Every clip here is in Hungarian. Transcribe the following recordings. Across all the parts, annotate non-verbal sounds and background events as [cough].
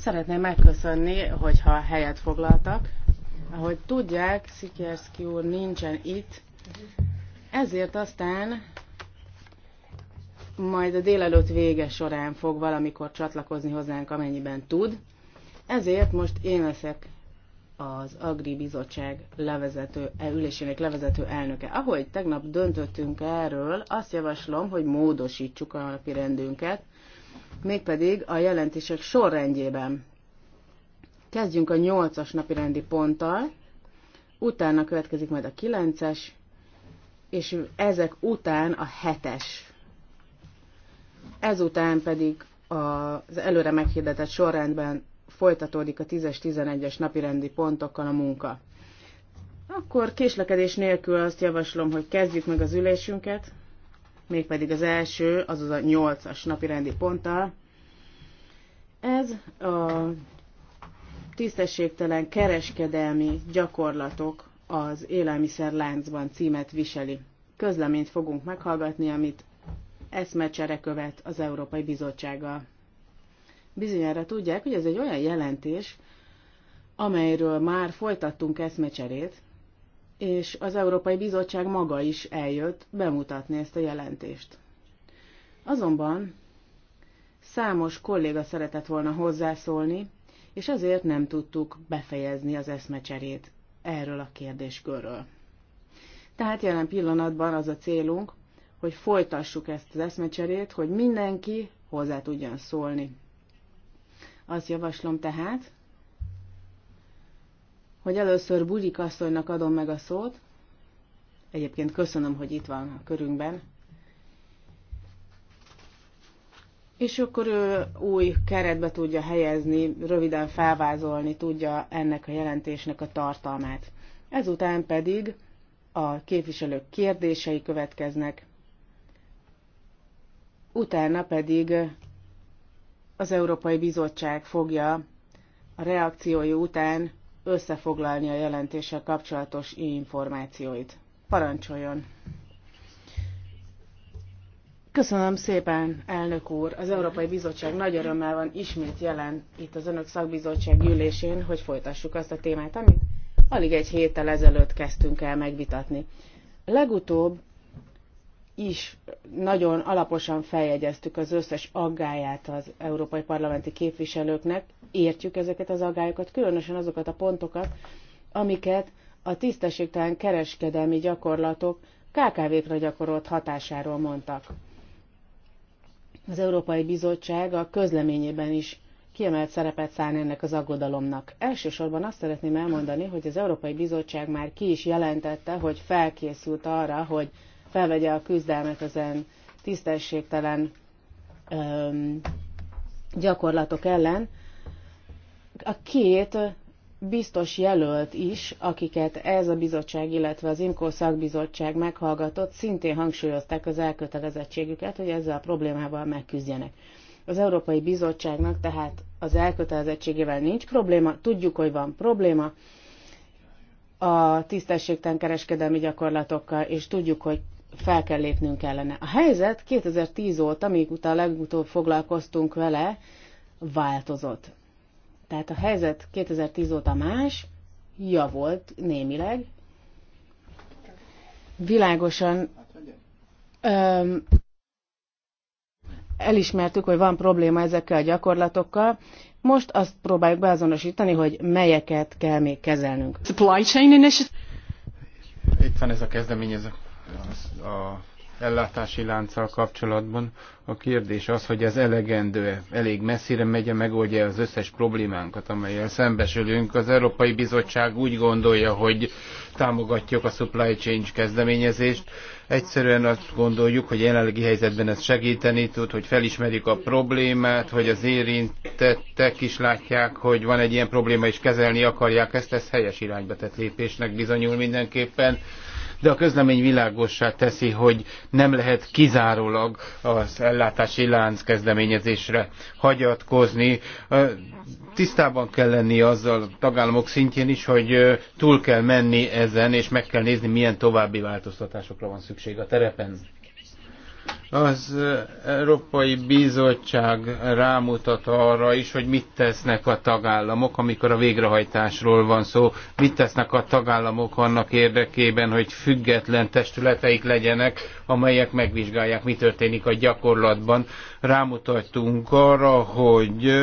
Szeretném megköszönni, hogyha helyet foglaltak. Ahogy tudják, Szikerszki úr nincsen itt, ezért aztán majd a délelőtt vége során fog valamikor csatlakozni hozzánk, amennyiben tud. Ezért most én leszek az Agri Bizottság levezető, e, ülésének levezető elnöke. Ahogy tegnap döntöttünk erről, azt javaslom, hogy módosítsuk a napi rendünket, mégpedig a jelentések sorrendjében. Kezdjünk a 8-as napi rendi ponttal, utána következik majd a 9-es, és ezek után a 7-es. Ezután pedig az előre meghirdetett sorrendben folytatódik a 10-es, 11-es napirendi pontokkal a munka. Akkor késlekedés nélkül azt javaslom, hogy kezdjük meg az ülésünket, mégpedig az első, azaz a 8-as napirendi ponttal. Ez a tisztességtelen kereskedelmi gyakorlatok az élelmiszerláncban címet viseli. Közleményt fogunk meghallgatni, amit eszmecsere követ az Európai Bizottsággal. Bizonyára tudják, hogy ez egy olyan jelentés, amelyről már folytattunk eszmecserét, és az Európai Bizottság maga is eljött bemutatni ezt a jelentést. Azonban számos kolléga szeretett volna hozzászólni, és ezért nem tudtuk befejezni az eszmecserét erről a kérdéskörről. Tehát jelen pillanatban az a célunk, hogy folytassuk ezt az eszmecserét, hogy mindenki hozzá tudjon szólni azt javaslom tehát, hogy először Budik asszonynak adom meg a szót. Egyébként köszönöm, hogy itt van a körünkben. És akkor ő új keretbe tudja helyezni, röviden felvázolni tudja ennek a jelentésnek a tartalmát. Ezután pedig a képviselők kérdései következnek, utána pedig az Európai Bizottság fogja a reakciói után összefoglalni a jelentéssel kapcsolatos információit. Parancsoljon! Köszönöm szépen, elnök úr! Az Európai Bizottság nagy örömmel van ismét jelen itt az Önök szakbizottság gyűlésén, hogy folytassuk azt a témát, amit alig egy héttel ezelőtt kezdtünk el megvitatni. Legutóbb is nagyon alaposan feljegyeztük az összes aggáját az európai parlamenti képviselőknek, értjük ezeket az aggályokat, különösen azokat a pontokat, amiket a tisztességtelen kereskedelmi gyakorlatok KKV-kra gyakorolt hatásáról mondtak. Az Európai Bizottság a közleményében is kiemelt szerepet szán ennek az aggodalomnak. Elsősorban azt szeretném elmondani, hogy az Európai Bizottság már ki is jelentette, hogy felkészült arra, hogy felvegye a küzdelmet ezen tisztességtelen öm, gyakorlatok ellen. A két biztos jelölt is, akiket ez a bizottság, illetve az IMKO szakbizottság meghallgatott, szintén hangsúlyozták az elkötelezettségüket, hogy ezzel a problémával megküzdjenek. Az Európai Bizottságnak tehát az elkötelezettségével nincs probléma, tudjuk, hogy van probléma a tisztességtelen kereskedelmi gyakorlatokkal, és tudjuk, hogy fel kell lépnünk ellene. A helyzet 2010 óta, amíg utána legutóbb foglalkoztunk vele, változott. Tehát a helyzet 2010 óta más, javult némileg. Világosan öm, elismertük, hogy van probléma ezekkel a gyakorlatokkal. Most azt próbáljuk beazonosítani, hogy melyeket kell még kezelnünk. Supply chain initiative. Itt van ez a kezdeményezés a, a ellátási lánccal kapcsolatban. A kérdés az, hogy ez elegendő -e, elég messzire megy, megoldja az összes problémánkat, amelyel szembesülünk. Az Európai Bizottság úgy gondolja, hogy támogatjuk a supply chain kezdeményezést. Egyszerűen azt gondoljuk, hogy jelenlegi helyzetben ez segíteni tud, hogy felismerik a problémát, hogy az érintettek is látják, hogy van egy ilyen probléma, és kezelni akarják ezt, ez helyes irányba tett lépésnek bizonyul mindenképpen de a közlemény világossá teszi, hogy nem lehet kizárólag az ellátási lánc kezdeményezésre hagyatkozni. Tisztában kell lenni azzal a tagállamok szintjén is, hogy túl kell menni ezen, és meg kell nézni, milyen további változtatásokra van szükség a terepen. Az Európai Bizottság rámutat arra is, hogy mit tesznek a tagállamok, amikor a végrehajtásról van szó, mit tesznek a tagállamok annak érdekében, hogy független testületeik legyenek, amelyek megvizsgálják, mi történik a gyakorlatban. Rámutattunk arra, hogy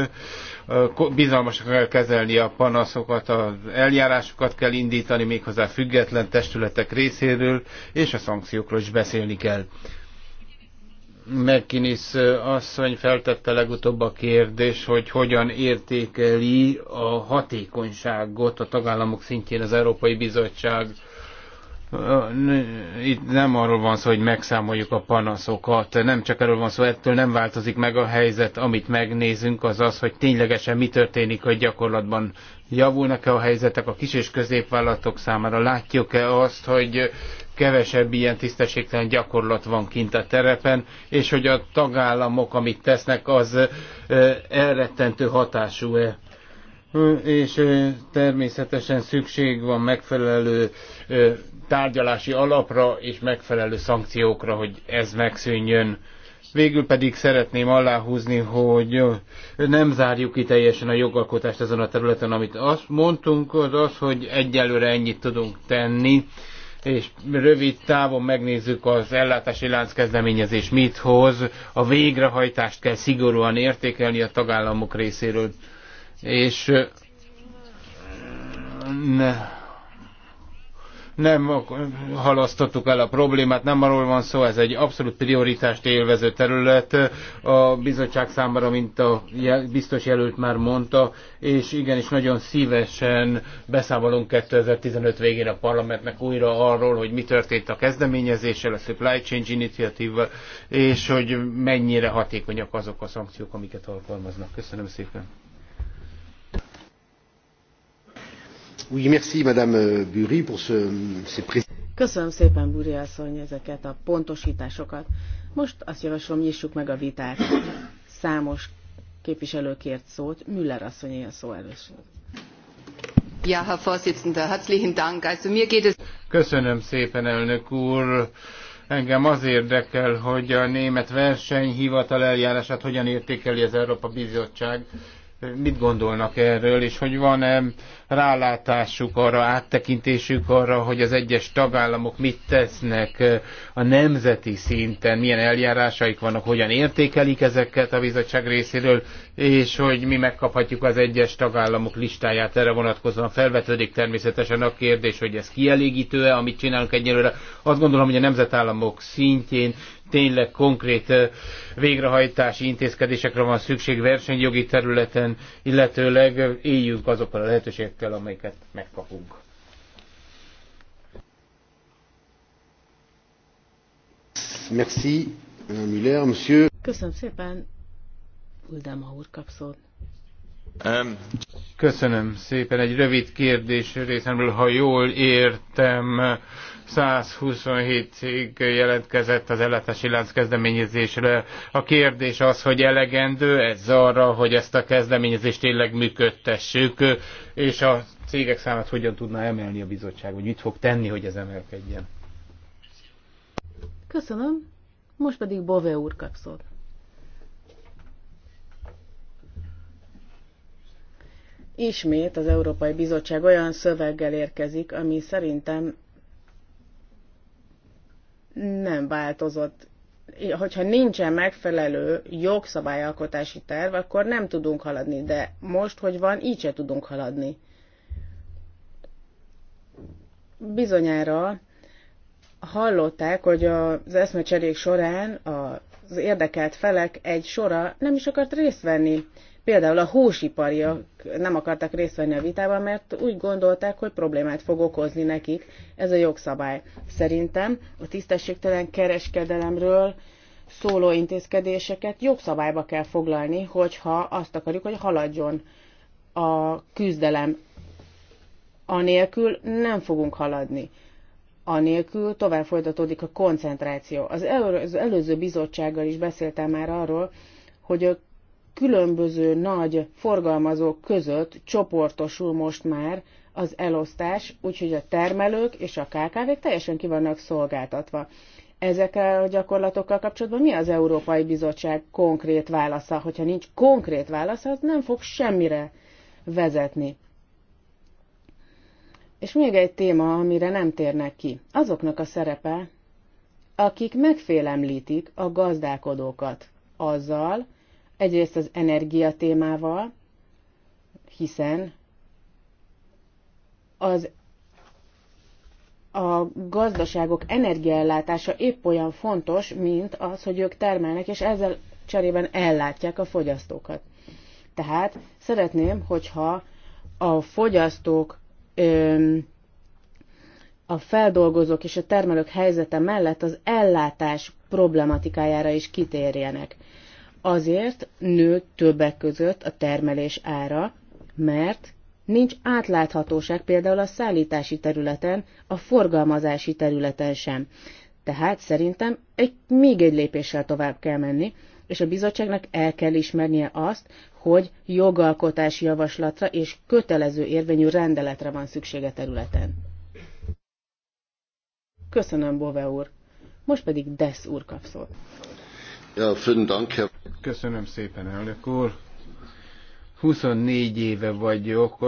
bizalmasak kell kezelni a panaszokat, az eljárásokat kell indítani méghozzá független testületek részéről, és a szankciókról is beszélni kell. McInnes asszony feltette legutóbb a kérdés, hogy hogyan értékeli a hatékonyságot a tagállamok szintjén az Európai Bizottság. Itt nem arról van szó, hogy megszámoljuk a panaszokat, nem csak arról van szó, ettől nem változik meg a helyzet, amit megnézünk, az az, hogy ténylegesen mi történik, hogy gyakorlatban Javulnak-e a helyzetek a kis és középvállalatok számára? Látjuk-e azt, hogy kevesebb ilyen tisztességtelen gyakorlat van kint a terepen, és hogy a tagállamok, amit tesznek, az elrettentő hatású-e? és természetesen szükség van megfelelő tárgyalási alapra és megfelelő szankciókra, hogy ez megszűnjön. Végül pedig szeretném aláhúzni, hogy nem zárjuk ki teljesen a jogalkotást ezen a területen, amit azt mondtunk, az az, hogy egyelőre ennyit tudunk tenni, és rövid távon megnézzük az ellátási lánc kezdeményezés mit hoz, a végrehajtást kell szigorúan értékelni a tagállamok részéről, és ne, nem halasztottuk el a problémát, nem arról van szó, ez egy abszolút prioritást élvező terület a bizottság számára, mint a biztos jelölt már mondta, és igenis nagyon szívesen beszámolunk 2015 végén a parlamentnek újra arról, hogy mi történt a kezdeményezéssel, a Supply Chain Initiative-val, és hogy mennyire hatékonyak azok a szankciók, amiket alkalmaznak. Köszönöm szépen. Euh, Köszönöm szépen, Buri asszony, ezeket a pontosításokat. Most azt javaslom, nyissuk meg a vitát. Számos képviselő kért szót. Müller asszony a szó először. Ja, Herr Vorsitzender, herzlichen Dank. Also mir geht es... Köszönöm szépen, elnök úr. Engem az érdekel, hogy a német versenyhivatal eljárását hogyan értékeli az Európa Bizottság, mit gondolnak erről, és hogy van-e rálátásuk arra, áttekintésük arra, hogy az egyes tagállamok mit tesznek eh, a nemzeti szinten, milyen eljárásaik vannak, hogyan értékelik ezeket a bizottság részéről, és hogy mi megkaphatjuk az egyes tagállamok listáját erre vonatkozóan. Felvetődik természetesen a kérdés, hogy ez kielégítő-e, amit csinálunk egyelőre. Azt gondolom, hogy a nemzetállamok szintjén tényleg konkrét végrehajtási intézkedésekre van szükség versenyjogi területen, illetőleg éljünk azokkal a lehetőségekkel, amelyeket megkapunk. Merci, euh, Müller, monsieur. Köszönöm szépen, Uldám úr kapszót. Um, Köszönöm szépen. Egy rövid kérdés részemről, ha jól értem, 127 ig jelentkezett az ellátási lánc kezdeményezésre. A kérdés az, hogy elegendő ez arra, hogy ezt a kezdeményezést tényleg működtessük, és a cégek számát hogyan tudná emelni a bizottság, vagy mit fog tenni, hogy ez emelkedjen. Köszönöm. Most pedig Bove úr kap szót. Ismét az Európai Bizottság olyan szöveggel érkezik, ami szerintem nem változott. Hogyha nincsen megfelelő jogszabályalkotási terv, akkor nem tudunk haladni, de most, hogy van, így se tudunk haladni. Bizonyára hallották, hogy az eszmecserék során az érdekelt felek egy sora nem is akart részt venni Például a húsipariak nem akartak részt venni a vitában, mert úgy gondolták, hogy problémát fog okozni nekik ez a jogszabály. Szerintem a tisztességtelen kereskedelemről szóló intézkedéseket jogszabályba kell foglalni, hogyha azt akarjuk, hogy haladjon a küzdelem. Anélkül nem fogunk haladni. Anélkül tovább folytatódik a koncentráció. Az, elő, az előző bizottsággal is beszéltem már arról, hogy a különböző nagy forgalmazók között csoportosul most már az elosztás, úgyhogy a termelők és a kkv teljesen ki vannak szolgáltatva. Ezekkel a gyakorlatokkal kapcsolatban mi az Európai Bizottság konkrét válasza? Hogyha nincs konkrét válasz, az nem fog semmire vezetni. És még egy téma, amire nem térnek ki. Azoknak a szerepe, akik megfélemlítik a gazdálkodókat azzal, Egyrészt az energia témával, hiszen az a gazdaságok energiaellátása épp olyan fontos, mint az, hogy ők termelnek, és ezzel cserében ellátják a fogyasztókat. Tehát szeretném, hogyha a fogyasztók, a feldolgozók és a termelők helyzete mellett az ellátás problematikájára is kitérjenek. Azért nő többek között a termelés ára, mert nincs átláthatóság például a szállítási területen, a forgalmazási területen sem. Tehát szerintem egy, még egy lépéssel tovább kell menni, és a bizottságnak el kell ismernie azt, hogy jogalkotási javaslatra és kötelező érvényű rendeletre van szüksége területen. Köszönöm, Bove úr. Most pedig Desz úr kapszol. Köszönöm szépen, elnök úr. 24 éve vagyok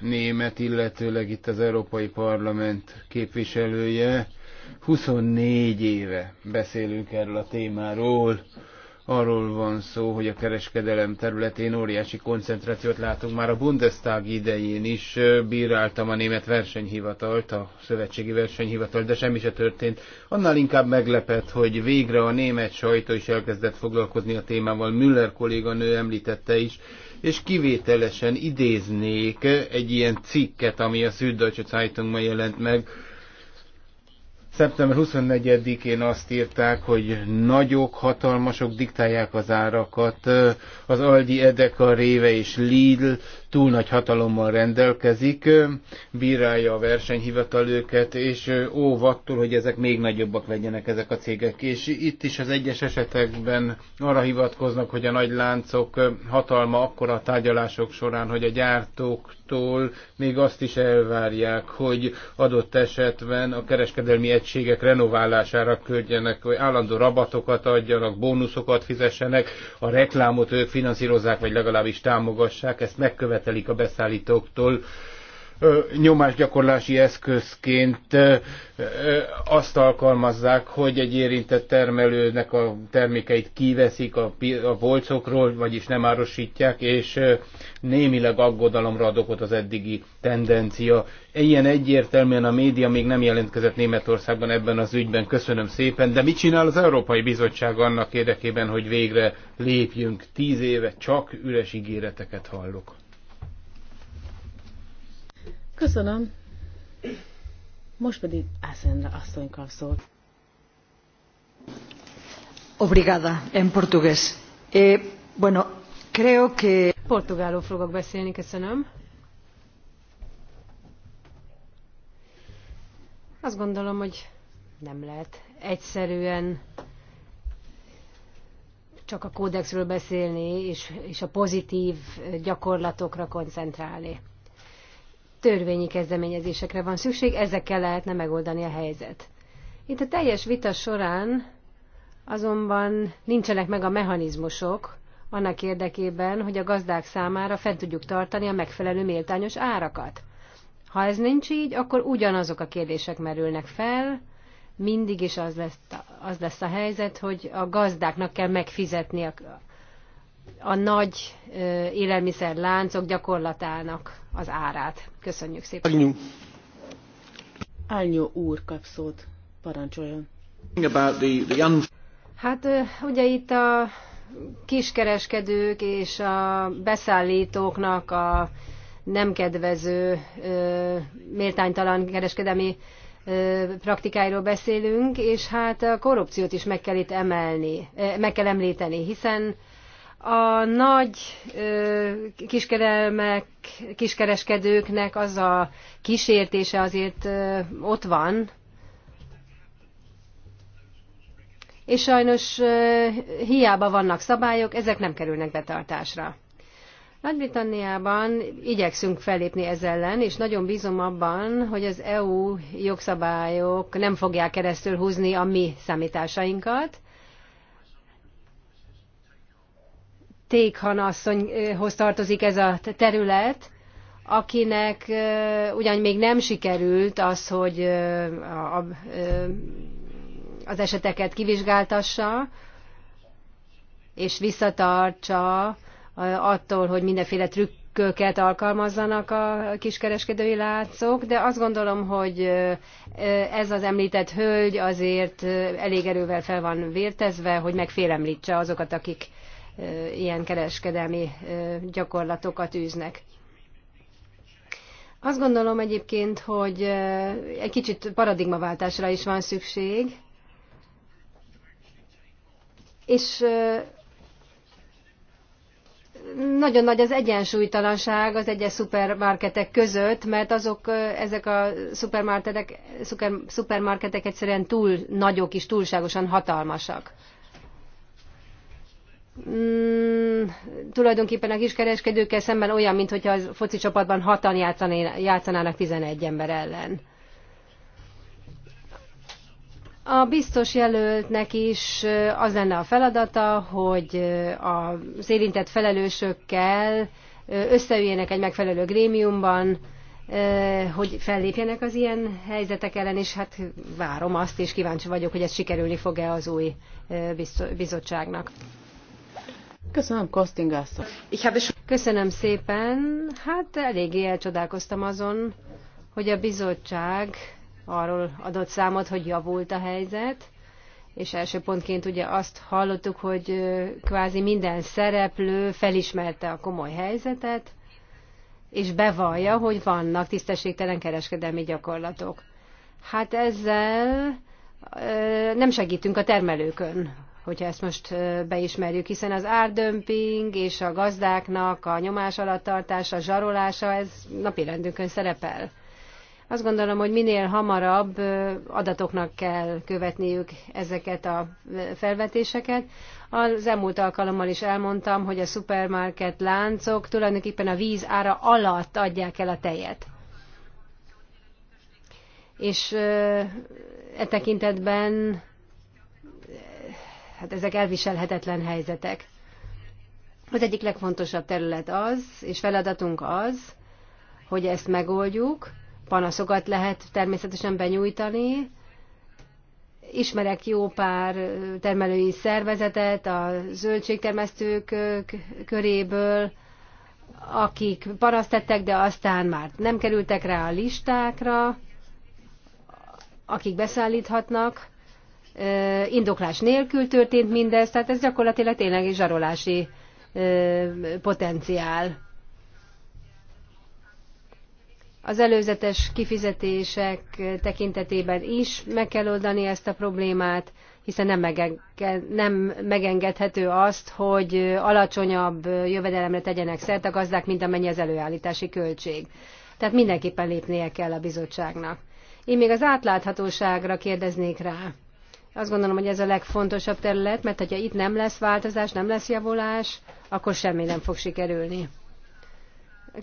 német, illetőleg itt az Európai Parlament képviselője. 24 éve beszélünk erről a témáról. Arról van szó, hogy a kereskedelem területén óriási koncentrációt látunk. Már a Bundestag idején is bíráltam a német versenyhivatalt, a szövetségi versenyhivatalt, de semmi se történt. Annál inkább meglepett, hogy végre a német sajtó is elkezdett foglalkozni a témával. Müller kolléganő említette is, és kivételesen idéznék egy ilyen cikket, ami a Süddeutsche Zeitung jelent meg, Szeptember 24-én azt írták, hogy nagyok, hatalmasok diktálják az árakat. Az Aldi, Edeka, Réve és Lidl túl nagy hatalommal rendelkezik, bírálja a versenyhivatal őket, és óvattól, hogy ezek még nagyobbak legyenek ezek a cégek. És itt is az egyes esetekben arra hivatkoznak, hogy a nagy láncok hatalma akkora a tárgyalások során, hogy a gyártóktól még azt is elvárják, hogy adott esetben a kereskedelmi egy egységek renoválására küldjenek, hogy állandó rabatokat adjanak, bónuszokat fizessenek, a reklámot ők finanszírozzák, vagy legalábbis támogassák, ezt megkövetelik a beszállítóktól nyomásgyakorlási eszközként azt alkalmazzák, hogy egy érintett termelőnek a termékeit kiveszik a, polcokról, vagyis nem árosítják, és némileg aggodalomra ad okot az eddigi tendencia. Ilyen egyértelműen a média még nem jelentkezett Németországban ebben az ügyben, köszönöm szépen, de mit csinál az Európai Bizottság annak érdekében, hogy végre lépjünk? Tíz éve csak üres ígéreteket hallok. Köszönöm. Most pedig Ászendra asszony kap szót. Obrigada, en portugués. Eh, bueno, creo que... Portugálul fogok beszélni, köszönöm. Azt gondolom, hogy nem lehet egyszerűen csak a kódexről beszélni, és, és a pozitív gyakorlatokra koncentrálni törvényi kezdeményezésekre van szükség, ezekkel lehetne megoldani a helyzet. Itt a teljes vita során azonban nincsenek meg a mechanizmusok annak érdekében, hogy a gazdák számára fent tudjuk tartani a megfelelő méltányos árakat. Ha ez nincs így, akkor ugyanazok a kérdések merülnek fel, mindig is az lesz, az lesz a helyzet, hogy a gazdáknak kell megfizetni a, a nagy élelmiszerláncok gyakorlatának az árát. Köszönjük szépen. Agnyú. Ányó úr kap szót. Parancsoljon. Hát ugye itt a kiskereskedők és a beszállítóknak a nem kedvező, méltánytalan kereskedemi praktikáiról beszélünk, és hát a korrupciót is meg kell itt emelni, meg kell említeni, hiszen a nagy kiskerelmek, kiskereskedőknek az a kísértése azért ott van, és sajnos hiába vannak szabályok, ezek nem kerülnek betartásra. Nagy-Britanniában igyekszünk fellépni ez ellen, és nagyon bízom abban, hogy az EU jogszabályok nem fogják keresztül húzni a mi számításainkat, Tékhan asszonyhoz tartozik ez a terület, akinek ugyan még nem sikerült az, hogy a, a, az eseteket kivizsgáltassa, és visszatartsa attól, hogy mindenféle trükköket alkalmazzanak a kiskereskedői látszók, de azt gondolom, hogy ez az említett hölgy azért elég erővel fel van vértezve, hogy megfélemlítse azokat, akik ilyen kereskedelmi gyakorlatokat űznek. Azt gondolom egyébként, hogy egy kicsit paradigmaváltásra is van szükség, és nagyon nagy az egyensúlytalanság az egyes szupermarketek között, mert azok, ezek a szupermarketek, szuper, szupermarketek egyszerűen túl nagyok és túlságosan hatalmasak mm, tulajdonképpen a kiskereskedőkkel szemben olyan, mintha a foci csapatban hatan játszanának 11 ember ellen. A biztos jelöltnek is az lenne a feladata, hogy az érintett felelősökkel összeüljenek egy megfelelő grémiumban, hogy fellépjenek az ilyen helyzetek ellen, és hát várom azt, és kíváncsi vagyok, hogy ez sikerülni fog-e az új bizottságnak. Köszönöm, Kosting Köszönöm szépen. Hát eléggé elcsodálkoztam azon, hogy a bizottság arról adott számot, hogy javult a helyzet, és első pontként ugye azt hallottuk, hogy kvázi minden szereplő felismerte a komoly helyzetet, és bevallja, hogy vannak tisztességtelen kereskedelmi gyakorlatok. Hát ezzel nem segítünk a termelőkön, hogyha ezt most beismerjük, hiszen az árdömping és a gazdáknak a nyomás alatt tartása, zsarolása, ez napi rendünkön szerepel. Azt gondolom, hogy minél hamarabb adatoknak kell követniük ezeket a felvetéseket. Az elmúlt alkalommal is elmondtam, hogy a szupermarket láncok tulajdonképpen a víz ára alatt adják el a tejet. És e tekintetben hát ezek elviselhetetlen helyzetek. Az egyik legfontosabb terület az, és feladatunk az, hogy ezt megoldjuk, panaszokat lehet természetesen benyújtani, ismerek jó pár termelői szervezetet a zöldségtermesztők köréből, akik parasztettek, de aztán már nem kerültek rá a listákra, akik beszállíthatnak, indoklás nélkül történt mindez, tehát ez gyakorlatilag tényleg egy zsarolási potenciál. Az előzetes kifizetések tekintetében is meg kell oldani ezt a problémát, hiszen nem, megenge, nem megengedhető azt, hogy alacsonyabb jövedelemre tegyenek szert a gazdák, mint amennyi az előállítási költség. Tehát mindenképpen lépnie kell a bizottságnak. Én még az átláthatóságra kérdeznék rá. Azt gondolom, hogy ez a legfontosabb terület, mert ha itt nem lesz változás, nem lesz javulás, akkor semmi nem fog sikerülni.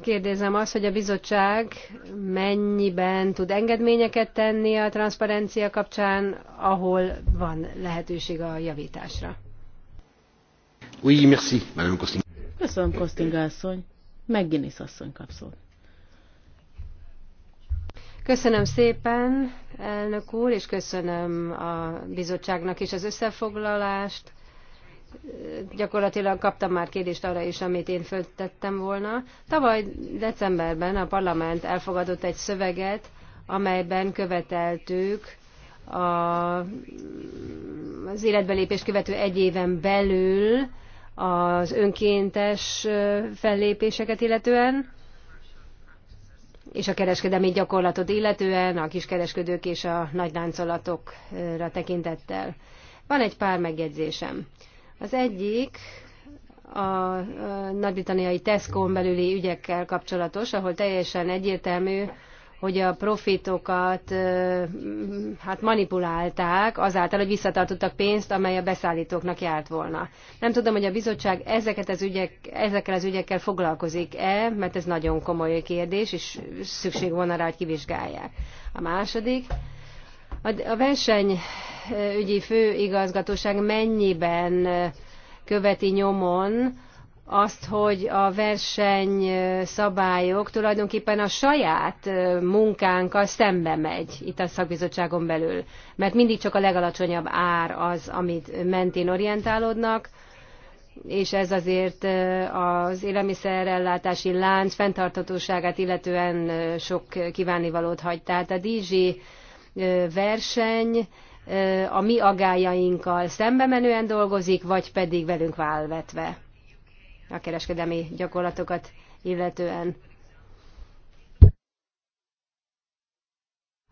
Kérdezem azt, hogy a bizottság mennyiben tud engedményeket tenni a transzparencia kapcsán, ahol van lehetőség a javításra. Oui, merci, Madame Kosting. Köszönöm, Kostinga asszony. Megginis asszony kapszott. Köszönöm szépen, elnök úr, és köszönöm a bizottságnak is az összefoglalást. Gyakorlatilag kaptam már kérdést arra is, amit én föltettem volna. Tavaly decemberben a parlament elfogadott egy szöveget, amelyben követeltük a, az életbelépés követő egy éven belül az önkéntes fellépéseket illetően és a kereskedelmi gyakorlatot illetően, a kiskereskedők és a nagyláncolatokra tekintettel. Van egy pár megjegyzésem. Az egyik a nagy-britanniai Tesco-n belüli ügyekkel kapcsolatos, ahol teljesen egyértelmű, hogy a profitokat hát manipulálták azáltal, hogy visszatartottak pénzt, amely a beszállítóknak járt volna. Nem tudom, hogy a bizottság ezeket az ügyek, ezekkel az ügyekkel foglalkozik-e, mert ez nagyon komoly kérdés, és szükség volna rá, hogy kivizsgálják. A második, a versenyügyi főigazgatóság mennyiben követi nyomon azt, hogy a verseny szabályok tulajdonképpen a saját munkánkkal szembe megy itt a szakbizottságon belül, mert mindig csak a legalacsonyabb ár az, amit mentén orientálódnak, és ez azért az élelmiszerellátási lánc fenntartatóságát illetően sok kívánivalót hagy. Tehát a DG verseny a mi agájainkkal szembe menően dolgozik, vagy pedig velünk válvetve a kereskedelmi gyakorlatokat illetően.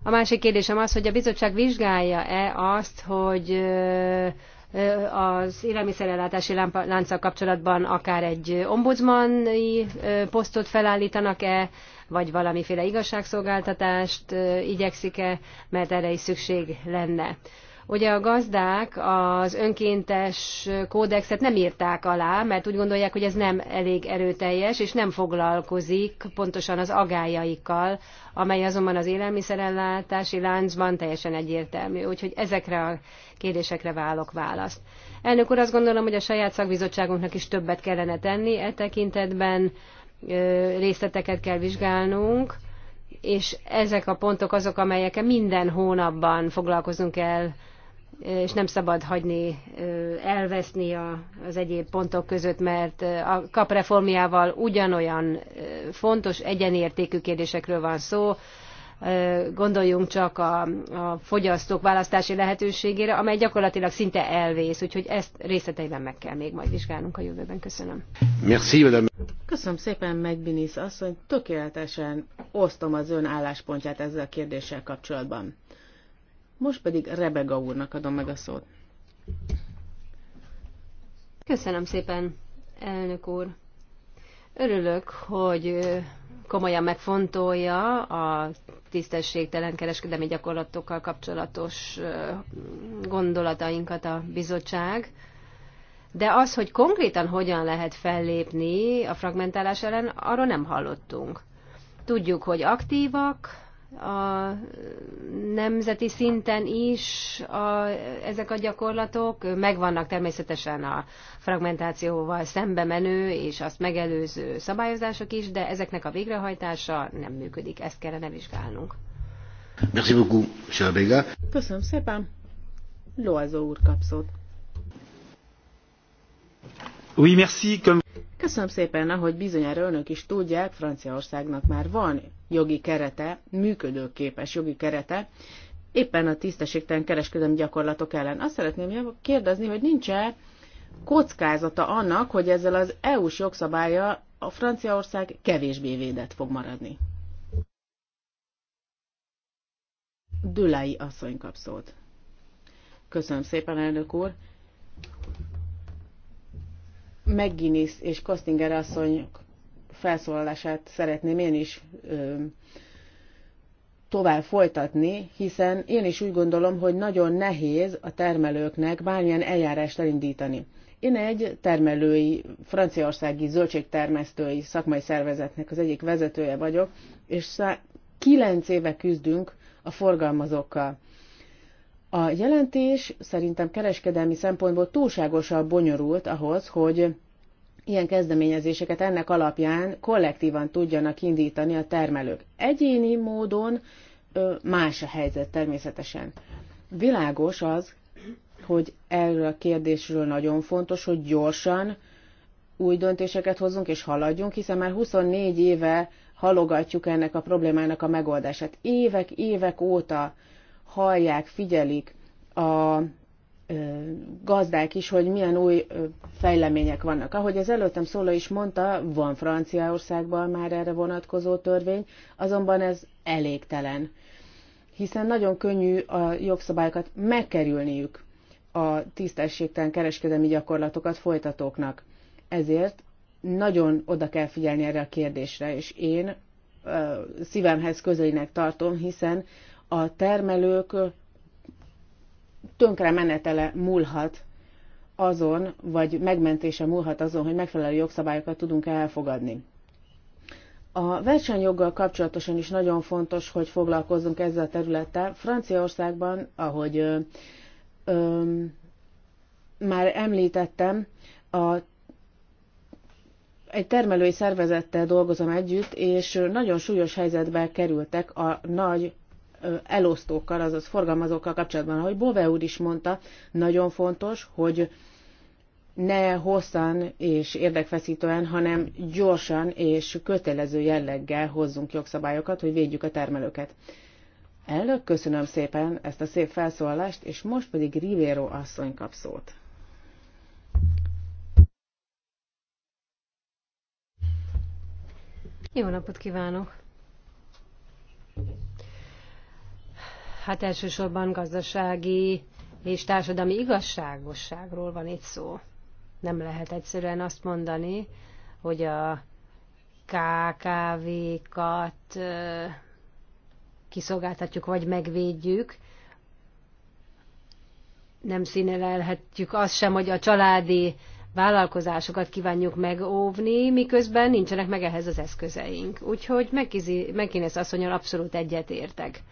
A másik kérdésem az, hogy a bizottság vizsgálja-e azt, hogy az élelmiszerellátási lánccal kapcsolatban akár egy ombudsmani posztot felállítanak-e, vagy valamiféle igazságszolgáltatást igyekszik-e, mert erre is szükség lenne. Ugye a gazdák az önkéntes kódexet nem írták alá, mert úgy gondolják, hogy ez nem elég erőteljes, és nem foglalkozik pontosan az agályaikkal, amely azonban az élelmiszerellátási láncban teljesen egyértelmű. Úgyhogy ezekre a kérdésekre válok választ. Elnök úr, azt gondolom, hogy a saját szakbizottságunknak is többet kellene tenni e tekintetben, részleteket kell vizsgálnunk, és ezek a pontok azok, amelyekkel minden hónapban foglalkozunk el és nem szabad hagyni elveszni az egyéb pontok között, mert a kap reformjával ugyanolyan fontos egyenértékű kérdésekről van szó, gondoljunk csak a, a fogyasztók választási lehetőségére, amely gyakorlatilag szinte elvész, úgyhogy ezt részleteiben meg kell még majd vizsgálnunk a jövőben. Köszönöm. Merci, madame. Köszönöm szépen, Megbinisz hogy tökéletesen osztom az ön álláspontját ezzel a kérdéssel kapcsolatban. Most pedig Rebega úrnak adom meg a szót. Köszönöm szépen, elnök úr. Örülök, hogy komolyan megfontolja a tisztességtelen kereskedelmi gyakorlatokkal kapcsolatos gondolatainkat a bizottság. De az, hogy konkrétan hogyan lehet fellépni a fragmentálás ellen, arról nem hallottunk. Tudjuk, hogy aktívak, a nemzeti szinten is a, ezek a gyakorlatok megvannak természetesen a fragmentációval szembe menő és azt megelőző szabályozások is, de ezeknek a végrehajtása nem működik. Ezt kellene vizsgálnunk. Merci beaucoup, Köszönöm szépen. Loazó úr kap Oui, merci. Köszönöm szépen, ahogy bizonyára önök is tudják, Franciaországnak már van jogi kerete, működőképes jogi kerete, éppen a tisztességtelen kereskedelmi gyakorlatok ellen. Azt szeretném kérdezni, hogy nincs-e kockázata annak, hogy ezzel az EU-s jogszabálya a Franciaország kevésbé védett fog maradni. Dülei asszony kap szót. Köszönöm szépen, elnök úr. McGuinness és Kostinger asszonyok felszólalását szeretném én is ö, tovább folytatni, hiszen én is úgy gondolom, hogy nagyon nehéz a termelőknek bármilyen eljárást elindítani. Én egy termelői, franciaországi zöldségtermesztői szakmai szervezetnek az egyik vezetője vagyok, és kilenc éve küzdünk a forgalmazókkal. A jelentés szerintem kereskedelmi szempontból túlságosan bonyolult ahhoz, hogy ilyen kezdeményezéseket ennek alapján kollektívan tudjanak indítani a termelők. Egyéni módon más a helyzet természetesen. Világos az, hogy erről a kérdésről nagyon fontos, hogy gyorsan új döntéseket hozzunk és haladjunk, hiszen már 24 éve halogatjuk ennek a problémának a megoldását. Évek, évek óta hallják, figyelik a gazdák is, hogy milyen új fejlemények vannak. Ahogy az előttem szóló is mondta, van Franciaországban már erre vonatkozó törvény, azonban ez elégtelen, hiszen nagyon könnyű a jogszabályokat megkerülniük a tisztességtelen kereskedelmi gyakorlatokat folytatóknak. Ezért nagyon oda kell figyelni erre a kérdésre, és én szívemhez közelinek tartom, hiszen a termelők tönkre menetele múlhat azon, vagy megmentése múlhat azon, hogy megfelelő jogszabályokat tudunk elfogadni. A versenyjoggal kapcsolatosan is nagyon fontos, hogy foglalkozzunk ezzel a területtel. Franciaországban, ahogy ö, ö, már említettem, a, egy termelői szervezettel dolgozom együtt, és nagyon súlyos helyzetbe kerültek a nagy elosztókkal, azaz forgalmazókkal kapcsolatban. Ahogy Bove úr is mondta, nagyon fontos, hogy ne hosszan és érdekfeszítően, hanem gyorsan és kötelező jelleggel hozzunk jogszabályokat, hogy védjük a termelőket. Elnök, köszönöm szépen ezt a szép felszólalást, és most pedig Rivero asszony kap szót. Jó napot kívánok! Hát elsősorban gazdasági és társadalmi igazságosságról van itt szó. Nem lehet egyszerűen azt mondani, hogy a KKV-kat kiszolgáltatjuk vagy megvédjük. Nem színelelhetjük azt sem, hogy a családi vállalkozásokat kívánjuk megóvni, miközben nincsenek meg ehhez az eszközeink. Úgyhogy megkéne hogy abszolút egyetértek.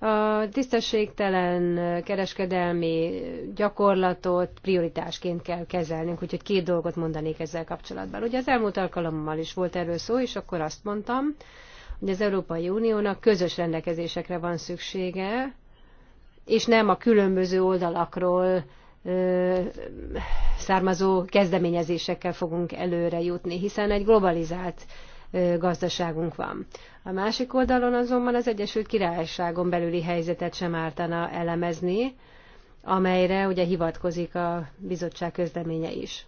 A tisztességtelen kereskedelmi gyakorlatot prioritásként kell kezelnünk, úgyhogy két dolgot mondanék ezzel kapcsolatban. Ugye az elmúlt alkalommal is volt erről szó, és akkor azt mondtam, hogy az Európai Uniónak közös rendelkezésekre van szüksége, és nem a különböző oldalakról ö, származó kezdeményezésekkel fogunk előre jutni, hiszen egy globalizált ö, gazdaságunk van. A másik oldalon azonban az Egyesült Királyságon belüli helyzetet sem ártana elemezni, amelyre ugye hivatkozik a bizottság közleménye is.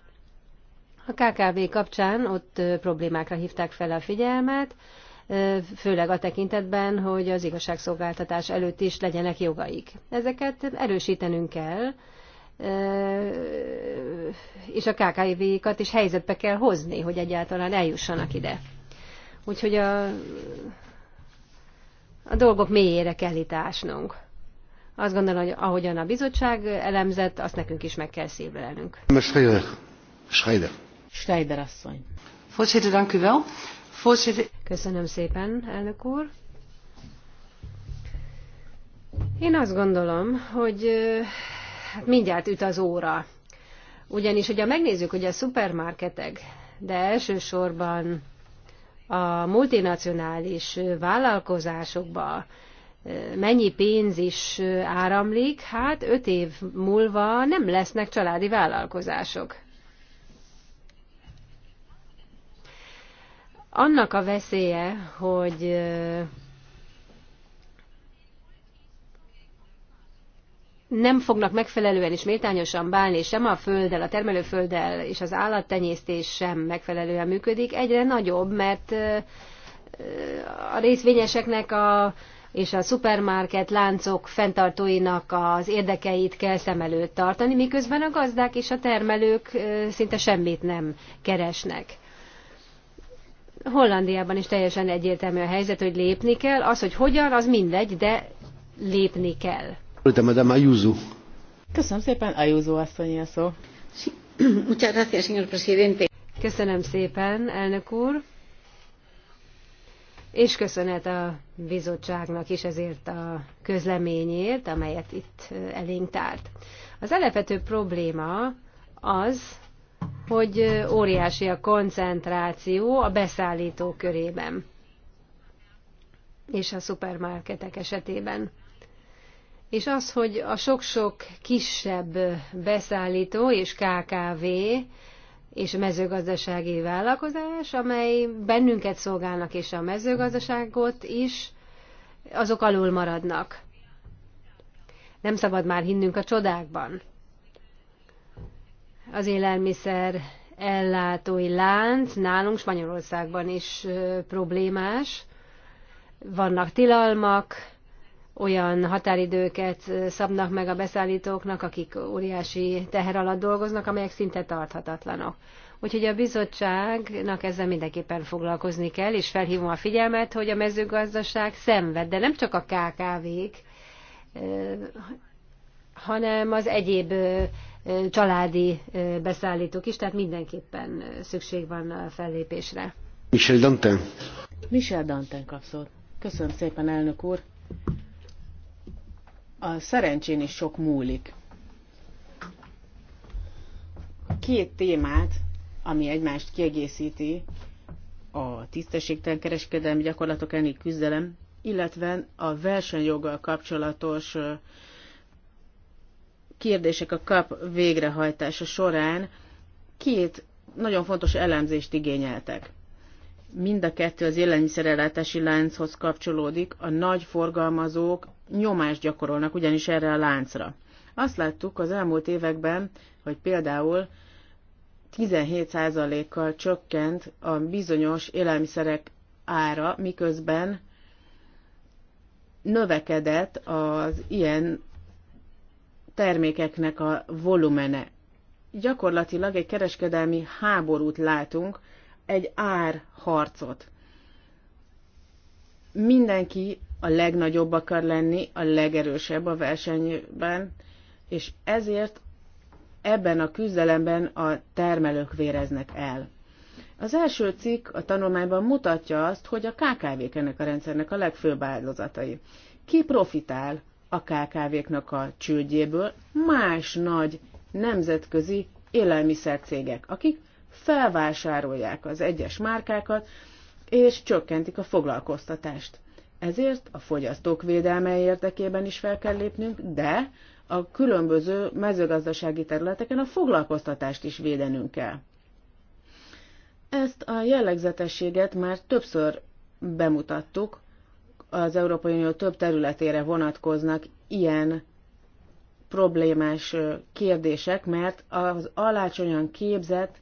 A KKV kapcsán ott problémákra hívták fel a figyelmet, főleg a tekintetben, hogy az igazságszolgáltatás előtt is legyenek jogaik. Ezeket erősítenünk kell, és a KKV-kat is helyzetbe kell hozni, hogy egyáltalán eljussanak ide. Úgyhogy a, a dolgok mélyére kell itt ásnunk. Azt gondolom, hogy ahogyan a bizottság elemzett, azt nekünk is meg kell szívlelnünk. Schreider. Schreider. Schreider asszony. Voorzitter, dank wel. Voorzitter... Köszönöm szépen, elnök úr. Én azt gondolom, hogy hát mindjárt üt az óra. Ugyanis, hogyha megnézzük, hogy a szupermarketek, de elsősorban a multinacionális vállalkozásokba e, mennyi pénz is áramlik, hát öt év múlva nem lesznek családi vállalkozások. Annak a veszélye, hogy e, nem fognak megfelelően és méltányosan bánni sem a földdel, a termelőfölddel és az állattenyésztés sem megfelelően működik, egyre nagyobb, mert a részvényeseknek a, és a szupermarket láncok fenntartóinak az érdekeit kell szem előtt tartani, miközben a gazdák és a termelők szinte semmit nem keresnek. Hollandiában is teljesen egyértelmű a helyzet, hogy lépni kell. Az, hogy hogyan, az mindegy, de lépni kell. Köszönöm szépen, Ayuso asszonyi a szó. [clears throat] Muchas gracias, señor presidente. Köszönöm szépen, elnök úr. És köszönet a bizottságnak is ezért a közleményért, amelyet itt elénk tárt. Az elefető probléma az, hogy óriási a koncentráció a beszállító körében és a szupermarketek esetében és az, hogy a sok-sok kisebb beszállító és KKV és mezőgazdasági vállalkozás, amely bennünket szolgálnak és a mezőgazdaságot is, azok alul maradnak. Nem szabad már hinnünk a csodákban. Az élelmiszer ellátói lánc nálunk Spanyolországban is problémás. Vannak tilalmak, olyan határidőket szabnak meg a beszállítóknak, akik óriási teher alatt dolgoznak, amelyek szinte tarthatatlanok. Úgyhogy a bizottságnak ezzel mindenképpen foglalkozni kell, és felhívom a figyelmet, hogy a mezőgazdaság szenved, de nem csak a KKV-k, hanem az egyéb családi beszállítók is, tehát mindenképpen szükség van a fellépésre. Michel Danten. Michel Danten kapszott. Köszönöm szépen, elnök úr. A szerencsén is sok múlik. két témát, ami egymást kiegészíti, a tisztességtelen kereskedelmi gyakorlatok elleni küzdelem, illetve a versenyjoggal kapcsolatos kérdések a kap végrehajtása során két nagyon fontos elemzést igényeltek. Mind a kettő az élelmiszerellátási lánchoz kapcsolódik, a nagy forgalmazók nyomást gyakorolnak ugyanis erre a láncra. Azt láttuk az elmúlt években, hogy például 17%-kal csökkent a bizonyos élelmiszerek ára, miközben növekedett az ilyen termékeknek a volumene. Gyakorlatilag egy kereskedelmi háborút látunk, egy árharcot. Mindenki a legnagyobb akar lenni, a legerősebb a versenyben, és ezért ebben a küzdelemben a termelők véreznek el. Az első cikk a tanulmányban mutatja azt, hogy a KKV-k ennek a rendszernek a legfőbb áldozatai. Ki profitál a KKV-knak a csődjéből? Más nagy nemzetközi élelmiszercégek, akik felvásárolják az egyes márkákat, és csökkentik a foglalkoztatást. Ezért a fogyasztók védelme érdekében is fel kell lépnünk, de a különböző mezőgazdasági területeken a foglalkoztatást is védenünk kell. Ezt a jellegzetességet már többször bemutattuk, az Európai Unió több területére vonatkoznak ilyen problémás kérdések, mert az alácsonyan képzett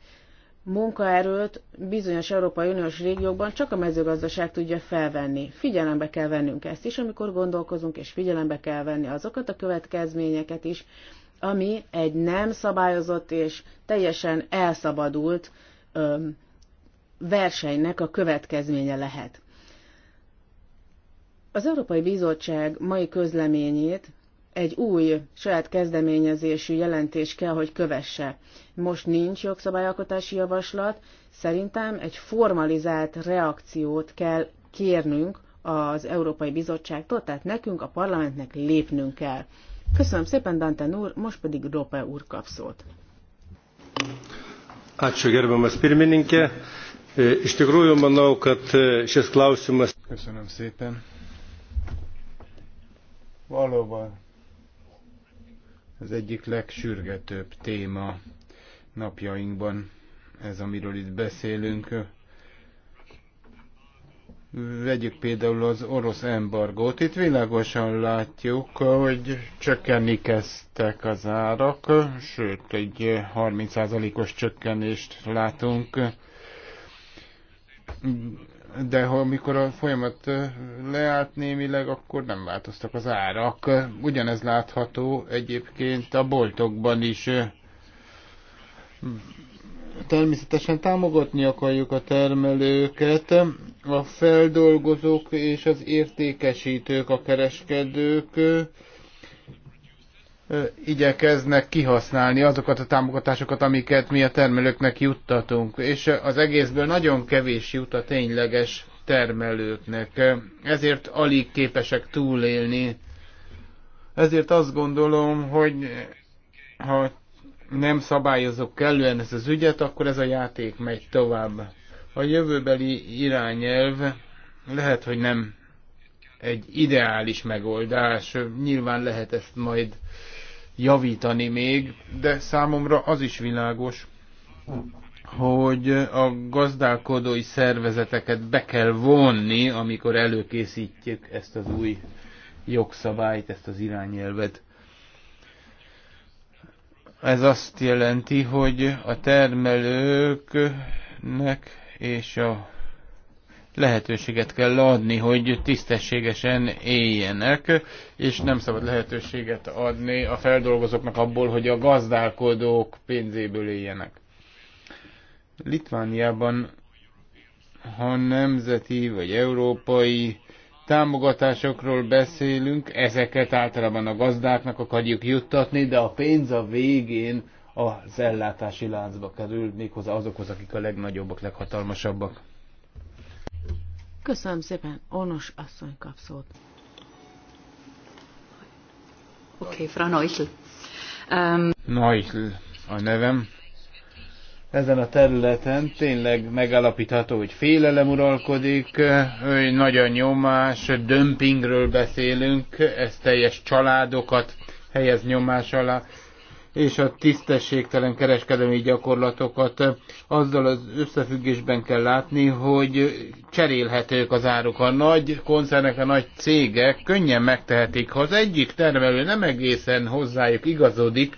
munkaerőt bizonyos Európai Uniós régiókban csak a mezőgazdaság tudja felvenni. Figyelembe kell vennünk ezt is, amikor gondolkozunk, és figyelembe kell venni azokat a következményeket is, ami egy nem szabályozott és teljesen elszabadult öm, versenynek a következménye lehet. Az Európai Bizottság mai közleményét egy új saját kezdeményezésű jelentés kell, hogy kövesse. Most nincs jogszabályalkotási javaslat, szerintem egy formalizált reakciót kell kérnünk az Európai Bizottságtól, tehát nekünk, a parlamentnek lépnünk kell. Köszönöm szépen, Dante úr, most pedig Rope úr kap szót. E, e, Köszönöm szépen. Valóban az egyik legsürgetőbb téma napjainkban, ez amiről itt beszélünk. Vegyük például az orosz embargót. Itt világosan látjuk, hogy csökkenni kezdtek az árak, sőt, egy 30%-os csökkenést látunk de ha amikor a folyamat leállt némileg, akkor nem változtak az árak. Ugyanez látható egyébként a boltokban is. Természetesen támogatni akarjuk a termelőket, a feldolgozók és az értékesítők, a kereskedők igyekeznek kihasználni azokat a támogatásokat, amiket mi a termelőknek juttatunk. És az egészből nagyon kevés jut a tényleges termelőknek. Ezért alig képesek túlélni. Ezért azt gondolom, hogy ha nem szabályozok kellően ezt az ügyet, akkor ez a játék megy tovább. A jövőbeli irányelv lehet, hogy nem egy ideális megoldás. Nyilván lehet ezt majd javítani még, de számomra az is világos, hogy a gazdálkodói szervezeteket be kell vonni, amikor előkészítjük ezt az új jogszabályt, ezt az irányelvet. Ez azt jelenti, hogy a termelőknek és a lehetőséget kell adni, hogy tisztességesen éljenek, és nem szabad lehetőséget adni a feldolgozóknak abból, hogy a gazdálkodók pénzéből éljenek. Litvániában, ha nemzeti vagy európai támogatásokról beszélünk, ezeket általában a gazdáknak akarjuk juttatni, de a pénz a végén az ellátási láncba kerül, méghozzá azokhoz, akik a legnagyobbak, leghatalmasabbak. Köszönöm szépen, Onos asszony kap szót. Oké, okay, Fra Neuchl. Um... Neuchl a nevem. Ezen a területen tényleg megalapítható, hogy félelem uralkodik, hogy nagy a nyomás, dömpingről beszélünk, ez teljes családokat helyez nyomás alá és a tisztességtelen kereskedelmi gyakorlatokat azzal az összefüggésben kell látni, hogy cserélhetők az áruk. A nagy koncernek, a nagy cégek könnyen megtehetik, ha az egyik termelő nem egészen hozzájuk igazodik,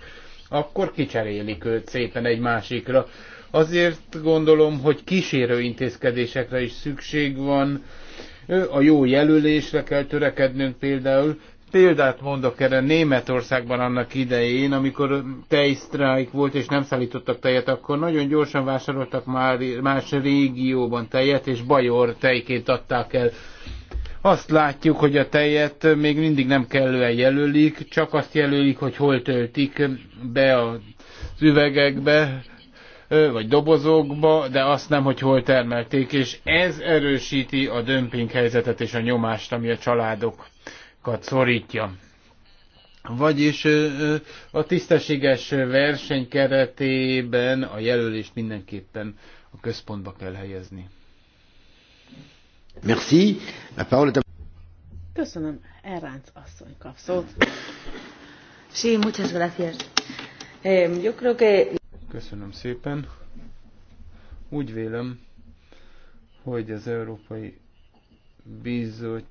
akkor kicserélik őt szépen egy másikra. Azért gondolom, hogy kísérő intézkedésekre is szükség van, a jó jelölésre kell törekednünk például, Példát mondok erre Németországban annak idején, amikor tejsztrájk volt, és nem szállítottak tejet, akkor nagyon gyorsan vásároltak már más régióban tejet, és Bajor tejként adták el. Azt látjuk, hogy a tejet még mindig nem kellően jelölik, csak azt jelölik, hogy hol töltik be az üvegekbe, vagy dobozokba, de azt nem, hogy hol termelték, és ez erősíti a dömping helyzetet és a nyomást, ami a családok szorítja. Vagyis a tisztességes verseny keretében a jelölést mindenképpen a központba kell helyezni. Merci. La parole Köszönöm. Erránc asszony kap szót. Sí, muchas gracias. Eh, yo creo que... Köszönöm szépen. Úgy vélem, hogy az Európai Bizottság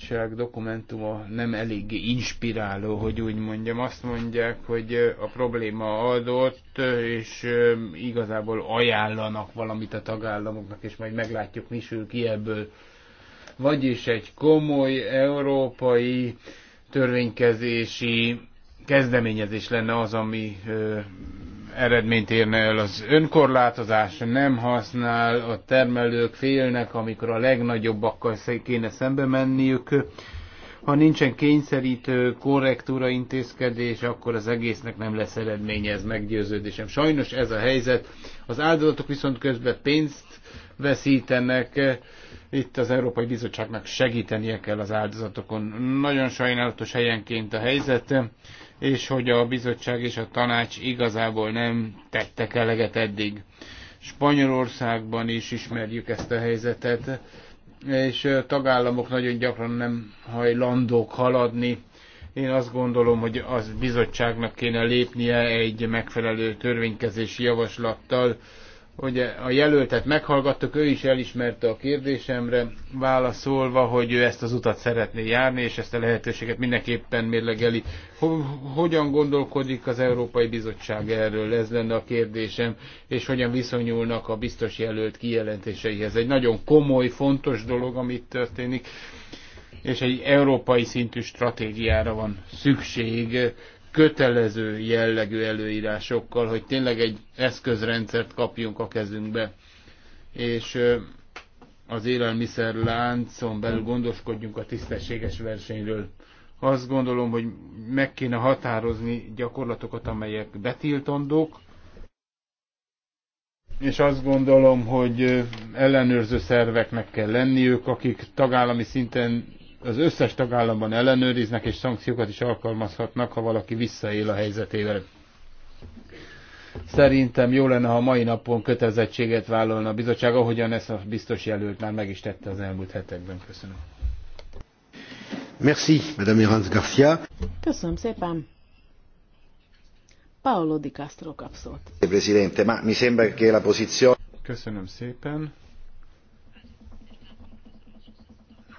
bizottság dokumentuma nem eléggé inspiráló, hogy úgy mondjam. Azt mondják, hogy a probléma adott, és igazából ajánlanak valamit a tagállamoknak, és majd meglátjuk, mi sül ki ebből. Vagyis egy komoly európai törvénykezési kezdeményezés lenne az, ami eredményt érne el. Az önkorlátozás nem használ, a termelők félnek, amikor a legnagyobbakkal kéne szembe menniük. Ha nincsen kényszerítő korrektúra intézkedés, akkor az egésznek nem lesz eredménye, ez meggyőződésem. Sajnos ez a helyzet. Az áldozatok viszont közben pénzt veszítenek, itt az Európai Bizottságnak segítenie kell az áldozatokon. Nagyon sajnálatos helyenként a helyzet és hogy a bizottság és a tanács igazából nem tettek eleget eddig. Spanyolországban is ismerjük ezt a helyzetet, és a tagállamok nagyon gyakran nem hajlandók haladni. Én azt gondolom, hogy az bizottságnak kéne lépnie egy megfelelő törvénykezési javaslattal, hogy a jelöltet meghallgattuk, ő is elismerte a kérdésemre, válaszolva, hogy ő ezt az utat szeretné járni, és ezt a lehetőséget mindenképpen mérlegeli. Hogyan gondolkodik az Európai Bizottság erről? Ez lenne a kérdésem, és hogyan viszonyulnak a biztos jelölt kijelentéseihez. Egy nagyon komoly, fontos dolog, amit történik és egy európai szintű stratégiára van szükség kötelező jellegű előírásokkal, hogy tényleg egy eszközrendszert kapjunk a kezünkbe, és az élelmiszer láncon belül gondoskodjunk a tisztességes versenyről. Azt gondolom, hogy meg kéne határozni gyakorlatokat, amelyek betiltandók, és azt gondolom, hogy ellenőrző szerveknek kell lenniük, akik tagállami szinten az összes tagállamban ellenőriznek, és szankciókat is alkalmazhatnak, ha valaki visszaél a helyzetével. Szerintem jó lenne, ha mai napon kötelezettséget vállalna a bizottság, ahogyan ezt a biztos jelölt már meg is tette az elmúlt hetekben. Köszönöm. Merci, Madame Iranz Garcia. Köszönöm szépen. Paolo Di Castro kapszott. Presidente, ma mi sembra che la posizione... Köszönöm szépen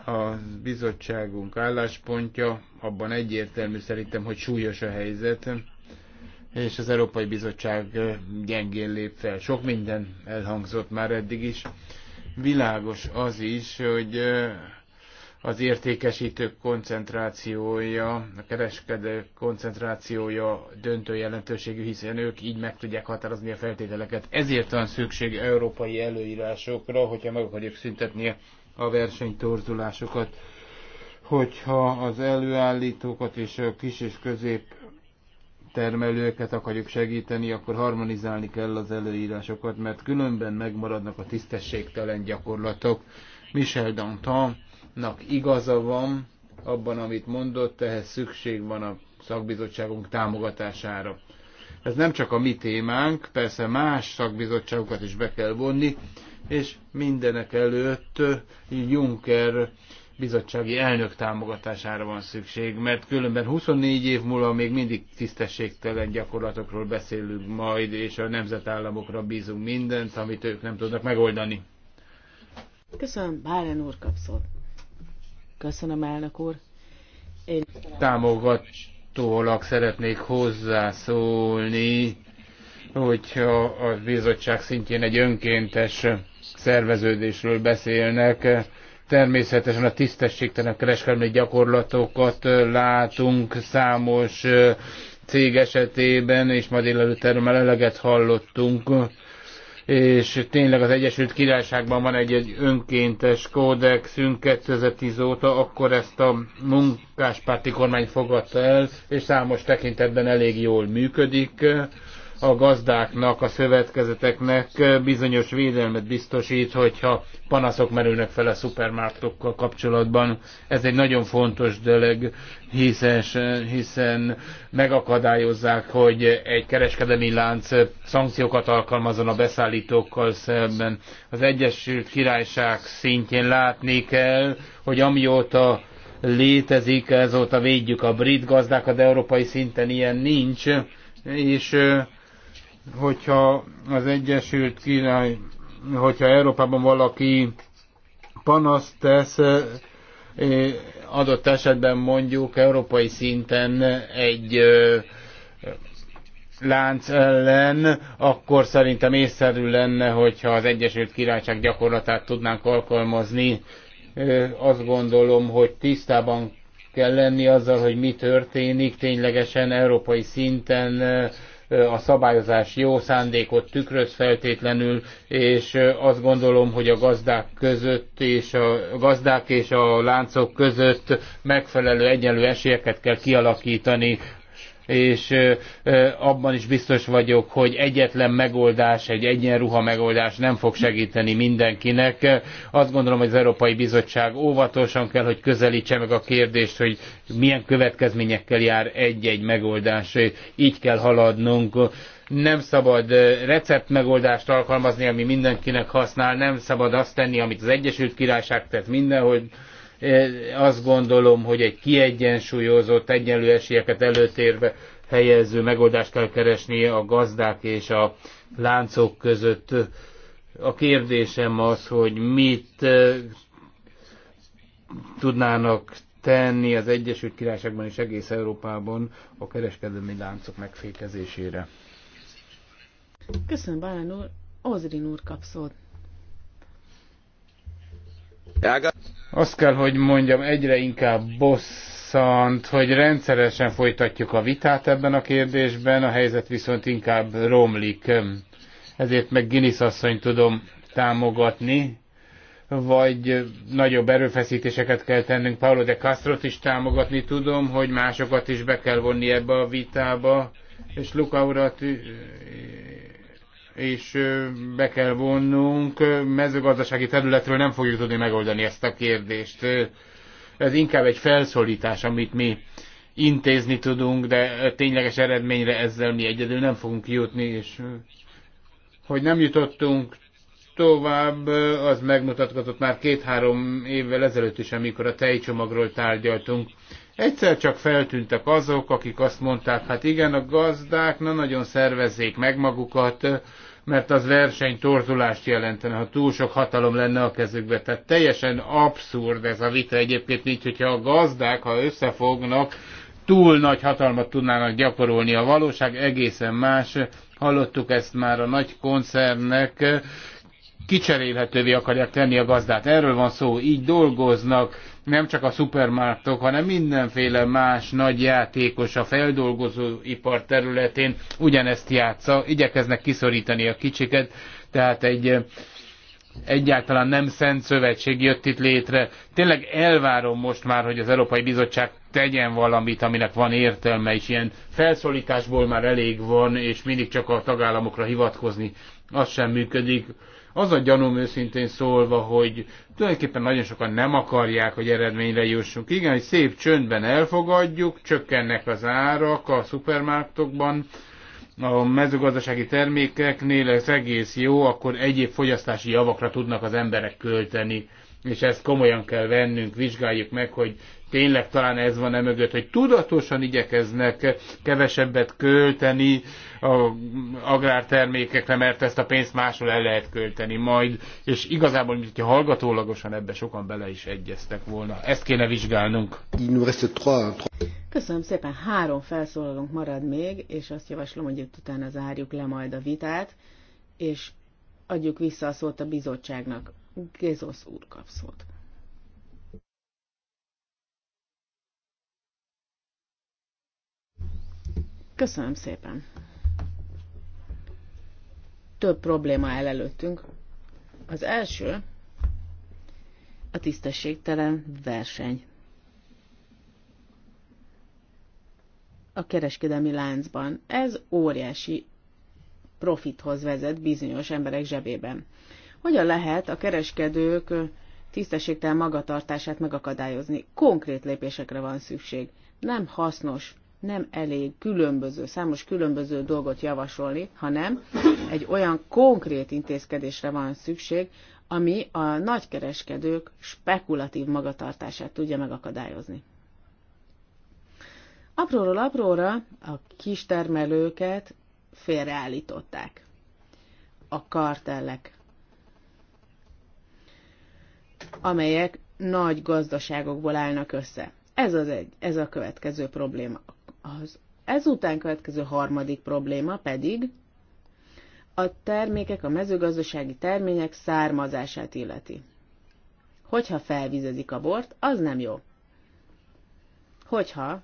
a bizottságunk álláspontja, abban egyértelmű szerintem, hogy súlyos a helyzet, és az Európai Bizottság gyengén lép fel. Sok minden elhangzott már eddig is. Világos az is, hogy az értékesítők koncentrációja, a kereskedők koncentrációja döntő jelentőségű, hiszen ők így meg tudják határozni a feltételeket. Ezért van szükség európai előírásokra, hogyha meg akarjuk szüntetni a versenytorzulásokat. Hogyha az előállítókat és a kis és közép termelőket akarjuk segíteni, akkor harmonizálni kell az előírásokat, mert különben megmaradnak a tisztességtelen gyakorlatok. Michel Dantonnak igaza van abban, amit mondott, ehhez szükség van a szakbizottságunk támogatására. Ez nem csak a mi témánk, persze más szakbizottságokat is be kell vonni, és mindenek előtt Juncker bizottsági elnök támogatására van szükség, mert különben 24 év múlva még mindig tisztességtelen gyakorlatokról beszélünk majd, és a nemzetállamokra bízunk mindent, amit ők nem tudnak megoldani. Köszönöm, Bálen úr kapszol. Köszönöm, elnök úr. Én... Támogatólag szeretnék hozzászólni, hogyha a bizottság szintjén egy önkéntes szerveződésről beszélnek. Természetesen a tisztességtelen kereskedelmi gyakorlatokat látunk számos cég esetében, és ma délelőtt erről már eleget hallottunk és tényleg az Egyesült Királyságban van egy, egy önkéntes kódexünk 2010 óta, akkor ezt a munkáspárti kormány fogadta el, és számos tekintetben elég jól működik a gazdáknak, a szövetkezeteknek bizonyos védelmet biztosít, hogyha panaszok merülnek fel a szupermártokkal kapcsolatban. Ez egy nagyon fontos dolog, hiszen, hiszen megakadályozzák, hogy egy kereskedelmi lánc szankciókat alkalmazon a beszállítókkal szemben. Az Egyesült Királyság szintjén látni kell, hogy amióta létezik, ezóta védjük a brit gazdákat, de európai szinten ilyen nincs, és hogyha az Egyesült Király, hogyha Európában valaki panaszt tesz, eh, adott esetben mondjuk európai szinten egy eh, lánc ellen, akkor szerintem észszerű lenne, hogyha az Egyesült Királyság gyakorlatát tudnánk alkalmazni. Eh, azt gondolom, hogy tisztában kell lenni azzal, hogy mi történik ténylegesen európai szinten a szabályozás jó szándékot tükröz feltétlenül, és azt gondolom, hogy a gazdák között és a gazdák és a láncok között megfelelő egyenlő esélyeket kell kialakítani és abban is biztos vagyok, hogy egyetlen megoldás, egy egyenruha megoldás nem fog segíteni mindenkinek. Azt gondolom, hogy az Európai Bizottság óvatosan kell, hogy közelítse meg a kérdést, hogy milyen következményekkel jár egy-egy megoldás. Így kell haladnunk nem szabad receptmegoldást alkalmazni, ami mindenkinek használ, nem szabad azt tenni, amit az Egyesült Királyság tett mindenhol, Eh, azt gondolom, hogy egy kiegyensúlyozott, egyenlő esélyeket előtérbe helyező megoldást kell keresni a gazdák és a láncok között. A kérdésem az, hogy mit eh, tudnának tenni az Egyesült Királyságban és egész Európában a kereskedelmi láncok megfékezésére. Köszönöm, Bálán úr. Ozrin úr kap szót. Azt kell, hogy mondjam, egyre inkább bosszant, hogy rendszeresen folytatjuk a vitát ebben a kérdésben, a helyzet viszont inkább romlik. Ezért meg Guinness asszony tudom támogatni, vagy nagyobb erőfeszítéseket kell tennünk. Paulo de Castrot is támogatni tudom, hogy másokat is be kell vonni ebbe a vitába, és Luca urat és be kell vonnunk, mezőgazdasági területről nem fogjuk tudni megoldani ezt a kérdést. Ez inkább egy felszólítás, amit mi intézni tudunk, de tényleges eredményre ezzel mi egyedül nem fogunk jutni, és hogy nem jutottunk tovább, az megmutatkozott már két-három évvel ezelőtt is, amikor a tejcsomagról tárgyaltunk. Egyszer csak feltűntek azok, akik azt mondták, hát igen, a gazdák na nagyon szervezzék meg magukat, mert az verseny torzulást jelentene, ha túl sok hatalom lenne a kezükbe. Tehát teljesen abszurd ez a vita egyébként, így hogyha a gazdák, ha összefognak, túl nagy hatalmat tudnának gyakorolni. A valóság egészen más. Hallottuk ezt már a nagy koncernek, kicserélhetővé akarják tenni a gazdát. Erről van szó, így dolgoznak nem csak a szupermártok, hanem mindenféle más nagy játékos a feldolgozó ipar területén ugyanezt játsza, igyekeznek kiszorítani a kicsiket, tehát egy eh, egyáltalán nem szent szövetség jött itt létre. Tényleg elvárom most már, hogy az Európai Bizottság tegyen valamit, aminek van értelme, és ilyen felszólításból már elég van, és mindig csak a tagállamokra hivatkozni, az sem működik. Az a gyanúm őszintén szólva, hogy tulajdonképpen nagyon sokan nem akarják, hogy eredményre jussunk. Igen, hogy szép csöndben elfogadjuk, csökkennek az árak a szupermarketokban, a mezőgazdasági termékeknél ez egész jó, akkor egyéb fogyasztási javakra tudnak az emberek költeni, és ezt komolyan kell vennünk, vizsgáljuk meg, hogy tényleg talán ez van e mögött, hogy tudatosan igyekeznek kevesebbet költeni, a agrártermékekre, mert ezt a pénzt máshol el lehet költeni majd, és igazából, mint hogyha hallgatólagosan ebbe sokan bele is egyeztek volna. Ezt kéne vizsgálnunk. Köszönöm szépen, három felszólalónk marad még, és azt javaslom, hogy itt utána zárjuk le majd a vitát, és adjuk vissza a szót a bizottságnak. Gézosz úr kap szót. Köszönöm szépen! több probléma áll előttünk. Az első a tisztességtelen verseny. A kereskedelmi láncban ez óriási profithoz vezet bizonyos emberek zsebében. Hogyan lehet a kereskedők tisztességtelen magatartását megakadályozni? Konkrét lépésekre van szükség. Nem hasznos nem elég különböző, számos különböző dolgot javasolni, hanem egy olyan konkrét intézkedésre van szükség, ami a nagykereskedők spekulatív magatartását tudja megakadályozni. Apróról apróra a kistermelőket félreállították. A kartellek, amelyek nagy gazdaságokból állnak össze. Ez, az egy, ez a következő probléma. A az ezután következő harmadik probléma pedig a termékek, a mezőgazdasági termények származását illeti. Hogyha felvizezik a bort, az nem jó. Hogyha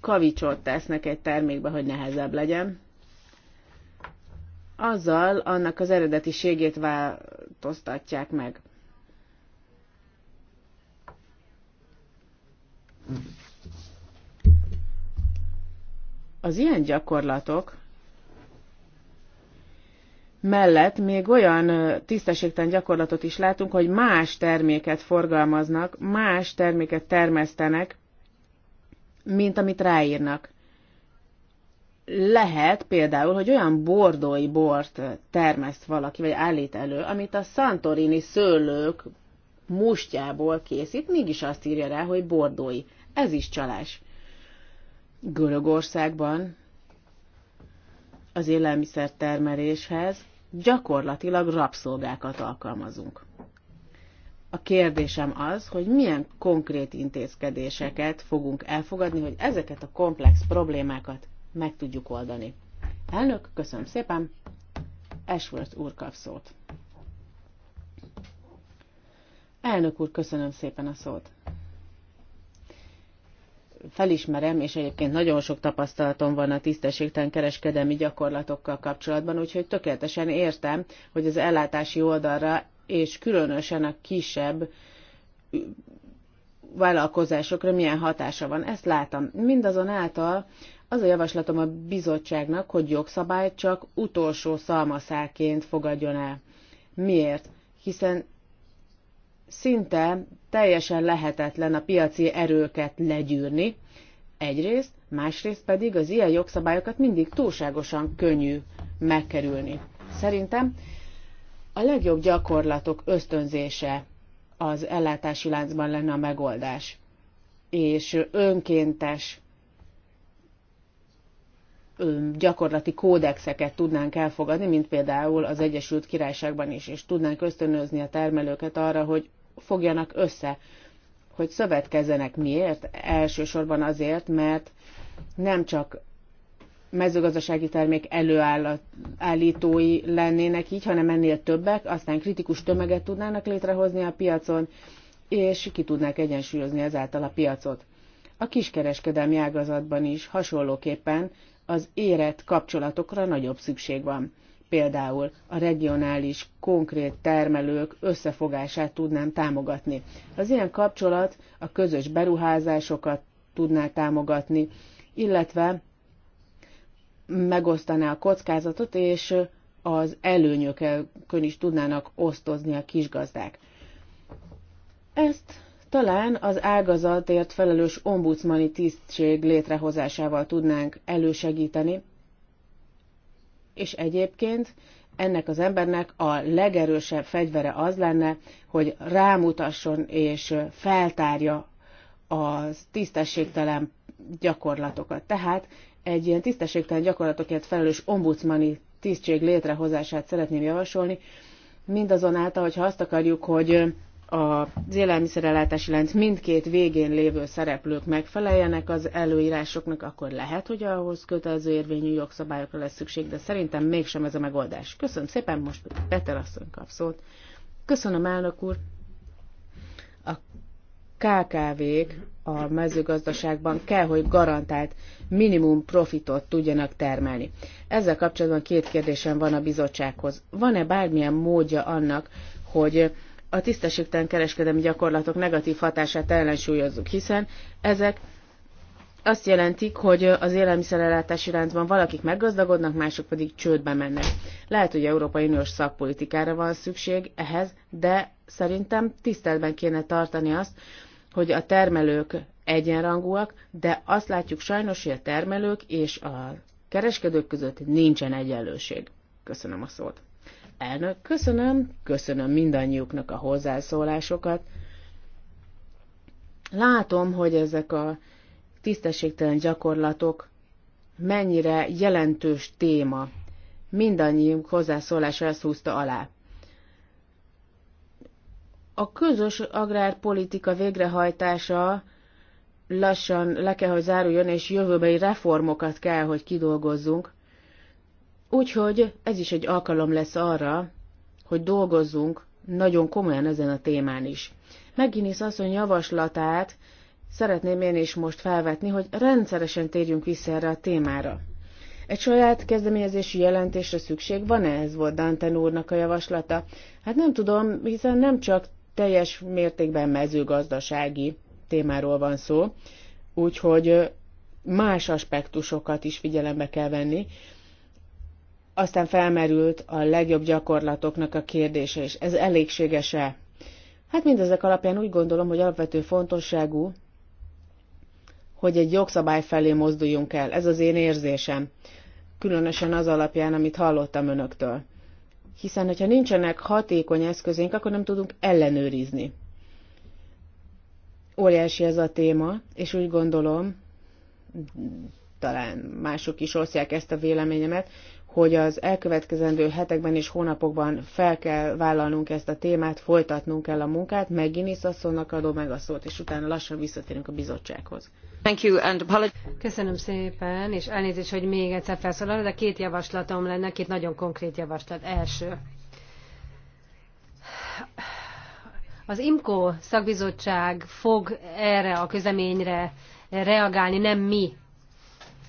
kavicsot tesznek egy termékbe, hogy nehezebb legyen, azzal annak az eredetiségét változtatják meg. Az ilyen gyakorlatok mellett még olyan tisztességtelen gyakorlatot is látunk, hogy más terméket forgalmaznak, más terméket termesztenek, mint amit ráírnak. Lehet például, hogy olyan bordói bort termeszt valaki, vagy állít elő, amit a Santorini szőlők mustjából készít, mégis azt írja rá, hogy bordói. Ez is csalás. Görögországban az élelmiszertermeléshez gyakorlatilag rabszolgákat alkalmazunk. A kérdésem az, hogy milyen konkrét intézkedéseket fogunk elfogadni, hogy ezeket a komplex problémákat meg tudjuk oldani. Elnök, köszönöm szépen! Ashworth úr kap szót. Elnök úr, köszönöm szépen a szót felismerem, és egyébként nagyon sok tapasztalatom van a tisztességtelen kereskedelmi gyakorlatokkal kapcsolatban, úgyhogy tökéletesen értem, hogy az ellátási oldalra, és különösen a kisebb vállalkozásokra milyen hatása van. Ezt látom. Mindazonáltal az a javaslatom a bizottságnak, hogy jogszabályt csak utolsó szalmaszáként fogadjon el. Miért? Hiszen szinte teljesen lehetetlen a piaci erőket legyűrni, egyrészt, másrészt pedig az ilyen jogszabályokat mindig túlságosan könnyű megkerülni. Szerintem a legjobb gyakorlatok ösztönzése az ellátási láncban lenne a megoldás, és önkéntes gyakorlati kódexeket tudnánk elfogadni, mint például az Egyesült Királyságban is, és tudnánk ösztönözni a termelőket arra, hogy fogjanak össze, hogy szövetkezzenek. Miért? Elsősorban azért, mert nem csak mezőgazdasági termék előállítói lennének így, hanem ennél többek, aztán kritikus tömeget tudnának létrehozni a piacon, és ki tudnák egyensúlyozni ezáltal a piacot. A kiskereskedelmi ágazatban is hasonlóképpen az érett kapcsolatokra nagyobb szükség van például a regionális konkrét termelők összefogását tudnám támogatni. Az ilyen kapcsolat a közös beruházásokat tudná támogatni, illetve megosztaná a kockázatot, és az előnyökön is tudnának osztozni a kisgazdák. Ezt talán az ágazatért felelős ombudsmani tisztség létrehozásával tudnánk elősegíteni, és egyébként ennek az embernek a legerősebb fegyvere az lenne, hogy rámutasson és feltárja a tisztességtelen gyakorlatokat. Tehát egy ilyen tisztességtelen gyakorlatokért felelős ombudsmani tisztség létrehozását szeretném javasolni, mindazonáltal, hogyha azt akarjuk, hogy az élelmiszerellátási lánc mindkét végén lévő szereplők megfeleljenek az előírásoknak, akkor lehet, hogy ahhoz kötelező érvényű jogszabályokra lesz szükség, de szerintem mégsem ez a megoldás. Köszönöm szépen, most Peter asszony kap szót. Köszönöm, elnök úr. A kkv a mezőgazdaságban kell, hogy garantált minimum profitot tudjanak termelni. Ezzel kapcsolatban két kérdésem van a bizottsághoz. Van-e bármilyen módja annak, hogy a tisztességtelen kereskedelmi gyakorlatok negatív hatását ellensúlyozzuk, hiszen ezek azt jelentik, hogy az élelmiszerellátási láncban valakik meggazdagodnak, mások pedig csődbe mennek. Lehet, hogy Európai Uniós szakpolitikára van szükség ehhez, de szerintem tiszteletben kéne tartani azt, hogy a termelők egyenrangúak, de azt látjuk sajnos, hogy a termelők és a kereskedők között nincsen egyenlőség. Köszönöm a szót. Elnök, köszönöm, köszönöm mindannyiuknak a hozzászólásokat. Látom, hogy ezek a tisztességtelen gyakorlatok mennyire jelentős téma. Mindannyiunk hozzászólása ezt húzta alá. A közös agrárpolitika végrehajtása lassan le kell, hogy záruljon, és jövőbeli reformokat kell, hogy kidolgozzunk, Úgyhogy ez is egy alkalom lesz arra, hogy dolgozzunk nagyon komolyan ezen a témán is. Megginis asszony javaslatát szeretném én is most felvetni, hogy rendszeresen térjünk vissza erre a témára. Egy saját kezdeményezési jelentésre szükség van-e? Ez volt Dante úrnak a javaslata. Hát nem tudom, hiszen nem csak teljes mértékben mezőgazdasági témáról van szó, úgyhogy más aspektusokat is figyelembe kell venni. Aztán felmerült a legjobb gyakorlatoknak a kérdése is. Ez elégséges-e? Hát mindezek alapján úgy gondolom, hogy alapvető fontosságú, hogy egy jogszabály felé mozduljunk el. Ez az én érzésem. Különösen az alapján, amit hallottam önöktől. Hiszen, hogyha nincsenek hatékony eszközénk, akkor nem tudunk ellenőrizni. Óriási ez a téma, és úgy gondolom, talán mások is osztják ezt a véleményemet, hogy az elkövetkezendő hetekben és hónapokban fel kell vállalnunk ezt a témát, folytatnunk kell a munkát. Megint asszonynak adom meg a szót, és utána lassan visszatérünk a bizottsághoz. Thank you and Köszönöm szépen, és elnézést, hogy még egyszer felszólalok, de két javaslatom lenne, két nagyon konkrét javaslat. Első. Az IMCO szakbizottság fog erre a közeményre reagálni, nem mi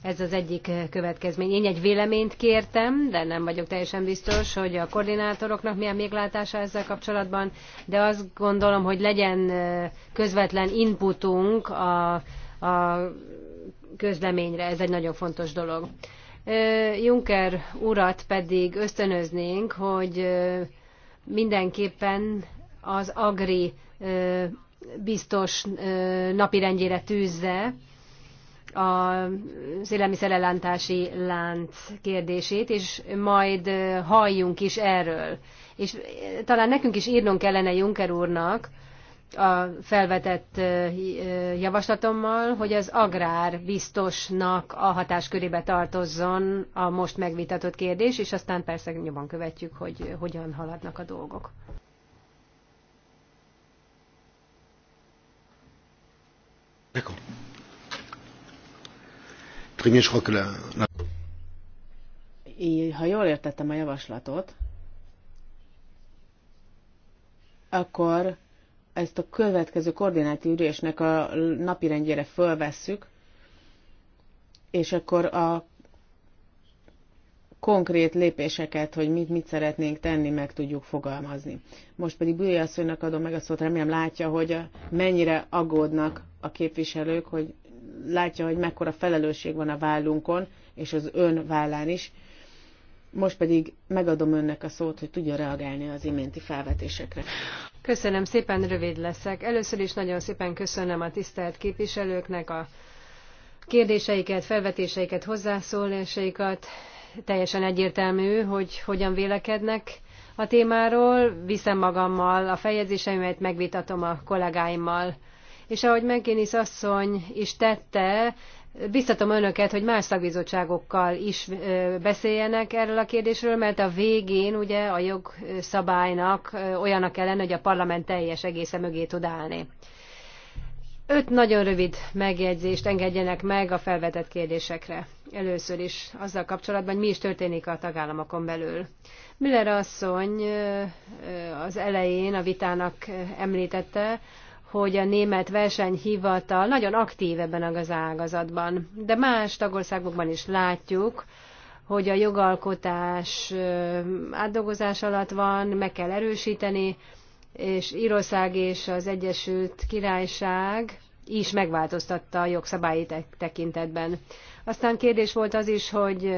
ez az egyik eh, következmény. Én egy véleményt kértem, de nem vagyok teljesen biztos, hogy a koordinátoroknak milyen méglátása ezzel kapcsolatban, de azt gondolom, hogy legyen eh, közvetlen inputunk a, a közleményre. Ez egy nagyon fontos dolog. Eh, Juncker urat pedig ösztönöznénk, hogy mindenképpen az agri biztos napirendjére tűzze az élelmiszerellátási lánc kérdését, és majd halljunk is erről. És talán nekünk is írnunk kellene Juncker úrnak a felvetett javaslatommal, hogy az agrár biztosnak a hatáskörébe tartozzon a most megvitatott kérdés, és aztán persze nyomon követjük, hogy hogyan haladnak a dolgok. Köszönöm je crois que la, la... ha jól értettem a javaslatot, akkor ezt a következő koordináti ürésnek a napirendjére fölvesszük, és akkor a konkrét lépéseket, hogy mit, mit szeretnénk tenni, meg tudjuk fogalmazni. Most pedig Bülé asszonynak adom meg a szót, remélem látja, hogy mennyire aggódnak a képviselők, hogy látja, hogy mekkora felelősség van a vállunkon, és az ön vállán is. Most pedig megadom önnek a szót, hogy tudja reagálni az iménti felvetésekre. Köszönöm szépen, rövid leszek. Először is nagyon szépen köszönöm a tisztelt képviselőknek a kérdéseiket, felvetéseiket, hozzászólásaikat. Teljesen egyértelmű, hogy hogyan vélekednek a témáról. Viszem magammal a feljegyzéseimet, megvitatom a kollégáimmal és ahogy Megénisz asszony is tette, biztatom önöket, hogy más szakbizottságokkal is beszéljenek erről a kérdésről, mert a végén ugye a jogszabálynak olyanak ellen, hogy a parlament teljes egésze mögé tud állni. Öt nagyon rövid megjegyzést engedjenek meg a felvetett kérdésekre. Először is azzal kapcsolatban, hogy mi is történik a tagállamokon belül. Müller asszony az elején a vitának említette, hogy a német versenyhivatal nagyon aktív ebben az ágazatban, de más tagországokban is látjuk, hogy a jogalkotás átdolgozás alatt van, meg kell erősíteni, és Írország és az Egyesült Királyság is megváltoztatta a jogszabályi e tekintetben. Aztán kérdés volt az is, hogy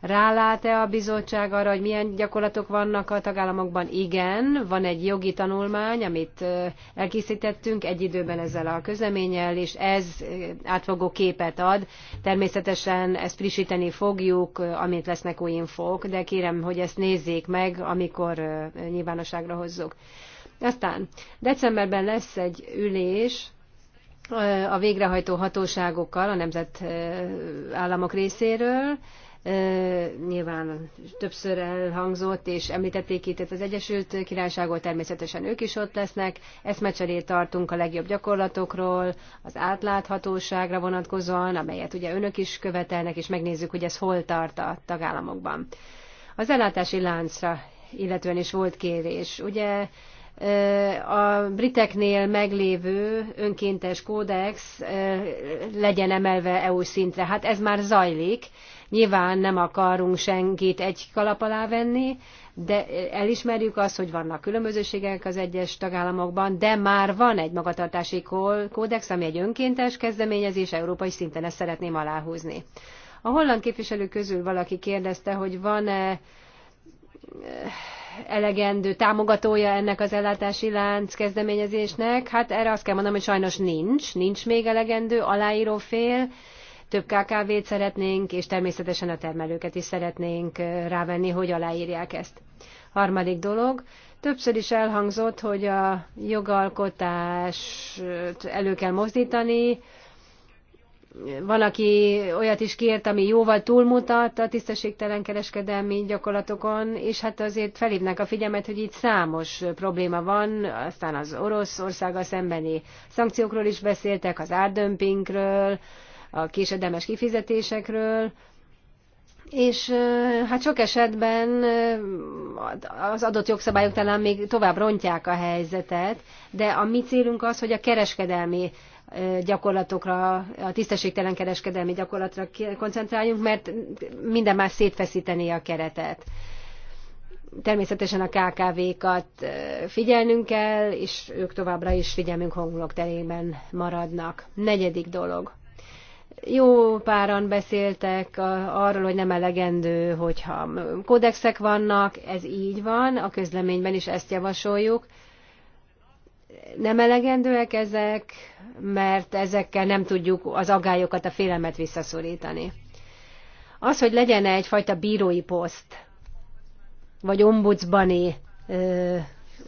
rálát-e a bizottság arra, hogy milyen gyakorlatok vannak a tagállamokban. Igen, van egy jogi tanulmány, amit elkészítettünk egy időben ezzel a közleménnyel, és ez átfogó képet ad. Természetesen ezt frissíteni fogjuk, amint lesznek új infók, de kérem, hogy ezt nézzék meg, amikor nyilvánosságra hozzuk. Aztán decemberben lesz egy ülés, a végrehajtó hatóságokkal a nemzetállamok részéről. Nyilván többször elhangzott és említették itt az Egyesült Királyságot, természetesen ők is ott lesznek. Eszmecserét tartunk a legjobb gyakorlatokról, az átláthatóságra vonatkozóan, amelyet ugye önök is követelnek, és megnézzük, hogy ez hol tart a tagállamokban. Az ellátási láncra illetően is volt kérés. Ugye a briteknél meglévő önkéntes kódex legyen emelve EU szintre. Hát ez már zajlik. Nyilván nem akarunk senkit egy kalap alá venni, de elismerjük azt, hogy vannak különbözőségek az egyes tagállamokban, de már van egy magatartási kódex, ami egy önkéntes kezdeményezés, európai szinten ezt szeretném aláhúzni. A holland képviselő közül valaki kérdezte, hogy van-e elegendő támogatója ennek az ellátási lánc kezdeményezésnek? Hát erre azt kell mondanom, hogy sajnos nincs, nincs még elegendő aláíró fél, több KKV-t szeretnénk, és természetesen a termelőket is szeretnénk rávenni, hogy aláírják ezt. Harmadik dolog, többször is elhangzott, hogy a jogalkotást elő kell mozdítani, van, aki olyat is kért, ami jóval túlmutat a tisztességtelen kereskedelmi gyakorlatokon, és hát azért felhívnak a figyelmet, hogy itt számos probléma van, aztán az orosz országa szembeni szankciókról is beszéltek, az árdömpingről, a késedelmes kifizetésekről, és hát sok esetben az adott jogszabályok talán még tovább rontják a helyzetet, de a mi célunk az, hogy a kereskedelmi gyakorlatokra, a tisztességtelen kereskedelmi gyakorlatra koncentráljunk, mert minden más szétfeszíteni a keretet. Természetesen a KKV-kat figyelnünk kell, és ők továbbra is figyelmünk hangulok terében maradnak. Negyedik dolog. Jó páran beszéltek arról, hogy nem elegendő, hogyha kódexek vannak, ez így van, a közleményben is ezt javasoljuk. Nem elegendőek ezek, mert ezekkel nem tudjuk az agályokat, a félelmet visszaszorítani. Az, hogy legyen -e egyfajta bírói poszt, vagy ombudsbani ö,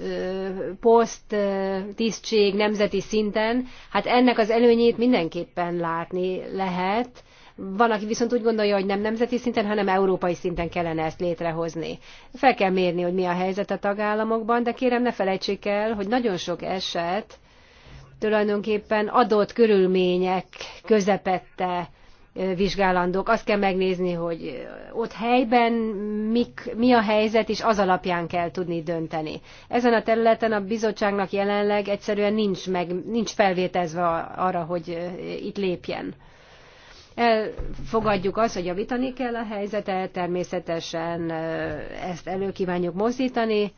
ö, poszt, ö, tisztség nemzeti szinten, hát ennek az előnyét mindenképpen látni lehet, van, aki viszont úgy gondolja, hogy nem nemzeti szinten, hanem európai szinten kellene ezt létrehozni. Fel kell mérni, hogy mi a helyzet a tagállamokban, de kérem ne felejtsék el, hogy nagyon sok eset tulajdonképpen adott körülmények közepette vizsgálandók. Azt kell megnézni, hogy ott helyben mik, mi a helyzet, és az alapján kell tudni dönteni. Ezen a területen a bizottságnak jelenleg egyszerűen nincs, meg, nincs felvétezve arra, hogy itt lépjen. Elfogadjuk azt, hogy javítani kell a helyzetet, természetesen ezt elő kívánjuk mozdítani,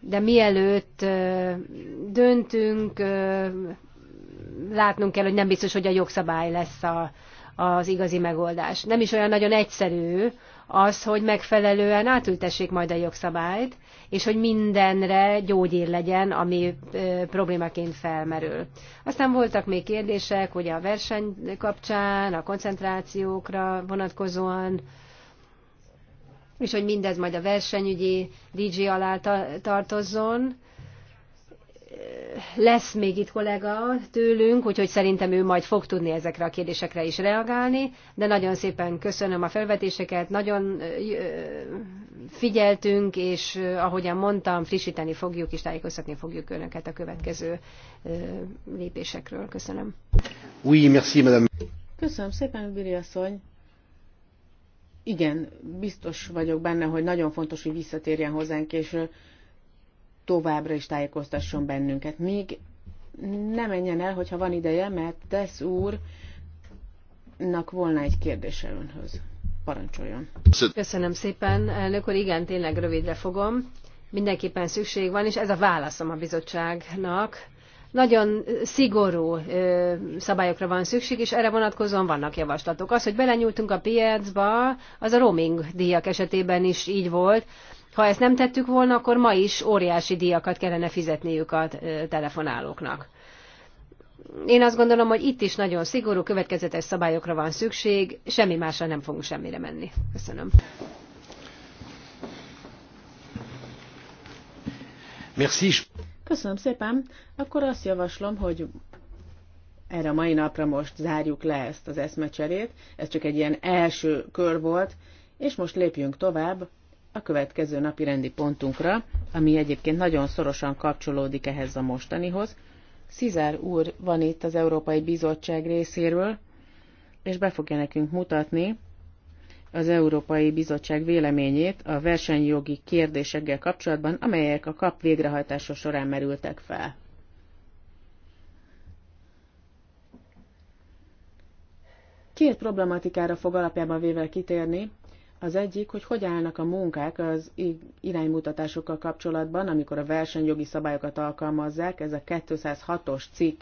de mielőtt döntünk, látnunk kell, hogy nem biztos, hogy a jogszabály lesz a, az igazi megoldás. Nem is olyan nagyon egyszerű az, hogy megfelelően átültessék majd a jogszabályt, és hogy mindenre gyógyír legyen, ami problémaként felmerül. Aztán voltak még kérdések, hogy a verseny kapcsán, a koncentrációkra vonatkozóan, és hogy mindez majd a versenyügyi DJ alá tartozzon. Lesz még itt kollega tőlünk, úgyhogy szerintem ő majd fog tudni ezekre a kérdésekre is reagálni, de nagyon szépen köszönöm a felvetéseket, nagyon figyeltünk, és ahogyan mondtam, frissíteni fogjuk és tájékoztatni fogjuk önöket a következő lépésekről. Köszönöm. Oui, merci, madame. Köszönöm szépen, Biri asszony igen, biztos vagyok benne, hogy nagyon fontos, hogy visszatérjen hozzánk, és továbbra is tájékoztasson bennünket. Még ne menjen el, hogyha van ideje, mert tesz úrnak volna egy kérdése önhöz. Parancsoljon. Köszönöm szépen, elnök úr. Igen, tényleg rövidre fogom. Mindenképpen szükség van, és ez a válaszom a bizottságnak nagyon szigorú szabályokra van szükség, és erre vonatkozóan vannak javaslatok. Az, hogy belenyúltunk a piacba, az a roaming díjak esetében is így volt. Ha ezt nem tettük volna, akkor ma is óriási díjakat kellene fizetniük a telefonálóknak. Én azt gondolom, hogy itt is nagyon szigorú, következetes szabályokra van szükség, semmi másra nem fogunk semmire menni. Köszönöm. Merci. Köszönöm szépen. Akkor azt javaslom, hogy erre a mai napra most zárjuk le ezt az eszmecserét. Ez csak egy ilyen első kör volt, és most lépjünk tovább a következő napi rendi pontunkra, ami egyébként nagyon szorosan kapcsolódik ehhez a mostanihoz. Szizár úr van itt az Európai Bizottság részéről, és be fogja nekünk mutatni az Európai Bizottság véleményét a versenyjogi kérdésekkel kapcsolatban, amelyek a kap végrehajtása során merültek fel. Két problematikára fog alapjában véve kitérni. Az egyik, hogy hogy állnak a munkák az iránymutatásokkal kapcsolatban, amikor a versenyjogi szabályokat alkalmazzák. Ez a 206-os cikk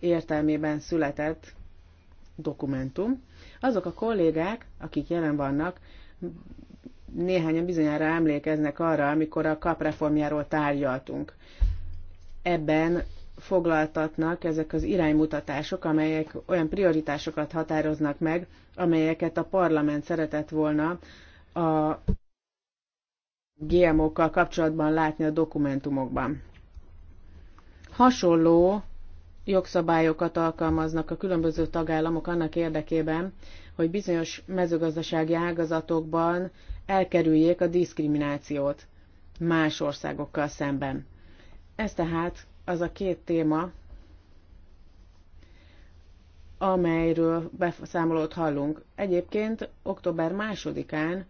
értelmében született dokumentum. Azok a kollégák, akik jelen vannak, néhányan bizonyára emlékeznek arra, amikor a kapreformjáról tárgyaltunk. Ebben foglaltatnak ezek az iránymutatások, amelyek olyan prioritásokat határoznak meg, amelyeket a parlament szeretett volna a GMO-kkal kapcsolatban látni a dokumentumokban. Hasonló jogszabályokat alkalmaznak a különböző tagállamok annak érdekében, hogy bizonyos mezőgazdasági ágazatokban elkerüljék a diszkriminációt más országokkal szemben. Ez tehát az a két téma, amelyről beszámolót hallunk. Egyébként október másodikán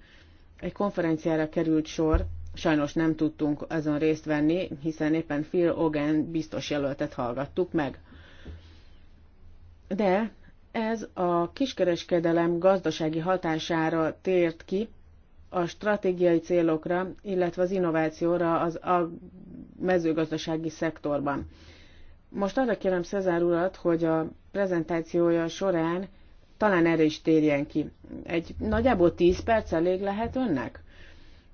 egy konferenciára került sor, sajnos nem tudtunk azon részt venni, hiszen éppen Phil Ogan biztos jelöltet hallgattuk meg de ez a kiskereskedelem gazdasági hatására tért ki, a stratégiai célokra, illetve az innovációra az a mezőgazdasági szektorban. Most arra kérem Cezár urat, hogy a prezentációja során talán erre is térjen ki. Egy nagyjából 10 perc elég lehet önnek?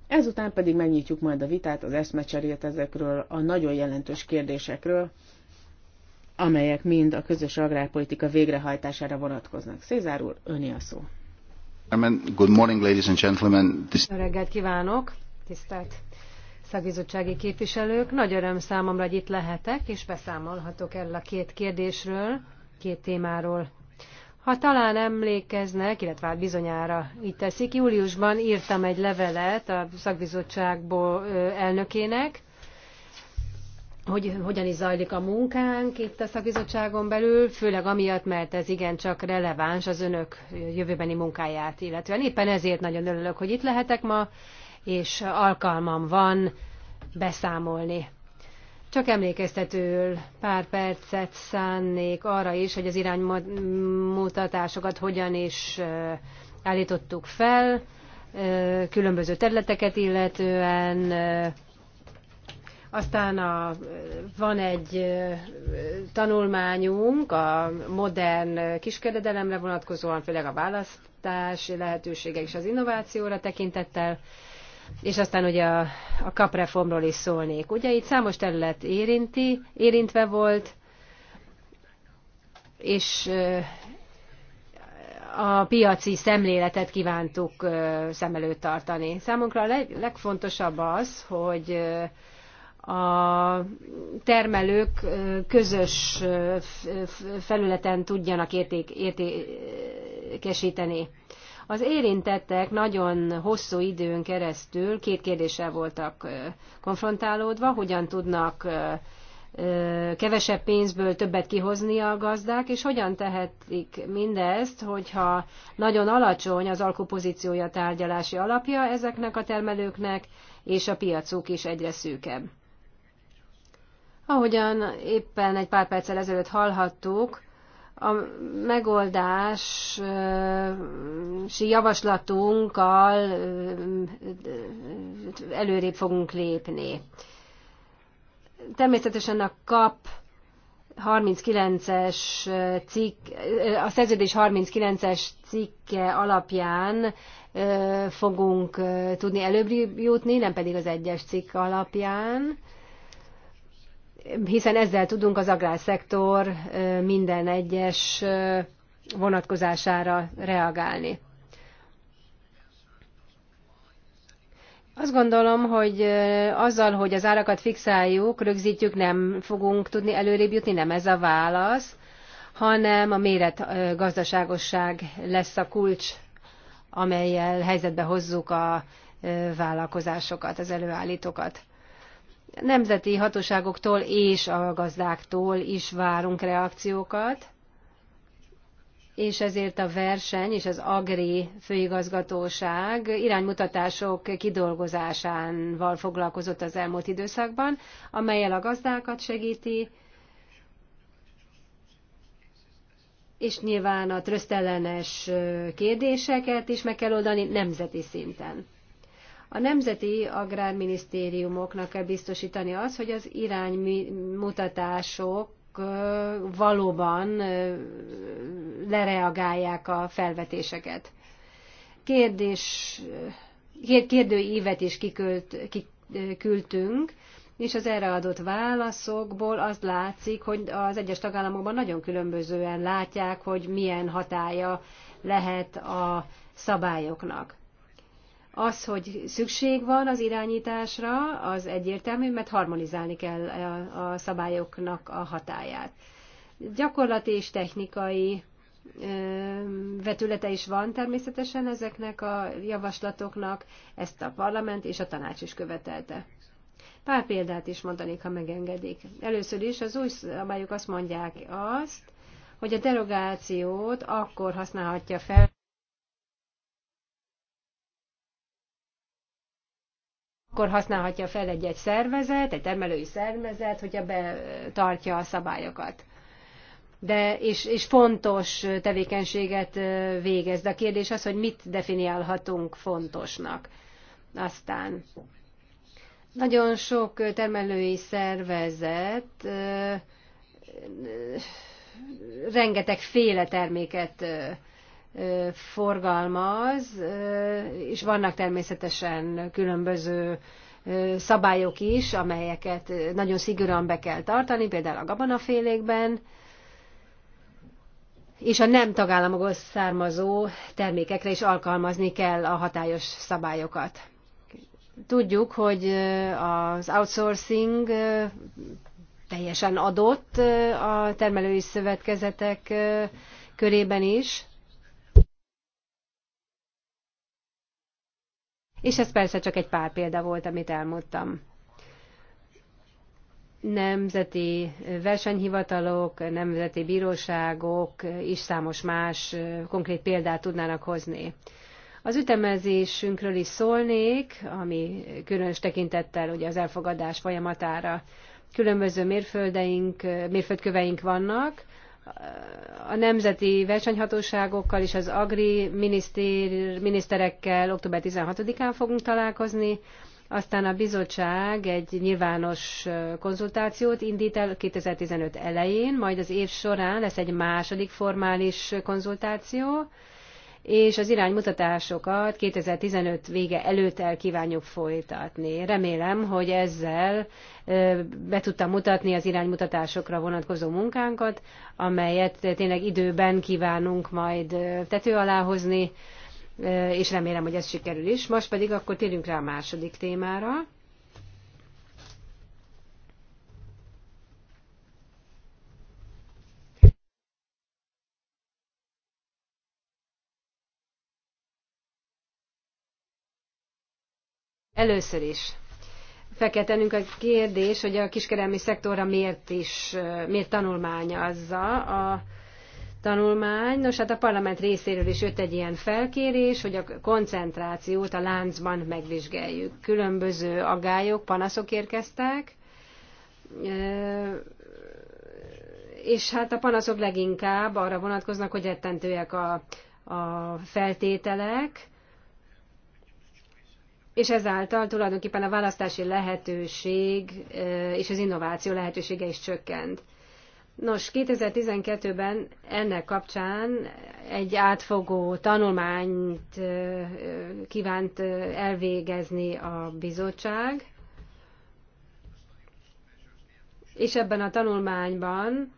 Ezután pedig megnyitjuk majd a vitát, az eszmecserét ezekről a nagyon jelentős kérdésekről, amelyek mind a közös agrárpolitika végrehajtására vonatkoznak. Szézár úr, öné a szó. Good morning, ladies and gentlemen. This... reggelt kívánok, tisztelt szakbizottsági képviselők. Nagy öröm számomra, hogy itt lehetek, és beszámolhatok erről a két kérdésről, két témáról. Ha talán emlékeznek, illetve hát bizonyára így teszik, júliusban írtam egy levelet a szakbizottságból elnökének, hogy hogyan is zajlik a munkánk itt a szakbizottságon belül, főleg amiatt, mert ez igencsak releváns az önök jövőbeni munkáját illetően. Éppen ezért nagyon örülök, hogy itt lehetek ma, és alkalmam van beszámolni. Csak emlékeztetőül pár percet szánnék arra is, hogy az iránymutatásokat hogyan is állítottuk fel, különböző területeket illetően, aztán a, van egy tanulmányunk a modern kiskeredelemre vonatkozóan, főleg a választási lehetőségek és az innovációra tekintettel, és aztán ugye a, a kapreformról is szólnék. Ugye itt számos terület érinti, érintve volt, és a piaci szemléletet kívántuk szem előtt tartani. Számunkra a legfontosabb az, hogy a termelők közös felületen tudjanak érték, értékesíteni. Az érintettek nagyon hosszú időn keresztül két kérdéssel voltak konfrontálódva, hogyan tudnak kevesebb pénzből többet kihozni a gazdák, és hogyan tehetik mindezt, hogyha nagyon alacsony az alkupozíciója tárgyalási alapja ezeknek a termelőknek, és a piacuk is egyre szűkebb. Ahogyan éppen egy pár perccel ezelőtt hallhattuk, a megoldási javaslatunkkal előrébb fogunk lépni. Természetesen a kap 39-es cikk, a szerződés 39-es cikke alapján fogunk tudni előbb jutni, nem pedig az egyes cikk alapján hiszen ezzel tudunk az agrárszektor minden egyes vonatkozására reagálni. Azt gondolom, hogy azzal, hogy az árakat fixáljuk, rögzítjük, nem fogunk tudni előrébb jutni, nem ez a válasz, hanem a méret gazdaságosság lesz a kulcs, amelyel helyzetbe hozzuk a vállalkozásokat, az előállítókat nemzeti hatóságoktól és a gazdáktól is várunk reakciókat, és ezért a verseny és az Agri főigazgatóság iránymutatások kidolgozásával foglalkozott az elmúlt időszakban, amelyel a gazdákat segíti, és nyilván a trösztellenes kérdéseket is meg kell oldani nemzeti szinten. A nemzeti agrárminisztériumoknak kell biztosítani az, hogy az iránymutatások valóban lereagálják a felvetéseket. Kérdés, kérdőívet is kikült, kiküldtünk, és az erre adott válaszokból az látszik, hogy az egyes tagállamokban nagyon különbözően látják, hogy milyen hatája lehet a szabályoknak. Az, hogy szükség van az irányításra, az egyértelmű, mert harmonizálni kell a szabályoknak a hatáját. Gyakorlati és technikai vetülete is van természetesen ezeknek a javaslatoknak, ezt a parlament és a tanács is követelte. Pár példát is mondanék, ha megengedik. Először is az új szabályok azt mondják azt, hogy a derogációt akkor használhatja fel, akkor használhatja fel egy-egy szervezet, egy termelői szervezet, hogyha betartja a szabályokat. De, és, és fontos tevékenységet végez. De a kérdés az, hogy mit definiálhatunk fontosnak. Aztán nagyon sok termelői szervezet rengeteg féle terméket forgalmaz, és vannak természetesen különböző szabályok is, amelyeket nagyon szigorúan be kell tartani, például a gabonafélékben, és a nem tagállamokhoz származó termékekre is alkalmazni kell a hatályos szabályokat. Tudjuk, hogy az outsourcing teljesen adott a termelői szövetkezetek körében is, És ez persze csak egy pár példa volt, amit elmondtam. Nemzeti versenyhivatalok, nemzeti bíróságok és számos más konkrét példát tudnának hozni. Az ütemezésünkről is szólnék, ami különös tekintettel ugye az elfogadás folyamatára különböző mérföldeink, mérföldköveink vannak, a nemzeti versenyhatóságokkal és az agri miniszterekkel október 16-án fogunk találkozni. Aztán a bizottság egy nyilvános konzultációt indít el 2015 elején, majd az év során lesz egy második formális konzultáció, és az iránymutatásokat 2015 vége előtt el kívánjuk folytatni. Remélem, hogy ezzel be tudtam mutatni az iránymutatásokra vonatkozó munkánkat, amelyet tényleg időben kívánunk majd tető alá hozni, és remélem, hogy ez sikerül is. Most pedig akkor térjünk rá a második témára. Először is fekete a kérdés, hogy a kiskerelmi szektorra miért is, eh, miért azza a tanulmány. Nos, hát a parlament részéről is jött egy ilyen felkérés, hogy a koncentrációt a láncban megvizsgáljuk. Különböző agályok, panaszok érkeztek, eh, és hát a panaszok leginkább arra vonatkoznak, hogy rettentőek a, a feltételek, és ezáltal tulajdonképpen a választási lehetőség eh, és az innováció lehetősége is csökkent. Nos, 2012-ben ennek kapcsán egy átfogó tanulmányt eh, kívánt eh, elvégezni a bizottság, és ebben a tanulmányban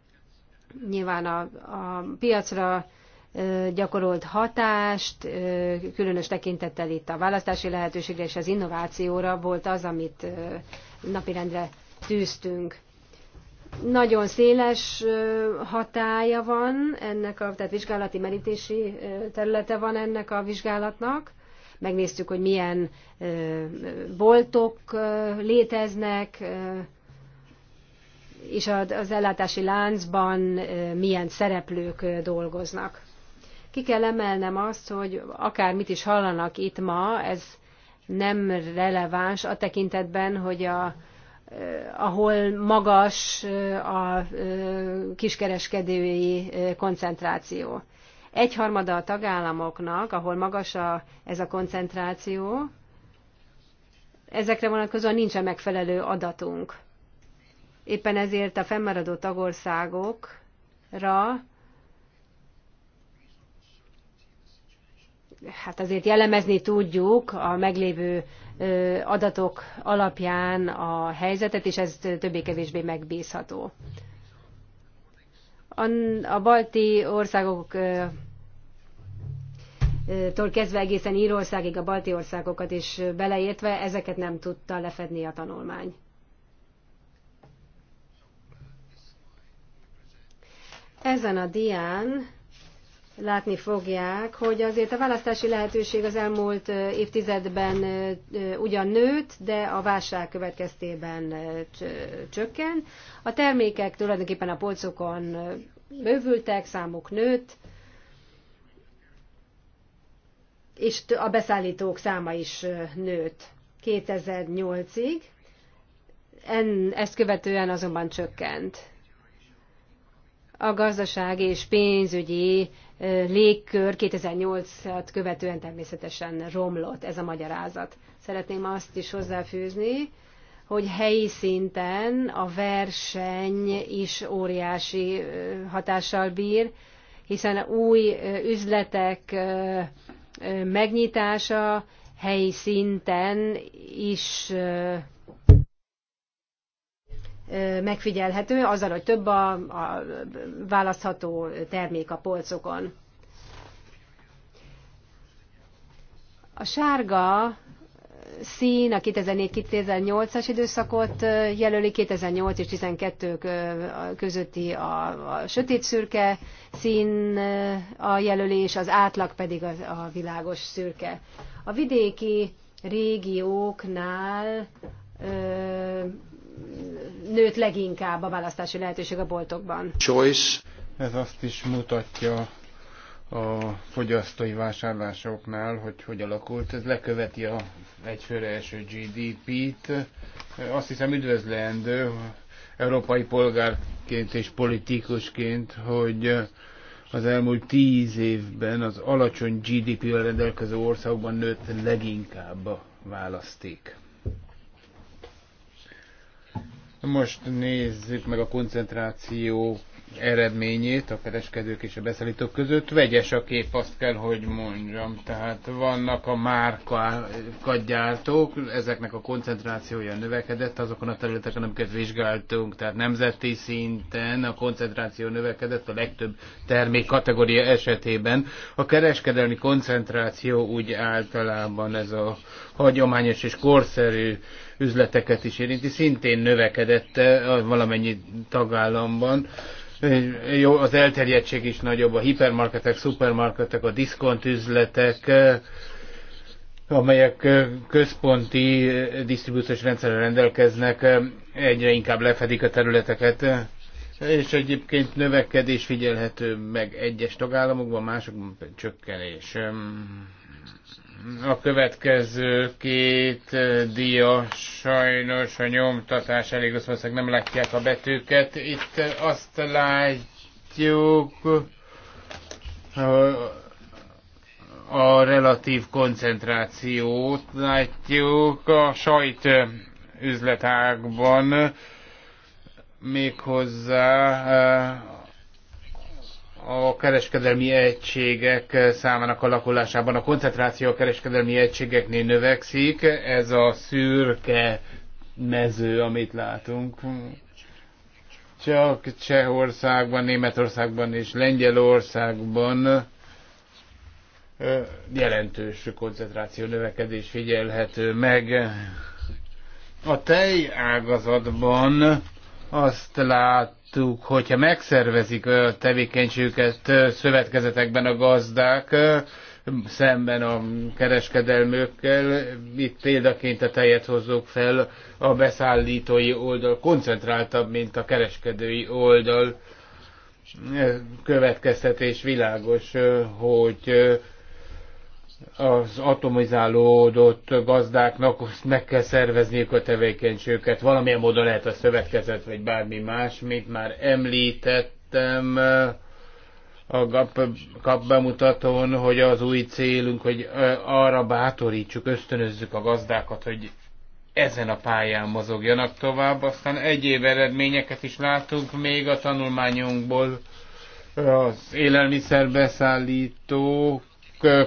nyilván a, a piacra gyakorolt hatást, különös tekintettel itt a választási lehetőségre és az innovációra volt az, amit napirendre tűztünk. Nagyon széles hatája van ennek a, tehát vizsgálati merítési területe van ennek a vizsgálatnak. Megnéztük, hogy milyen boltok léteznek, és az ellátási láncban milyen szereplők dolgoznak. Ki kell emelnem azt, hogy akármit is hallanak itt ma, ez nem releváns a tekintetben, hogy a, eh, ahol magas eh, a eh, kiskereskedői koncentráció. Egyharmada a tagállamoknak, ahol magas a, ez a koncentráció, ezekre vonatkozóan nincsen megfelelő adatunk. Éppen ezért a fennmaradó tagországokra hát azért jellemezni tudjuk a meglévő adatok alapján a helyzetet, és ez többé-kevésbé megbízható. A balti országok tól kezdve egészen Írországig a balti országokat is beleértve, ezeket nem tudta lefedni a tanulmány. Ezen a dián látni fogják, hogy azért a választási lehetőség az elmúlt évtizedben ugyan nőtt, de a válság következtében csökken. A termékek tulajdonképpen a polcokon bővültek, számuk nőtt, és a beszállítók száma is nőtt 2008-ig. En, ezt követően azonban csökkent a gazdaság és pénzügyi légkör 2008-at követően természetesen romlott ez a magyarázat. Szeretném azt is hozzáfűzni, hogy helyi szinten a verseny is óriási hatással bír, hiszen új üzletek megnyitása helyi szinten is megfigyelhető, azzal, hogy több a, a választható termék a polcokon. A sárga szín a 2004-2008-as időszakot jelöli, 2008 és 2012 közötti a, a sötét szürke szín a jelölés, az átlag pedig a, a világos szürke. A vidéki régióknál ö, nőtt leginkább a választási lehetőség a boltokban. Choice. Ez azt is mutatja a fogyasztói vásárlásoknál, hogy hogy alakult. Ez leköveti a egyfőre eső GDP-t. Azt hiszem üdvözlendő európai polgárként és politikusként, hogy az elmúlt tíz évben az alacsony GDP-vel rendelkező országban nőtt leginkább a választék. Most nézzük meg a koncentráció eredményét a kereskedők és a beszállítók között. Vegyes a kép, azt kell, hogy mondjam. Tehát vannak a márka gyártók, ezeknek a koncentrációja növekedett azokon a területeken, amiket vizsgáltunk. Tehát nemzeti szinten a koncentráció növekedett a legtöbb termék kategória esetében. A kereskedelmi koncentráció úgy általában ez a hagyományos és korszerű üzleteket is érinti, szintén növekedett valamennyi tagállamban. Jó, az elterjedtség is nagyobb, a hipermarketek, szupermarketek, a diszkont üzletek, amelyek központi disztribúciós rendszerrel rendelkeznek, egyre inkább lefedik a területeket, és egyébként növekedés figyelhető meg egyes tagállamokban, másokban csökkenés. A következő két eh, dia sajnos a nyomtatás elég rossz, valószínűleg nem látják a betűket. Itt eh, azt látjuk eh, a relatív koncentrációt, látjuk a sajt üzletágban méghozzá a kereskedelmi egységek számának alakulásában. A koncentráció a kereskedelmi egységeknél növekszik, ez a szürke mező, amit látunk. Csak Csehországban, Németországban és Lengyelországban jelentős koncentráció növekedés figyelhető meg. A tej ágazatban azt lát, láttuk, hogyha megszervezik a tevékenységüket szövetkezetekben a gazdák, szemben a kereskedelmőkkel. Itt példaként a tejet hozzuk fel, a beszállítói oldal koncentráltabb, mint a kereskedői oldal. Következtetés világos, hogy az atomizálódott gazdáknak meg kell szervezniük a tevékenységüket. Valamilyen módon lehet a szövetkezet, vagy bármi más, mint már említettem eh, a GAP, GAP bemutatón, hogy az új célunk, hogy eh, arra bátorítsuk, ösztönözzük a gazdákat, hogy ezen a pályán mozogjanak tovább. Aztán egyéb eredményeket is látunk még a tanulmányunkból. Az élelmiszerbeszállítók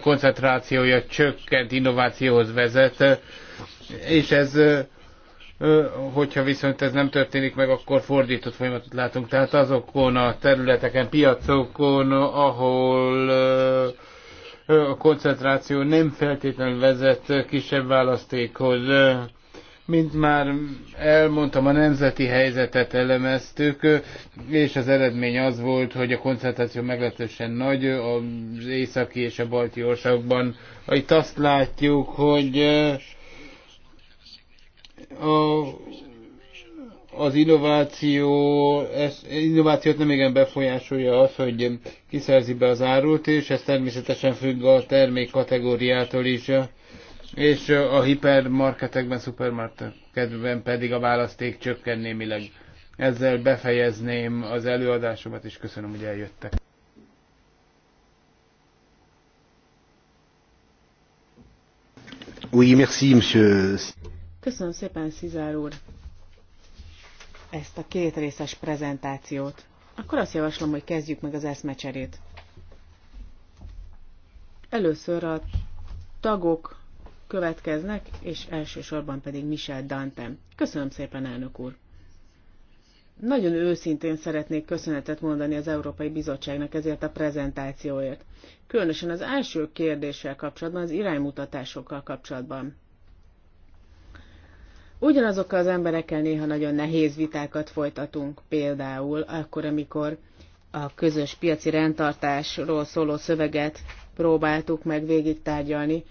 koncentrációja csökkent, innovációhoz vezet, és ez hogyha viszont ez nem történik meg, akkor fordított folyamatot látunk. Tehát azokon a területeken, piacokon, ahol a koncentráció nem feltétlenül vezet kisebb választékhoz, mint már elmondtam, a nemzeti helyzetet elemeztük, és az eredmény az volt, hogy a koncentráció meglehetősen nagy az északi és a balti országban. Itt azt látjuk, hogy eh, a az innováció, ez, innovációt nem igen befolyásolja az, hogy kiszerzi be az árut, és ez természetesen függ a termék kategóriától is és a hipermarketekben, szupermarketekben pedig a választék csökken némileg. Ezzel befejezném az előadásomat, és köszönöm, hogy eljöttek. Oui, merci, monsieur. Köszönöm szépen, Szizár úr, ezt a két részes prezentációt. Akkor azt javaslom, hogy kezdjük meg az eszmecserét. Először a tagok következnek, és elsősorban pedig Michel Dantem. Köszönöm szépen, elnök úr! Nagyon őszintén szeretnék köszönetet mondani az Európai Bizottságnak ezért a prezentációért. Különösen az első kérdéssel kapcsolatban, az iránymutatásokkal kapcsolatban. Ugyanazokkal az emberekkel néha nagyon nehéz vitákat folytatunk, például akkor, amikor a közös piaci rendtartásról szóló szöveget próbáltuk meg tárgyalni,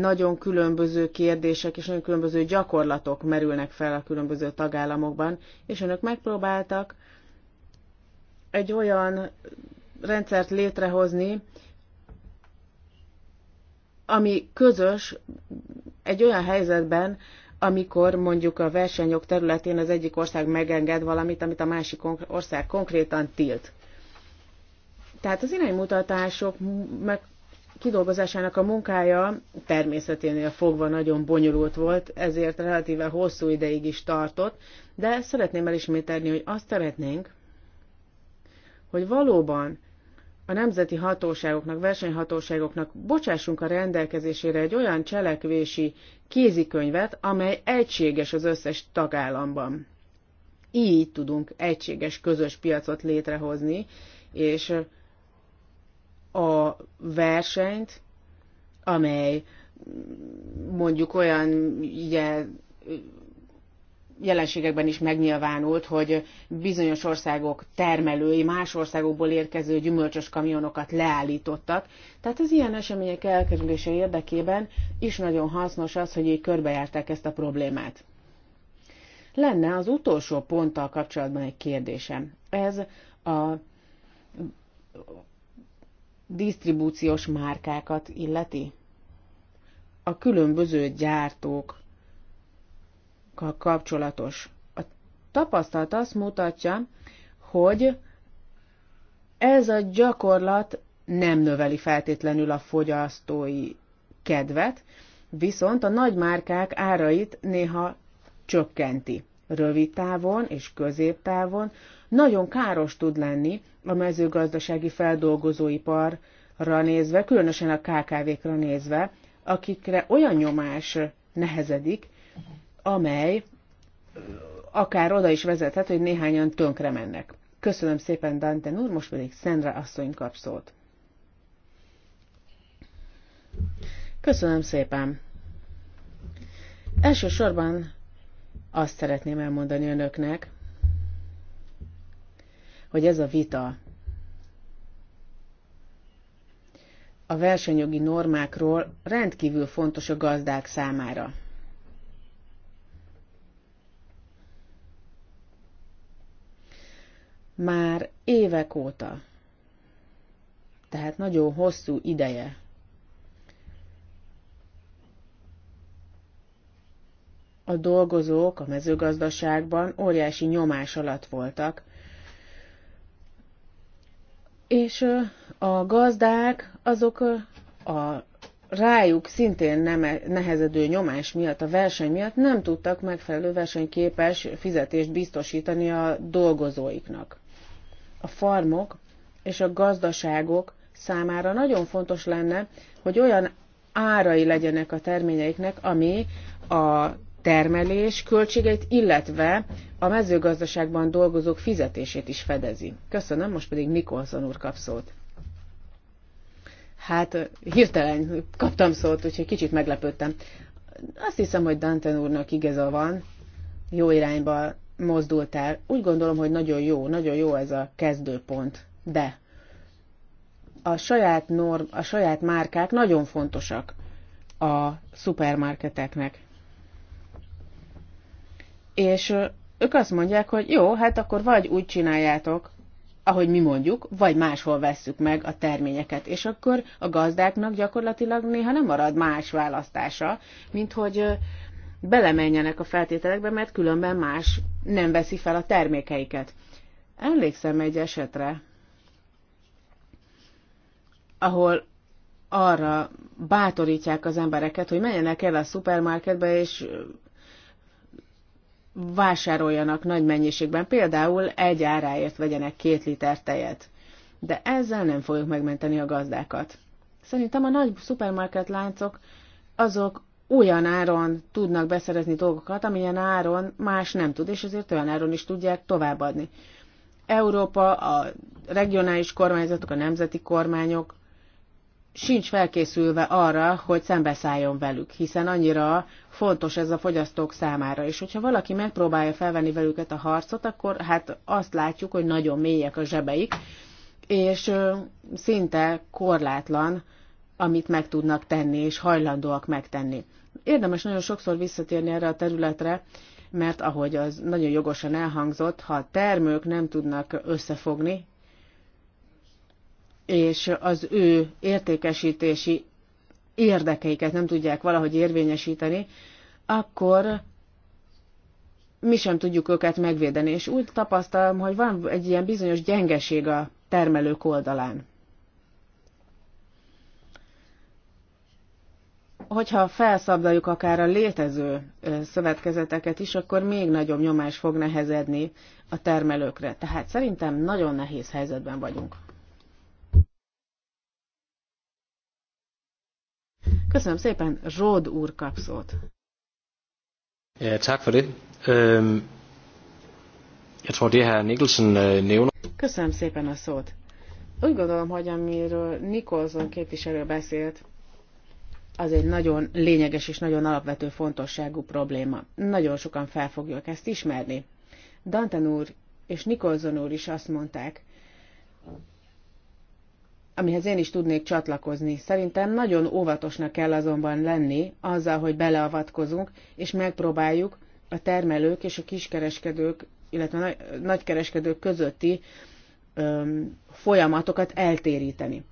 nagyon különböző kérdések és nagyon különböző gyakorlatok merülnek fel a különböző tagállamokban, és önök megpróbáltak egy olyan rendszert létrehozni, ami közös egy olyan helyzetben, amikor mondjuk a versenyok területén az egyik ország megenged valamit, amit a másik ország konkrétan tilt. Tehát az iránymutatások meg kidolgozásának a munkája természeténél fogva nagyon bonyolult volt, ezért relatíve hosszú ideig is tartott, de szeretném elismételni, hogy azt szeretnénk, hogy valóban a nemzeti hatóságoknak, versenyhatóságoknak bocsássunk a rendelkezésére egy olyan cselekvési kézikönyvet, amely egységes az összes tagállamban. Így tudunk egységes közös piacot létrehozni, és a versenyt, amely mondjuk olyan ugye, jelenségekben is megnyilvánult, hogy bizonyos országok termelői más országokból érkező gyümölcsös kamionokat leállítottak. Tehát az ilyen események elkerülése érdekében is nagyon hasznos az, hogy így körbejárták ezt a problémát. Lenne az utolsó ponttal kapcsolatban egy kérdésem. Ez a disztribúciós márkákat illeti. A különböző gyártókkal kapcsolatos. A tapasztalat azt mutatja, hogy ez a gyakorlat nem növeli feltétlenül a fogyasztói kedvet, viszont a nagy márkák árait néha csökkenti rövid távon és középtávon nagyon káros tud lenni a mezőgazdasági feldolgozóiparra nézve, különösen a KKV-kra nézve, akikre olyan nyomás nehezedik, amely akár oda is vezethet, hogy néhányan tönkre mennek. Köszönöm szépen, Dante úr, most pedig Szendra asszony kap szót. Köszönöm szépen! Elsősorban azt szeretném elmondani önöknek, hogy ez a vita a versenyjogi normákról rendkívül fontos a gazdák számára. Már évek óta, tehát nagyon hosszú ideje a dolgozók a mezőgazdaságban óriási nyomás alatt voltak, és a gazdák azok a rájuk szintén nem nehezedő nyomás miatt, a verseny miatt nem tudtak megfelelő versenyképes fizetést biztosítani a dolgozóiknak. A farmok és a gazdaságok számára nagyon fontos lenne, hogy olyan árai legyenek a terményeiknek, ami a termelés költségeit, illetve a mezőgazdaságban dolgozók fizetését is fedezi. Köszönöm, most pedig Nikolson úr kap szót. Hát hirtelen kaptam szót, úgyhogy kicsit meglepődtem. Azt hiszem, hogy Danten úrnak igaza van, jó irányba mozdult el. Úgy gondolom, hogy nagyon jó, nagyon jó ez a kezdőpont, de a saját, norm, a saját márkák nagyon fontosak a szupermarketeknek és ők azt mondják, hogy jó, hát akkor vagy úgy csináljátok, ahogy mi mondjuk, vagy máshol vesszük meg a terményeket. És akkor a gazdáknak gyakorlatilag néha nem marad más választása, mint hogy belemenjenek a feltételekbe, mert különben más nem veszi fel a termékeiket. Emlékszem egy esetre, ahol arra bátorítják az embereket, hogy menjenek el a szupermarketbe, és vásároljanak nagy mennyiségben, például egy áráért vegyenek két liter tejet. De ezzel nem fogjuk megmenteni a gazdákat. Szerintem a nagy szupermarket láncok azok olyan áron tudnak beszerezni dolgokat, amilyen áron más nem tud, és ezért olyan áron is tudják továbbadni. Európa, a regionális kormányzatok, a nemzeti kormányok sincs felkészülve arra, hogy szembeszálljon velük, hiszen annyira fontos ez a fogyasztók számára. És hogyha valaki megpróbálja felvenni velük a harcot, akkor hát azt látjuk, hogy nagyon mélyek a zsebeik, és szinte korlátlan, amit meg tudnak tenni, és hajlandóak megtenni. Érdemes nagyon sokszor visszatérni erre a területre, mert ahogy az nagyon jogosan elhangzott, ha a termők nem tudnak összefogni, és az ő értékesítési érdekeiket nem tudják valahogy érvényesíteni, akkor mi sem tudjuk őket megvédeni. És úgy tapasztalom, hogy van egy ilyen bizonyos gyengeség a termelők oldalán. Hogyha felszabdaljuk akár a létező szövetkezeteket is, akkor még nagyobb nyomás fog nehezedni a termelőkre. Tehát szerintem nagyon nehéz helyzetben vagyunk. Köszönöm szépen, Zsód úr kap szót. Er øh, Köszönöm szépen a szót. Úgy gondolom, hogy amiről Nikolson képviselő beszélt, az egy nagyon lényeges és nagyon alapvető fontosságú probléma. Nagyon sokan fel fogják ezt ismerni. Danten úr és Nikolson úr is azt mondták, amihez én is tudnék csatlakozni. Szerintem nagyon óvatosnak kell azonban lenni azzal, hogy beleavatkozunk, és megpróbáljuk a termelők és a kiskereskedők, illetve nagykereskedők közötti öm, folyamatokat eltéríteni.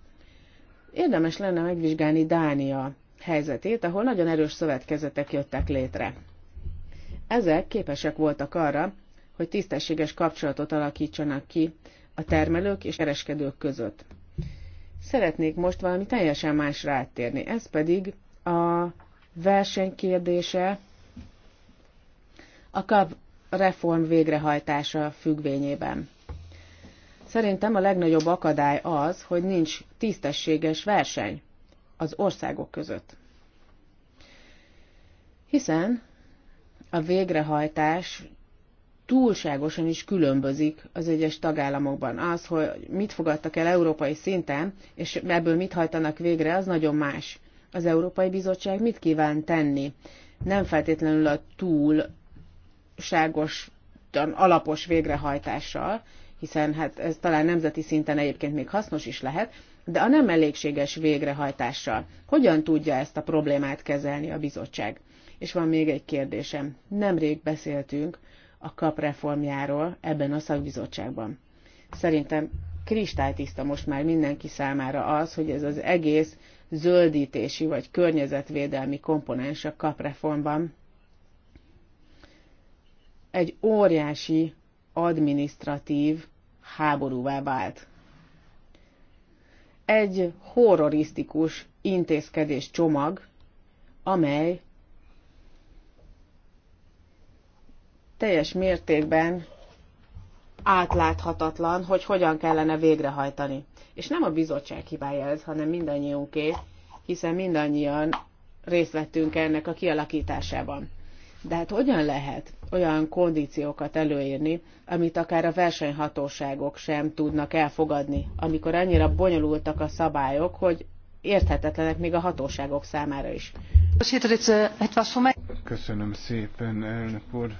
Érdemes lenne megvizsgálni Dánia helyzetét, ahol nagyon erős szövetkezetek jöttek létre. Ezek képesek voltak arra, hogy tisztességes kapcsolatot alakítsanak ki a termelők és kereskedők között. Szeretnék most valami teljesen más rátérni. Ez pedig a verseny kérdése, a KAP reform végrehajtása függvényében. Szerintem a legnagyobb akadály az, hogy nincs tisztességes verseny az országok között. Hiszen a végrehajtás túlságosan is különbözik az egyes tagállamokban. Az, hogy mit fogadtak el európai szinten, és ebből mit hajtanak végre, az nagyon más. Az Európai Bizottság mit kíván tenni? Nem feltétlenül a túlságos, alapos végrehajtással, hiszen hát ez talán nemzeti szinten egyébként még hasznos is lehet, de a nem elégséges végrehajtással. Hogyan tudja ezt a problémát kezelni a bizottság? És van még egy kérdésem. Nemrég beszéltünk a kap reformjáról ebben a szakbizottságban. Szerintem kristálytiszta most már mindenki számára az, hogy ez az egész zöldítési vagy környezetvédelmi komponens a kapreformban egy óriási administratív háborúvá vált. Egy horrorisztikus intézkedés csomag, amely teljes mértékben átláthatatlan, hogy hogyan kellene végrehajtani. És nem a bizottság hibája ez, hanem mindannyiunké, hiszen mindannyian részt vettünk ennek a kialakításában. De hát hogyan lehet olyan kondíciókat előírni, amit akár a versenyhatóságok sem tudnak elfogadni, amikor annyira bonyolultak a szabályok, hogy érthetetlenek még a hatóságok számára is. Köszönöm szépen, elnök úr.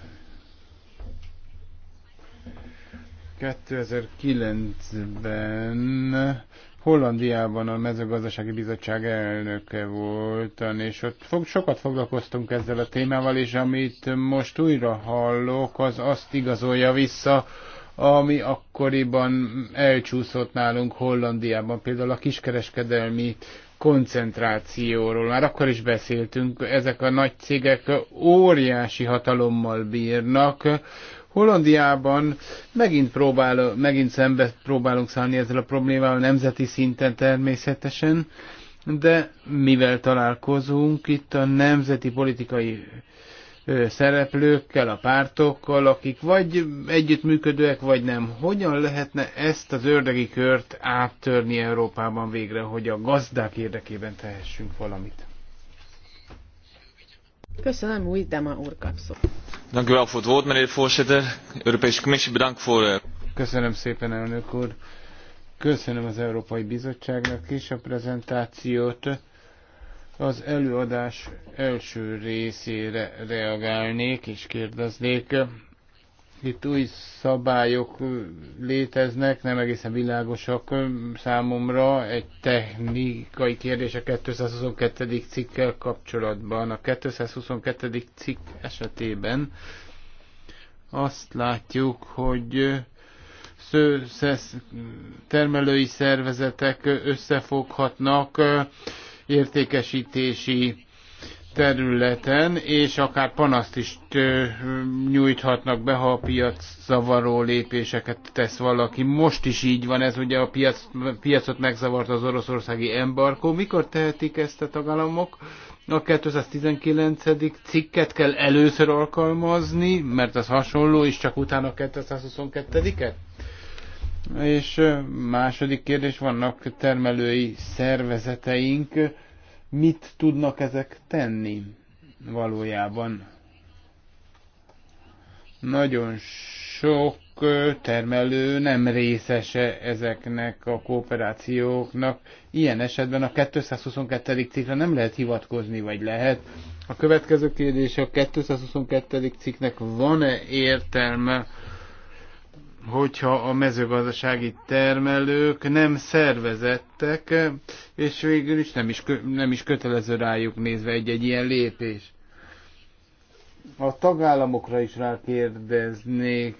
2009-ben Hollandiában a mezőgazdasági bizottság elnöke voltam, és ott fog, sokat foglalkoztunk ezzel a témával, és amit most újra hallok, az azt igazolja vissza, ami akkoriban elcsúszott nálunk Hollandiában, például a kiskereskedelmi koncentrációról. Már akkor is beszéltünk, ezek a nagy cégek óriási hatalommal bírnak, Hollandiában megint, próbál, megint szembe próbálunk szállni ezzel a problémával nemzeti szinten természetesen, de mivel találkozunk itt a nemzeti politikai szereplőkkel, a pártokkal, akik vagy együttműködőek, vagy nem. Hogyan lehetne ezt az ördögi kört áttörni Európában végre, hogy a gazdák érdekében tehessünk valamit? Köszönöm, új Dema úr kapszol. Dank u wel voor het woord, meneer de voorzitter. Europese Commissie, bedankt voor... Eh, Köszönöm szépen, elnök úr. Köszönöm az Európai Bizottságnak is a prezentációt. Az előadás első részére reagálnék és kérdeznék. Itt új szabályok léteznek, nem egészen világosak számomra. Egy technikai kérdés a 222. cikkel kapcsolatban. A 222. cikk esetében azt látjuk, hogy termelői szervezetek összefoghatnak értékesítési területen, és akár panaszt is nyújthatnak be, ha a piac zavaró lépéseket tesz valaki. Most is így van ez, ugye a piac, piacot megzavart az oroszországi embarkó. Mikor tehetik ezt a tagállamok? A 219. cikket kell először alkalmazni, mert az hasonló, és csak utána 222-et? És második kérdés, vannak termelői szervezeteink, mit tudnak ezek tenni valójában. Nagyon sok termelő nem részese ezeknek a kooperációknak. Ilyen esetben a 222. cikkre nem lehet hivatkozni, vagy lehet. A következő kérdés, a 222. cikknek van-e értelme? hogyha a mezőgazdasági termelők nem szervezettek, és végül is nem is, nem is kötelező rájuk nézve egy-egy ilyen lépés. A tagállamokra is rákérdeznék.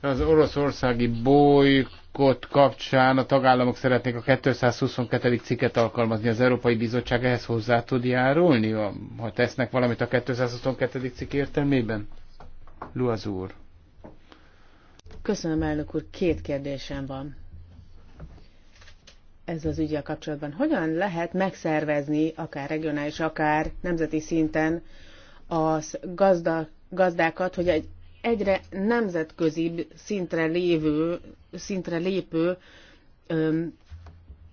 Az oroszországi bolykot kapcsán a tagállamok szeretnék a 222. cikket alkalmazni. Az Európai Bizottság ehhez hozzá tud járulni, ha tesznek valamit a 222. cikk értelmében? Luaz úr. Köszönöm, elnök úr. Két kérdésem van. Ez az ügyel kapcsolatban. Hogyan lehet megszervezni, akár regionális, akár nemzeti szinten a gazda, gazdákat, hogy egy egyre nemzetközi szintre, lévő, szintre lépő öm,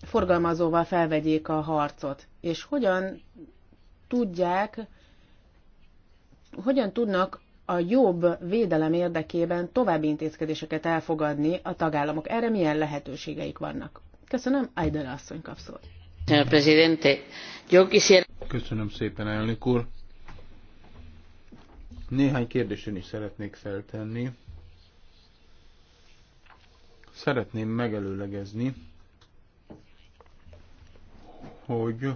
forgalmazóval felvegyék a harcot? És hogyan tudják, hogyan tudnak a jobb védelem érdekében további intézkedéseket elfogadni a tagállamok. Erre milyen lehetőségeik vannak? Köszönöm, Aydel asszony kapszol. Köszönöm szépen, elnök úr. Néhány kérdést is szeretnék feltenni. Szeretném megelőlegezni, hogy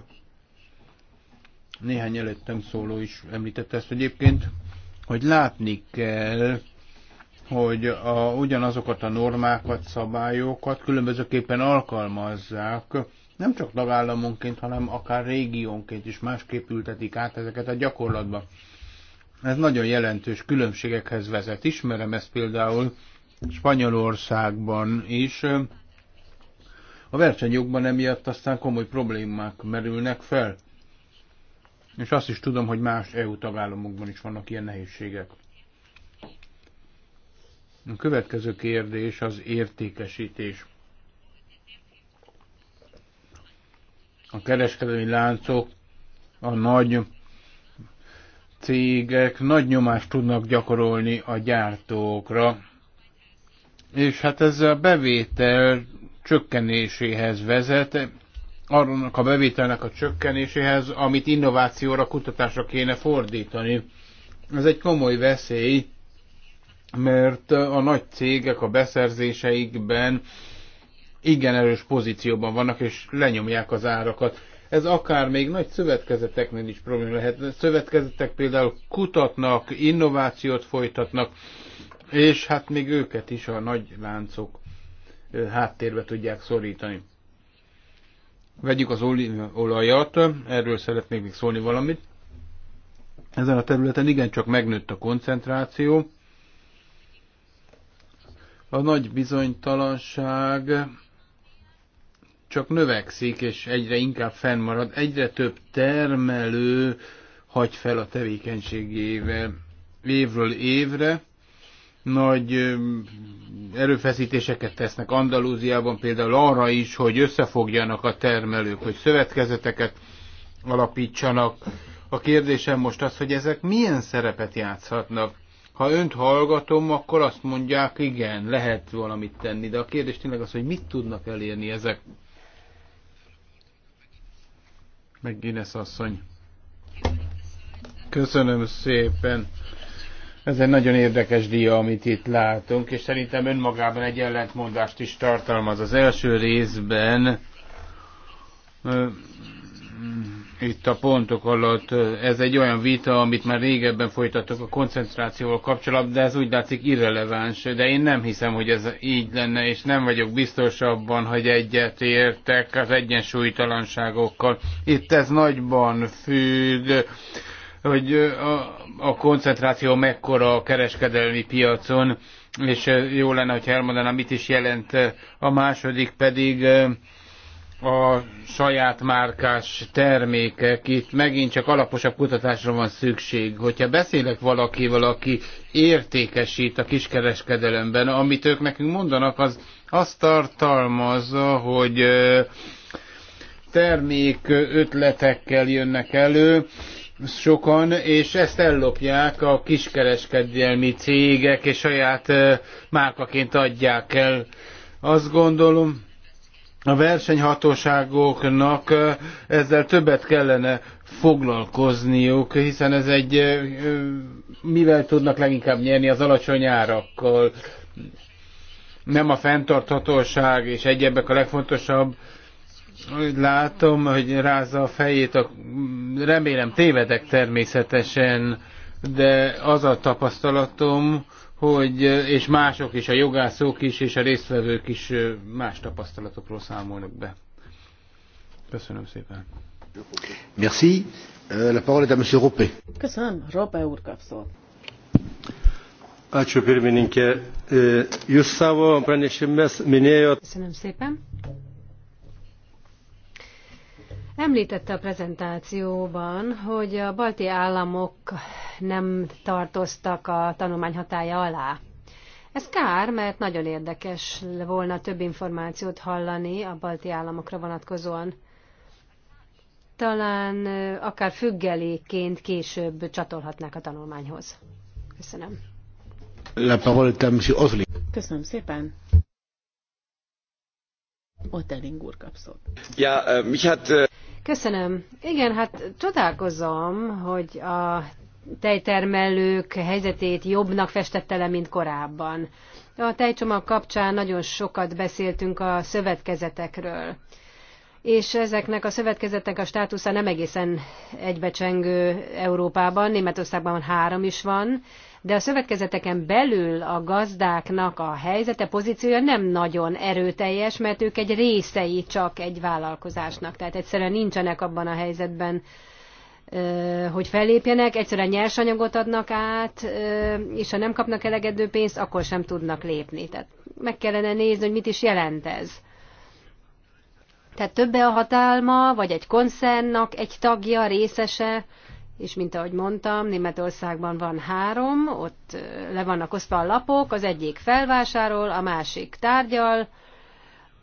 néhány előttem szóló is említette ezt egyébként hogy látni kell, hogy a, ugyanazokat a normákat, szabályokat különbözőképpen alkalmazzák, nem csak tagállamonként, hanem akár régiónként is másképp ültetik át ezeket a gyakorlatba. Ez nagyon jelentős különbségekhez vezet. Ismerem ezt például Spanyolországban is. A versenyjogban emiatt aztán komoly problémák merülnek fel. És azt is tudom, hogy más EU tagállamokban is vannak ilyen nehézségek. A következő kérdés az értékesítés. A kereskedelmi láncok, a nagy cégek nagy nyomást tudnak gyakorolni a gyártókra, és hát ez a bevétel csökkenéséhez vezet, annak a bevételnek a csökkenéséhez, amit innovációra, kutatásra kéne fordítani. Ez egy komoly veszély, mert a nagy cégek a beszerzéseikben igen erős pozícióban vannak, és lenyomják az árakat. Ez akár még nagy szövetkezeteknél is probléma lehet. szövetkezetek például kutatnak, innovációt folytatnak, és hát még őket is a nagy láncok háttérbe tudják szorítani. Vegyük az olajat, erről szeretnék még szólni valamit. Ezen a területen igencsak megnőtt a koncentráció. A nagy bizonytalanság csak növekszik, és egyre inkább fennmarad. Egyre több termelő hagy fel a tevékenységével évről évre, nagy erőfeszítéseket tesznek Andalúziában például arra is, hogy összefogjanak a termelők, hogy szövetkezeteket alapítsanak. A kérdésem most az, hogy ezek milyen szerepet játszhatnak. Ha önt hallgatom, akkor azt mondják, igen, lehet valamit tenni, de a kérdés tényleg az, hogy mit tudnak elérni ezek. Meg Guinness asszony. Köszönöm szépen. Ez egy nagyon érdekes dia, amit itt látunk, és szerintem önmagában egy ellentmondást is tartalmaz. Az első részben itt a pontok alatt. Ez egy olyan vita, amit már régebben folytattak a koncentrációval kapcsolatban, de ez úgy látszik irreleváns. De én nem hiszem, hogy ez így lenne, és nem vagyok biztos abban, hogy egyet értek az egyensúlytalanságokkal. Itt ez nagyban függ hogy a, a koncentráció mekkora a kereskedelmi piacon, és jó lenne, hogy elmondanám, mit is jelent. A második pedig a saját márkás termékek. Itt megint csak alaposabb kutatásra van szükség. Hogyha beszélek valakivel, aki értékesít a kiskereskedelemben, amit ők nekünk mondanak, az azt tartalmazza, hogy termék ötletekkel jönnek elő, sokan, és ezt ellopják a kiskereskedelmi cégek, és saját márkaként adják el. Azt gondolom, a versenyhatóságoknak ezzel többet kellene foglalkozniuk, hiszen ez egy, mivel tudnak leginkább nyerni az alacsony árakkal. Nem a fenntarthatóság és egyebek a legfontosabb, Látom, hogy rázza a fejét, a, remélem tévedek természetesen, de az a tapasztalatom, hogy, és mások is, a jogászok is, és a résztvevők is más tapasztalatokról számolnak be. Köszönöm szépen. Merci. Euh, la parole est à monsieur Ropé. Köszönöm. Ropé úr kap szót. Ačiū pirmininkė. Jūs savo Köszönöm szépen. Említette a prezentációban, hogy a balti államok nem tartoztak a tanulmány hatája alá. Ez kár, mert nagyon érdekes volna több információt hallani a balti államokra vonatkozóan. Talán akár függeléként később csatolhatnák a tanulmányhoz. Köszönöm. Köszönöm szépen. Ott kapszott. Ja, mich hat... Köszönöm. Igen, hát csodálkozom, hogy a tejtermelők helyzetét jobbnak festette le, mint korábban. A tejcsomag kapcsán nagyon sokat beszéltünk a szövetkezetekről, és ezeknek a szövetkezetek a státusza nem egészen egybecsengő Európában, Németországban három is van, de a szövetkezeteken belül a gazdáknak a helyzete, pozíciója nem nagyon erőteljes, mert ők egy részei csak egy vállalkozásnak. Tehát egyszerűen nincsenek abban a helyzetben, hogy fellépjenek, egyszerűen nyersanyagot adnak át, és ha nem kapnak elegedő pénzt, akkor sem tudnak lépni. Tehát meg kellene nézni, hogy mit is jelent ez. Tehát többe a hatalma, vagy egy koncernnak egy tagja, részese, és mint ahogy mondtam, Németországban van három, ott le vannak osztva a lapok, az egyik felvásárol, a másik tárgyal,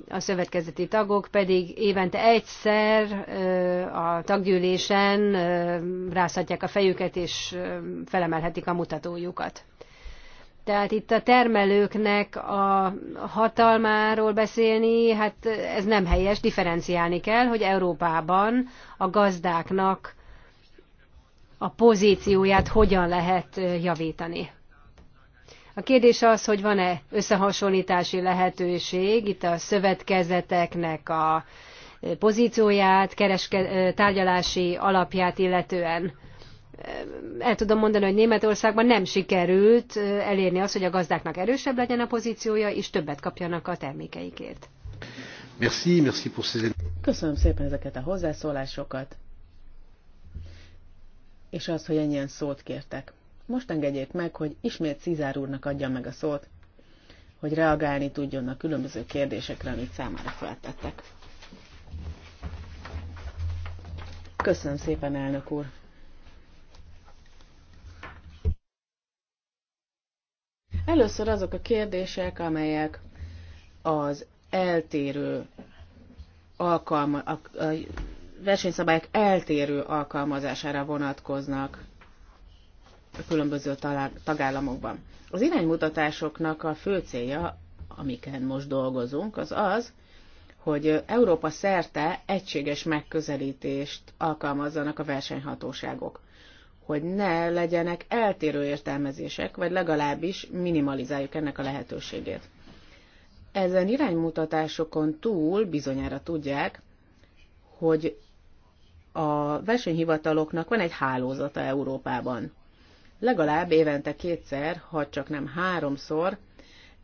a szövetkezeti tagok pedig évente egyszer a taggyűlésen rászhatják a fejüket és felemelhetik a mutatójukat. Tehát itt a termelőknek a hatalmáról beszélni, hát ez nem helyes, differenciálni kell, hogy Európában a gazdáknak a pozícióját hogyan lehet javítani. A kérdés az, hogy van-e összehasonlítási lehetőség itt a szövetkezeteknek a pozícióját, kereske, tárgyalási alapját illetően. El tudom mondani, hogy Németországban nem sikerült elérni azt, hogy a gazdáknak erősebb legyen a pozíciója, és többet kapjanak a termékeikért. Merci, merci pour ces... Köszönöm szépen ezeket a hozzászólásokat és az, hogy ennyien szót kértek. Most engedjék meg, hogy ismét Cizár úrnak adja meg a szót, hogy reagálni tudjon a különböző kérdésekre, amit számára feltettek. Köszönöm szépen, elnök úr! Először azok a kérdések, amelyek az eltérő alkalma, a, a versenyszabályok eltérő alkalmazására vonatkoznak a különböző tagállamokban. Az iránymutatásoknak a fő célja, amiken most dolgozunk, az az, hogy Európa szerte egységes megközelítést alkalmazzanak a versenyhatóságok, hogy ne legyenek eltérő értelmezések, vagy legalábbis minimalizáljuk ennek a lehetőségét. Ezen iránymutatásokon túl bizonyára tudják, hogy a versenyhivataloknak van egy hálózata Európában. Legalább évente kétszer, ha csak nem háromszor,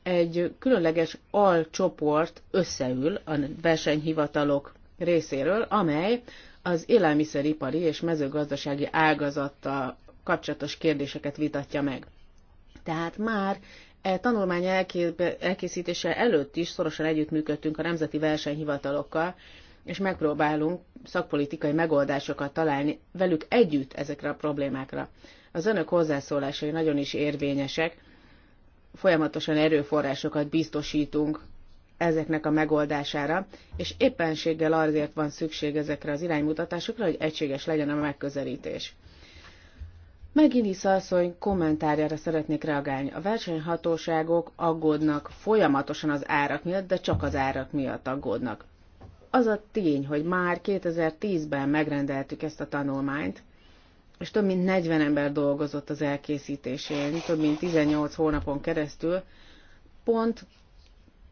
egy különleges alcsoport összeül a versenyhivatalok részéről, amely az élelmiszeripari és mezőgazdasági ágazattal kapcsolatos kérdéseket vitatja meg. Tehát már e tanulmány elkészítése előtt is szorosan együttműködtünk a nemzeti versenyhivatalokkal, és megpróbálunk szakpolitikai megoldásokat találni velük együtt ezekre a problémákra. Az önök hozzászólásai nagyon is érvényesek, folyamatosan erőforrásokat biztosítunk ezeknek a megoldására, és éppenséggel azért van szükség ezekre az iránymutatásokra, hogy egységes legyen a megközelítés. Megint asszony kommentárjára szeretnék reagálni. A versenyhatóságok aggódnak folyamatosan az árak miatt, de csak az árak miatt aggódnak. Az a tény, hogy már 2010-ben megrendeltük ezt a tanulmányt, és több mint 40 ember dolgozott az elkészítésén, több mint 18 hónapon keresztül, pont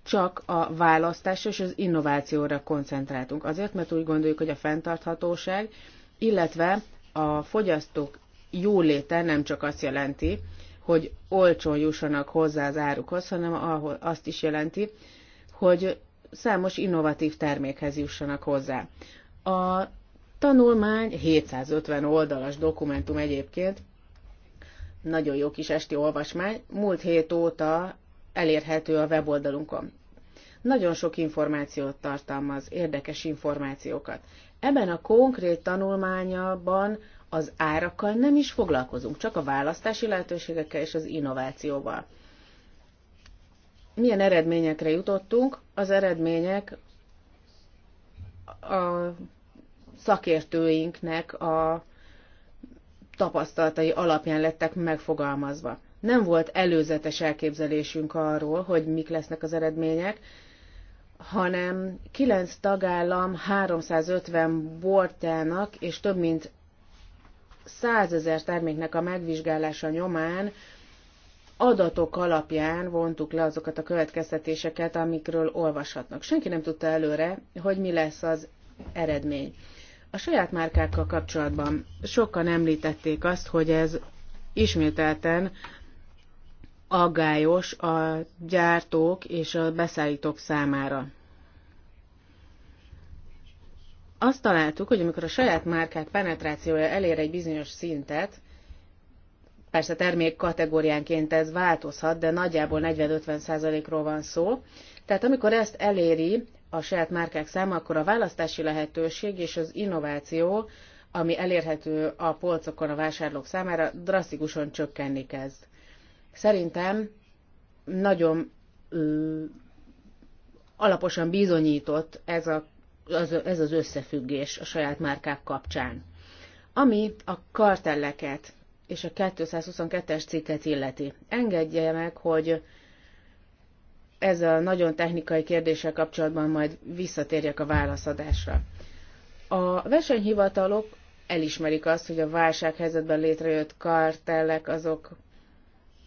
csak a választás és az innovációra koncentráltunk. Azért, mert úgy gondoljuk, hogy a fenntarthatóság, illetve a fogyasztók jóléte nem csak azt jelenti, hogy olcsón jussanak hozzá az árukhoz, hanem azt is jelenti, hogy számos innovatív termékhez jussanak hozzá. A tanulmány 750 oldalas dokumentum egyébként, nagyon jó kis esti olvasmány, múlt hét óta elérhető a weboldalunkon. Nagyon sok információt tartalmaz, érdekes információkat. Ebben a konkrét tanulmányban az árakkal nem is foglalkozunk, csak a választási lehetőségekkel és az innovációval milyen eredményekre jutottunk. Az eredmények a szakértőinknek a tapasztalatai alapján lettek megfogalmazva. Nem volt előzetes elképzelésünk arról, hogy mik lesznek az eredmények, hanem 9 tagállam 350 boltjának és több mint 100 ezer terméknek a megvizsgálása nyomán adatok alapján vontuk le azokat a következtetéseket, amikről olvashatnak. Senki nem tudta előre, hogy mi lesz az eredmény. A saját márkákkal kapcsolatban sokan említették azt, hogy ez ismételten aggályos a gyártók és a beszállítók számára. Azt találtuk, hogy amikor a saját márkák penetrációja elér egy bizonyos szintet, Persze termék kategóriánként ez változhat, de nagyjából 40-50%-ról van szó. Tehát amikor ezt eléri a saját márkák száma, akkor a választási lehetőség és az innováció, ami elérhető a polcokon a vásárlók számára, drasztikusan csökkenni kezd. Szerintem nagyon ö, alaposan bizonyított ez, a, az, ez az összefüggés a saját márkák kapcsán. Ami a kartelleket és a 222-es cikket illeti. Engedje meg, hogy ez a nagyon technikai kérdéssel kapcsolatban majd visszatérjek a válaszadásra. A versenyhivatalok elismerik azt, hogy a válsághelyzetben létrejött kartellek azok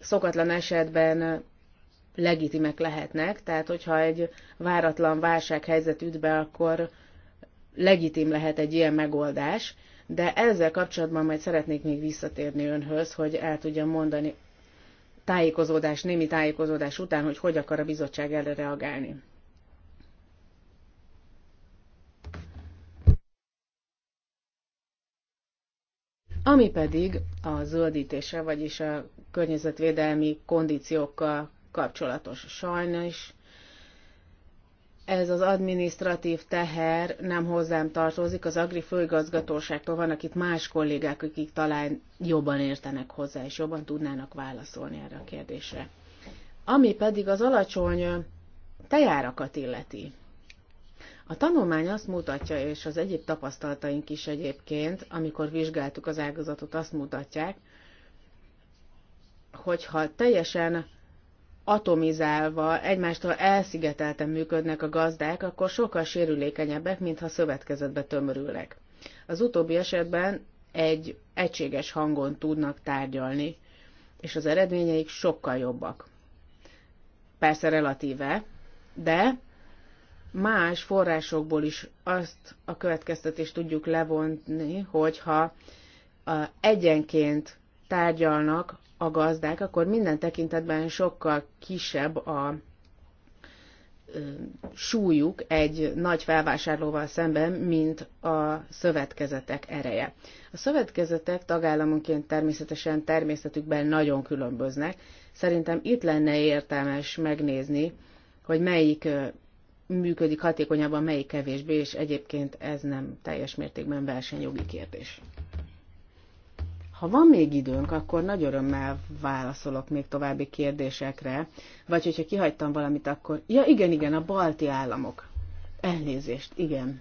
szokatlan esetben legitimek lehetnek, tehát hogyha egy váratlan válsághelyzet üt be, akkor legitim lehet egy ilyen megoldás, de ezzel kapcsolatban majd szeretnék még visszatérni önhöz, hogy el tudjam mondani tájékozódás, némi tájékozódás után, hogy hogy akar a bizottság erre reagálni. Ami pedig a zöldítése, vagyis a környezetvédelmi kondíciókkal kapcsolatos. Sajnos ez az administratív teher nem hozzám tartozik, az Agri főigazgatóságtól vannak itt más kollégák, akik talán jobban értenek hozzá, és jobban tudnának válaszolni erre a kérdésre. Ami pedig az alacsony tejárakat illeti. A tanulmány azt mutatja, és az egyéb tapasztalataink is egyébként, amikor vizsgáltuk az ágazatot, azt mutatják, hogyha teljesen atomizálva, egymástól elszigetelten működnek a gazdák, akkor sokkal sérülékenyebbek, mintha szövetkezetbe tömörülnek. Az utóbbi esetben egy egységes hangon tudnak tárgyalni, és az eredményeik sokkal jobbak. Persze relatíve, de más forrásokból is azt a következtetést tudjuk levonni, hogyha egyenként tárgyalnak, a gazdák, akkor minden tekintetben sokkal kisebb a súlyuk egy nagy felvásárlóval szemben, mint a szövetkezetek ereje. A szövetkezetek tagállamonként természetesen természetükben nagyon különböznek. Szerintem itt lenne értelmes megnézni, hogy melyik működik hatékonyabban, melyik kevésbé, és egyébként ez nem teljes mértékben versenyjogi kérdés. Ha van még időnk, akkor nagy örömmel válaszolok még további kérdésekre, vagy hogyha kihagytam valamit, akkor... Ja, igen, igen, a balti államok. Elnézést, igen.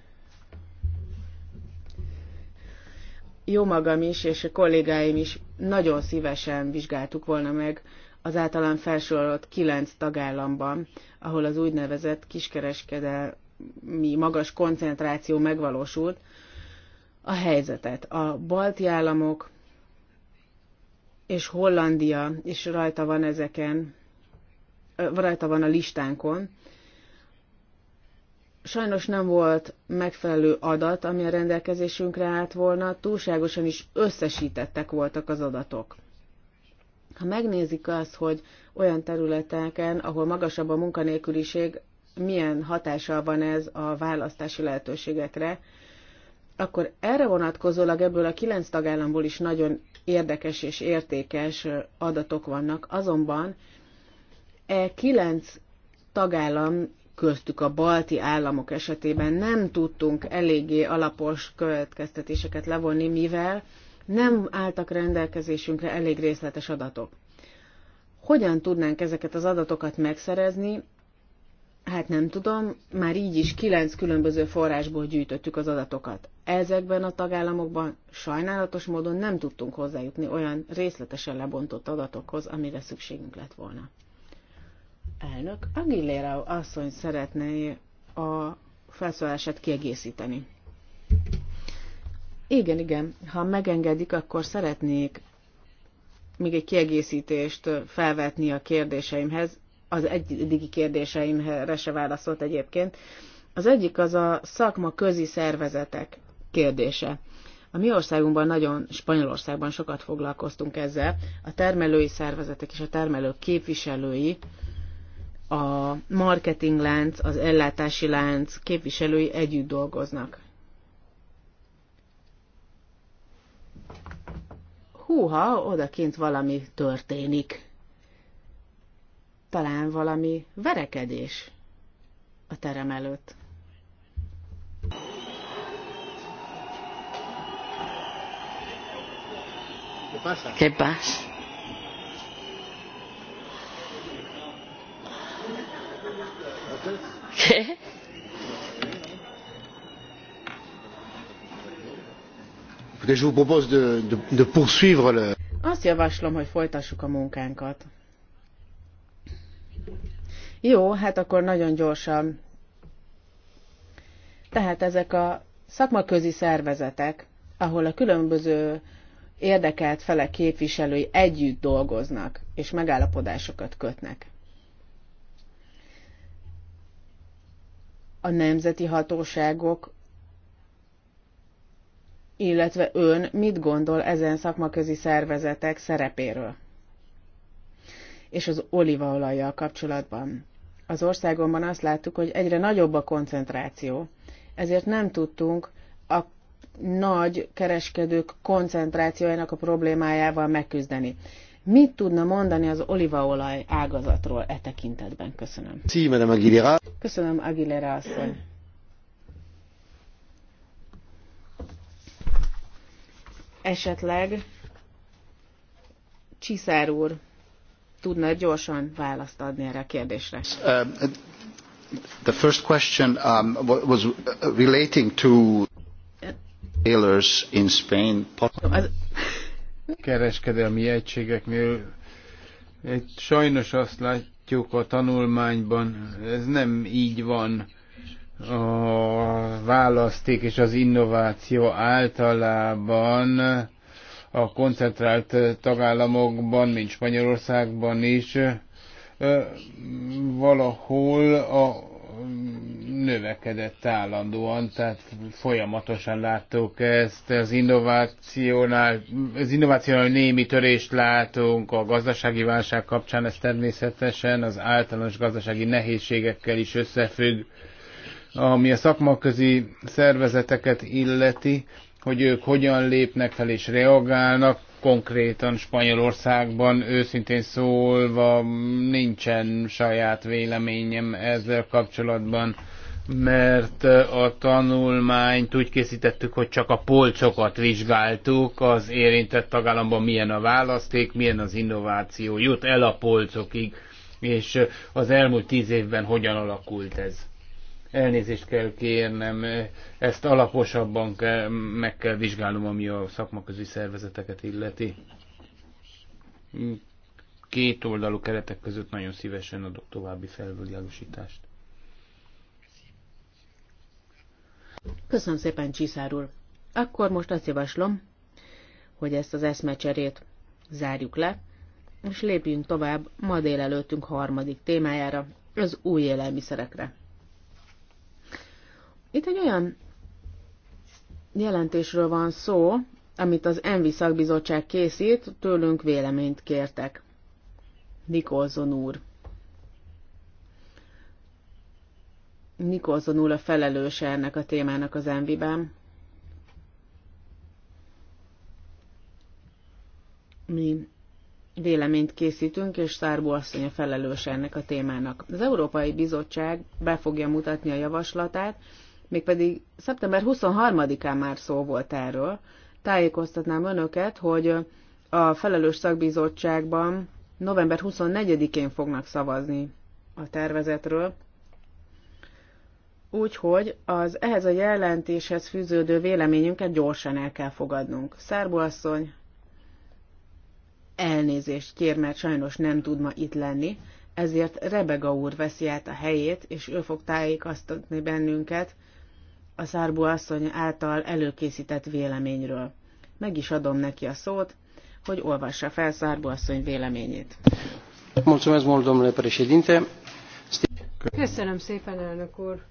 Jó magam is, és a kollégáim is nagyon szívesen vizsgáltuk volna meg az általán felsorolt kilenc tagállamban, ahol az úgynevezett kiskereskedelmi magas koncentráció megvalósult, a helyzetet. A balti államok, és Hollandia is rajta van ezeken, rajta van a listánkon. Sajnos nem volt megfelelő adat, ami a rendelkezésünkre állt volna, túlságosan is összesítettek voltak az adatok. Ha megnézik azt, hogy olyan területeken, ahol magasabb a munkanélküliség, milyen hatással van ez a választási lehetőségekre, akkor erre vonatkozólag ebből a kilenc tagállamból is nagyon érdekes és értékes adatok vannak, azonban e kilenc tagállam köztük a balti államok esetében nem tudtunk eléggé alapos következtetéseket levonni, mivel nem álltak rendelkezésünkre elég részletes adatok. Hogyan tudnánk ezeket az adatokat megszerezni, Hát nem tudom, már így is kilenc különböző forrásból gyűjtöttük az adatokat. Ezekben a tagállamokban sajnálatos módon nem tudtunk hozzájutni olyan részletesen lebontott adatokhoz, amire szükségünk lett volna. Elnök Aguilera asszony szeretné a felszólását kiegészíteni. Igen, igen, ha megengedik, akkor szeretnék még egy kiegészítést felvetni a kérdéseimhez, az eddigi kérdéseimre se válaszolt egyébként. Az egyik az a szakma közi szervezetek kérdése. A mi országunkban nagyon, Spanyolországban sokat foglalkoztunk ezzel. A termelői szervezetek és a termelők képviselői, a lánc, az ellátási lánc képviselői együtt dolgoznak. Húha, odakint valami történik talán valami verekedés a terem előtt. ¿Qué pasa? ¿Qué pasa? ¿Qué? Je vous propose de, de, de poursuivre le... Azt javaslom, hogy folytassuk a munkánkat. Jó, hát akkor nagyon gyorsan. Tehát ezek a szakmaközi szervezetek, ahol a különböző érdekelt felek képviselői együtt dolgoznak, és megállapodásokat kötnek. A nemzeti hatóságok, illetve ön mit gondol ezen szakmaközi szervezetek szerepéről? És az olívaolajjal kapcsolatban az országomban azt láttuk, hogy egyre nagyobb a koncentráció, ezért nem tudtunk a nagy kereskedők koncentrációjának a problémájával megküzdeni. Mit tudna mondani az olívaolaj ágazatról e tekintetben? Köszönöm. Sí, Madame Aguilera. Köszönöm, Aguilera asszony. Esetleg Csiszár úr tudna gyorsan választ adni erre a kérdésre. Um, the first question um, was relating to tailors in Spain. Kereskedelmi egységeknél egy sajnos azt látjuk a tanulmányban, ez nem így van a választék és az innováció általában a koncentrált tagállamokban, mint Spanyolországban is valahol a mm, növekedett állandóan, tehát folyamatosan láttuk ezt, az innovációnál, az innovációnál némi törést látunk, a gazdasági válság kapcsán ez természetesen az általános gazdasági nehézségekkel is összefügg, ami a szakmaközi szervezeteket illeti, hogy ők hogyan lépnek fel és reagálnak. Konkrétan Spanyolországban őszintén szólva nincsen saját véleményem ezzel kapcsolatban, mert a tanulmányt úgy készítettük, hogy csak a polcokat vizsgáltuk, az érintett tagállamban milyen a választék, milyen az innováció, jut el a polcokig, és az elmúlt tíz évben hogyan alakult ez elnézést kell kérnem, ezt alaposabban kell, meg kell vizsgálnom, ami a szakmaközi szervezeteket illeti. Két oldalú keretek között nagyon szívesen adok további felvilágosítást. Köszönöm szépen, Csiszár úr. Akkor most azt javaslom, hogy ezt az eszmecserét zárjuk le, és lépjünk tovább ma délelőttünk harmadik témájára, az új élelmiszerekre. Itt egy olyan jelentésről van szó, amit az Envi szakbizottság készít, tőlünk véleményt kértek. Nikolzon úr. Nikolzon úr a felelőse ennek a témának az Envi-ben. Mi véleményt készítünk, és Szárbó asszony a felelőse ennek a témának. Az Európai Bizottság be fogja mutatni a javaslatát, mégpedig szeptember 23-án már szó volt erről. Tájékoztatnám önöket, hogy a felelős szakbizottságban november 24-én fognak szavazni a tervezetről, Úgyhogy az ehhez a jelentéshez fűződő véleményünket gyorsan el kell fogadnunk. Szárbó asszony elnézést kér, mert sajnos nem tud ma itt lenni, ezért Rebega úr veszi át a helyét, és ő fog tájékoztatni bennünket a Szárbú asszony által előkészített véleményről. Meg is adom neki a szót, hogy olvassa fel Szárbú asszony véleményét. Köszönöm szépen, elnök úr!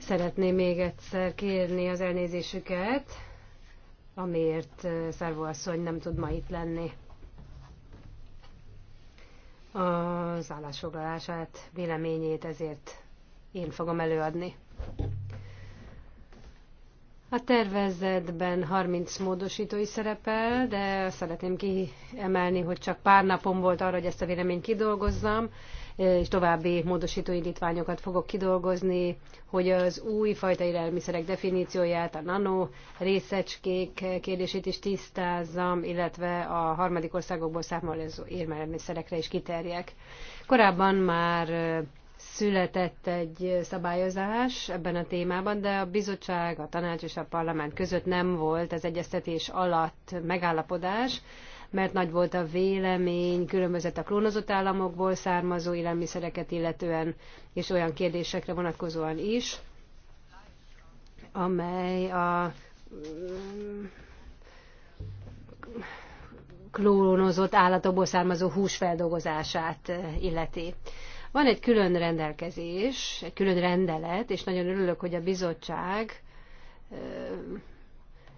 Szeretném még egyszer kérni az elnézésüket, amiért eh, Szervó asszony nem tud ma itt lenni. Az állásfoglalását, véleményét ezért én fogom előadni. A tervezetben 30 módosító is szerepel, de szeretném kiemelni, hogy csak pár napom volt arra, hogy ezt a véleményt kidolgozzam, és további módosító indítványokat fogok kidolgozni, hogy az új fajta élelmiszerek definícióját, a nano részecskék kérdését is tisztázzam, illetve a harmadik országokból származó élelmiszerekre is kiterjek. Korábban már született egy szabályozás ebben a témában, de a bizottság, a tanács és a parlament között nem volt az egyeztetés alatt megállapodás, mert nagy volt a vélemény, különbözött a klónozott államokból származó élelmiszereket illetően, és olyan kérdésekre vonatkozóan is, amely a mm, klónozott állatokból származó hús feldolgozását illeti. Van egy külön rendelkezés, egy külön rendelet, és nagyon örülök, hogy a bizottság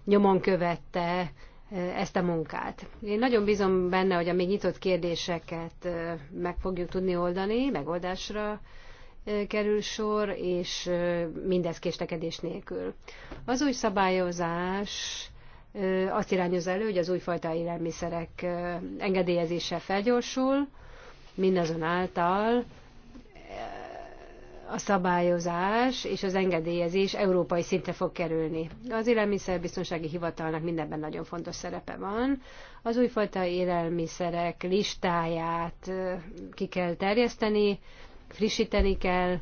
nyomon követte ezt a munkát. Én nagyon bízom benne, hogy a még nyitott kérdéseket meg fogjuk tudni oldani, megoldásra kerül sor, és mindez késlekedés nélkül. Az új szabályozás azt irányoz elő, hogy az újfajta élelmiszerek engedélyezése felgyorsul, mindazonáltal a szabályozás és az engedélyezés európai szinte fog kerülni. Az élelmiszerbiztonsági hivatalnak mindenben nagyon fontos szerepe van. Az újfajta élelmiszerek listáját ki kell terjeszteni, frissíteni kell.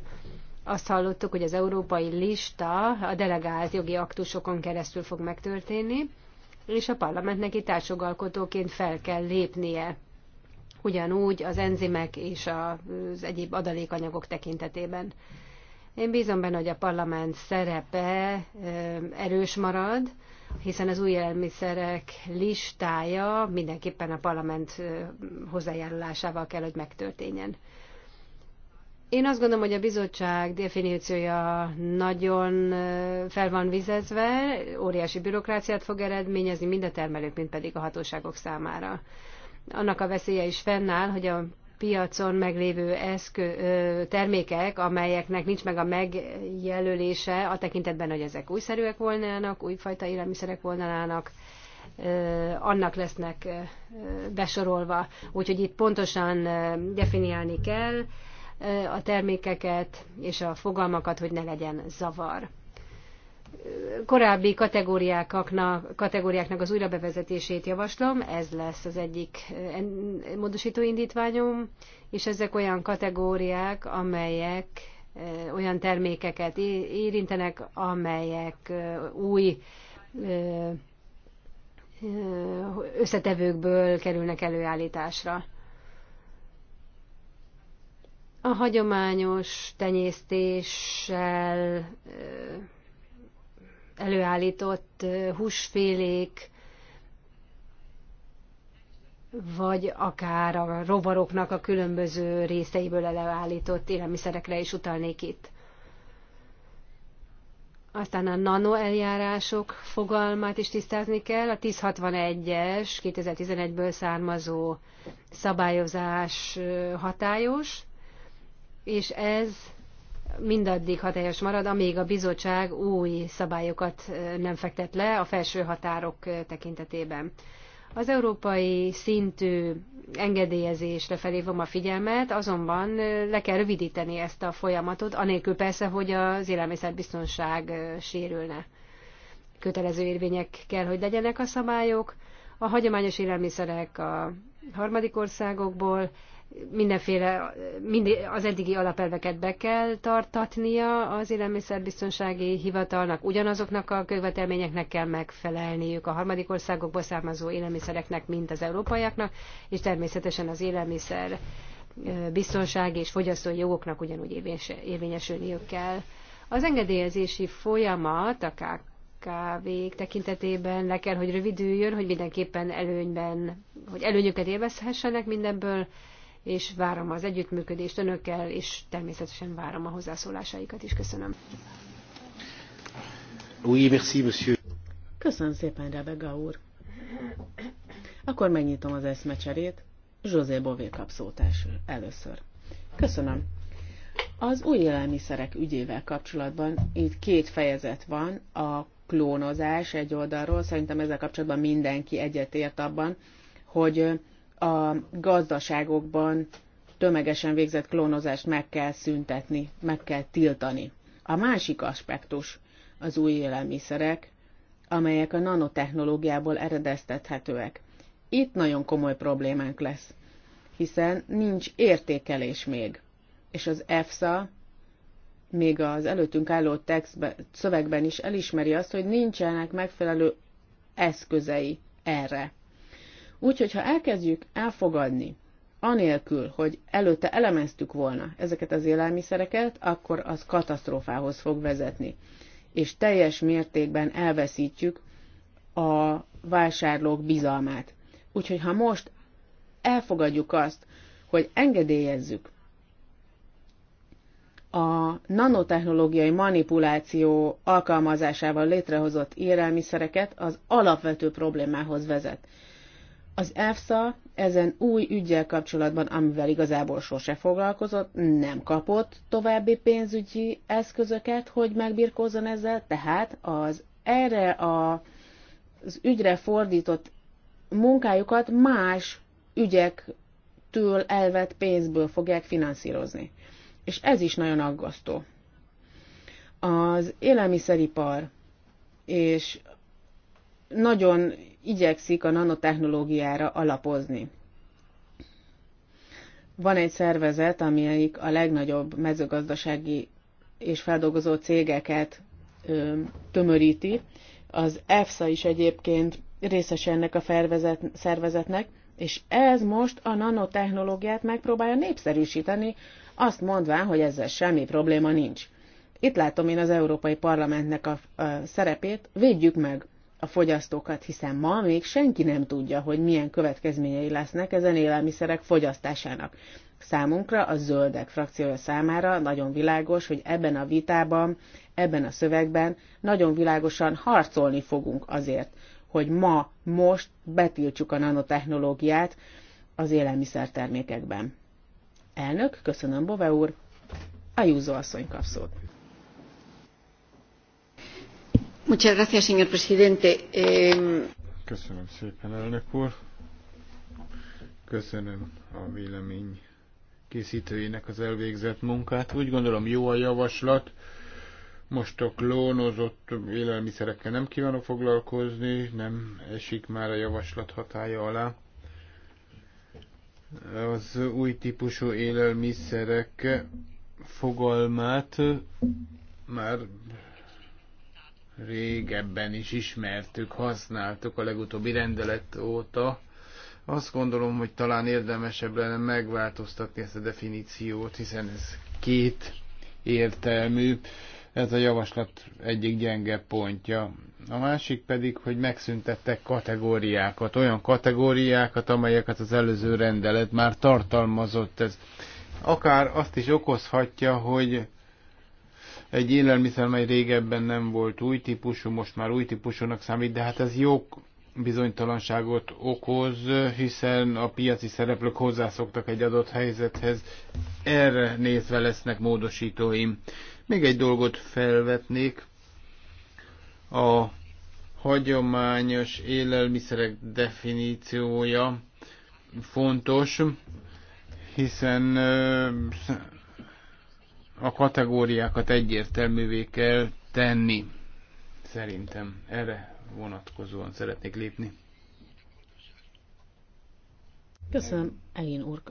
Azt hallottuk, hogy az európai lista a delegált jogi aktusokon keresztül fog megtörténni, és a parlamentnek itt társjogalkotóként fel kell lépnie ugyanúgy az enzimek és az egyéb adalékanyagok tekintetében. Én bízom benne, hogy a parlament szerepe erős marad, hiszen az új élelmiszerek listája mindenképpen a parlament hozzájárulásával kell, hogy megtörténjen. Én azt gondolom, hogy a bizottság definíciója nagyon fel van vizezve, óriási bürokráciát fog eredményezni mind a termelők, mind pedig a hatóságok számára annak a veszélye is fennáll, hogy a piacon meglévő eszkö, termékek, amelyeknek nincs meg a megjelölése a tekintetben, hogy ezek újszerűek volnának, újfajta élelmiszerek volnának, annak lesznek besorolva. Úgyhogy itt pontosan definiálni kell a termékeket és a fogalmakat, hogy ne legyen zavar korábbi kategóriáknak, kategóriáknak az újrabevezetését javaslom, ez lesz az egyik módosító indítványom, és ezek olyan kategóriák, amelyek eh, olyan termékeket érintenek, amelyek eh, új eh, összetevőkből kerülnek előállításra. A hagyományos tenyésztéssel előállított húsfélék, vagy akár a rovaroknak a különböző részeiből előállított élelmiszerekre is utalnék itt. Aztán a nano eljárások fogalmát is tisztázni kell. A 1061-es 2011-ből származó szabályozás hatályos, és ez mindaddig hatályos marad, amíg a bizottság új szabályokat nem fektet le a felső határok tekintetében. Az európai szintű engedélyezésre felhívom a figyelmet, azonban le kell rövidíteni ezt a folyamatot, anélkül persze, hogy az élelmiszerbiztonság sérülne. Kötelező érvények kell, hogy legyenek a szabályok, a hagyományos élelmiszerek a harmadik országokból, mindenféle, az eddigi alapelveket be kell tartatnia az élelmiszerbiztonsági hivatalnak, ugyanazoknak a követelményeknek kell megfelelniük a harmadik országokból származó élelmiszereknek, mint az európaiaknak, és természetesen az élelmiszer biztonsági és fogyasztói jogoknak ugyanúgy érvényesülniük kell. Az engedélyezési folyamat a kávék tekintetében le kell, hogy rövidüljön, hogy mindenképpen előnyben, hogy előnyöket élvezhessenek mindenből és várom az együttműködést önökkel, és természetesen várom a hozzászólásaikat is. Köszönöm. Oui, merci, monsieur. Köszönöm szépen, Rebega úr. Akkor megnyitom az eszmecserét. José Bové kap először. Köszönöm. Az új élelmiszerek ügyével kapcsolatban itt két fejezet van, a klónozás egy oldalról. Szerintem ezzel kapcsolatban mindenki egyetért abban, hogy a gazdaságokban tömegesen végzett klónozást meg kell szüntetni, meg kell tiltani. A másik aspektus az új élelmiszerek, amelyek a nanotechnológiából eredeztethetőek. Itt nagyon komoly problémánk lesz, hiszen nincs értékelés még, és az EFSA még az előttünk álló textbe, szövegben is elismeri azt, hogy nincsenek megfelelő eszközei erre. Úgyhogy, ha elkezdjük elfogadni, anélkül, hogy előtte elemeztük volna ezeket az élelmiszereket, akkor az katasztrófához fog vezetni. És teljes mértékben elveszítjük a vásárlók bizalmát. Úgyhogy, ha most elfogadjuk azt, hogy engedélyezzük a nanotechnológiai manipuláció alkalmazásával létrehozott élelmiszereket az alapvető problémához vezet. Az EFSA ezen új ügyel kapcsolatban, amivel igazából sose foglalkozott, nem kapott további pénzügyi eszközöket, hogy megbirkózzon ezzel, tehát az erre a, az ügyre fordított munkájukat más ügyektől elvett pénzből fogják finanszírozni. És ez is nagyon aggasztó. Az élelmiszeripar és nagyon igyekszik a nanotechnológiára alapozni. Van egy szervezet, amelyik a legnagyobb mezőgazdasági és feldolgozó cégeket ö, tömöríti. Az EFSA is egyébként részes ennek a fervezet, szervezetnek, és ez most a nanotechnológiát megpróbálja népszerűsíteni, azt mondván, hogy ezzel semmi probléma nincs. Itt látom én az Európai Parlamentnek a, a szerepét, védjük meg a fogyasztókat, hiszen ma még senki nem tudja, hogy milyen következményei lesznek ezen élelmiszerek fogyasztásának. Számunkra, a zöldek frakciója számára nagyon világos, hogy ebben a vitában, ebben a szövegben nagyon világosan harcolni fogunk azért, hogy ma, most betiltsuk a nanotechnológiát az élelmiszertermékekben. Elnök, köszönöm, Bove úr, a Júzó asszony kapszót. Muchas gracias, señor presidente. Eh, Köszönöm szépen, elnök úr. Köszönöm a vélemény készítőjének az elvégzett munkát. Úgy gondolom jó a javaslat. Most a klónozott élelmiszerekkel nem kívánok foglalkozni, nem esik már a javaslat hatája alá. Az új típusú élelmiszerek fogalmát már régebben is ismertük, használtuk a legutóbbi rendelet óta. Azt gondolom, hogy talán érdemesebb lenne megváltoztatni ezt a definíciót, hiszen ez két értelmű. Ez a javaslat egyik gyenge pontja. A másik pedig, hogy megszüntettek kategóriákat, olyan kategóriákat, amelyeket az előző rendelet már tartalmazott. Ez akár azt is okozhatja, hogy egy élelmiszer, mely régebben nem volt új típusú, most már új típusúnak számít, de hát ez jó bizonytalanságot okoz, hiszen a piaci szereplők hozzászoktak egy adott helyzethez. Erre nézve lesznek módosítóim. Még egy dolgot felvetnék. A hagyományos élelmiszerek definíciója fontos, hiszen a kategóriákat egyértelművé kell tenni. Szerintem erre vonatkozóan szeretnék lépni. Köszönöm, Elin úr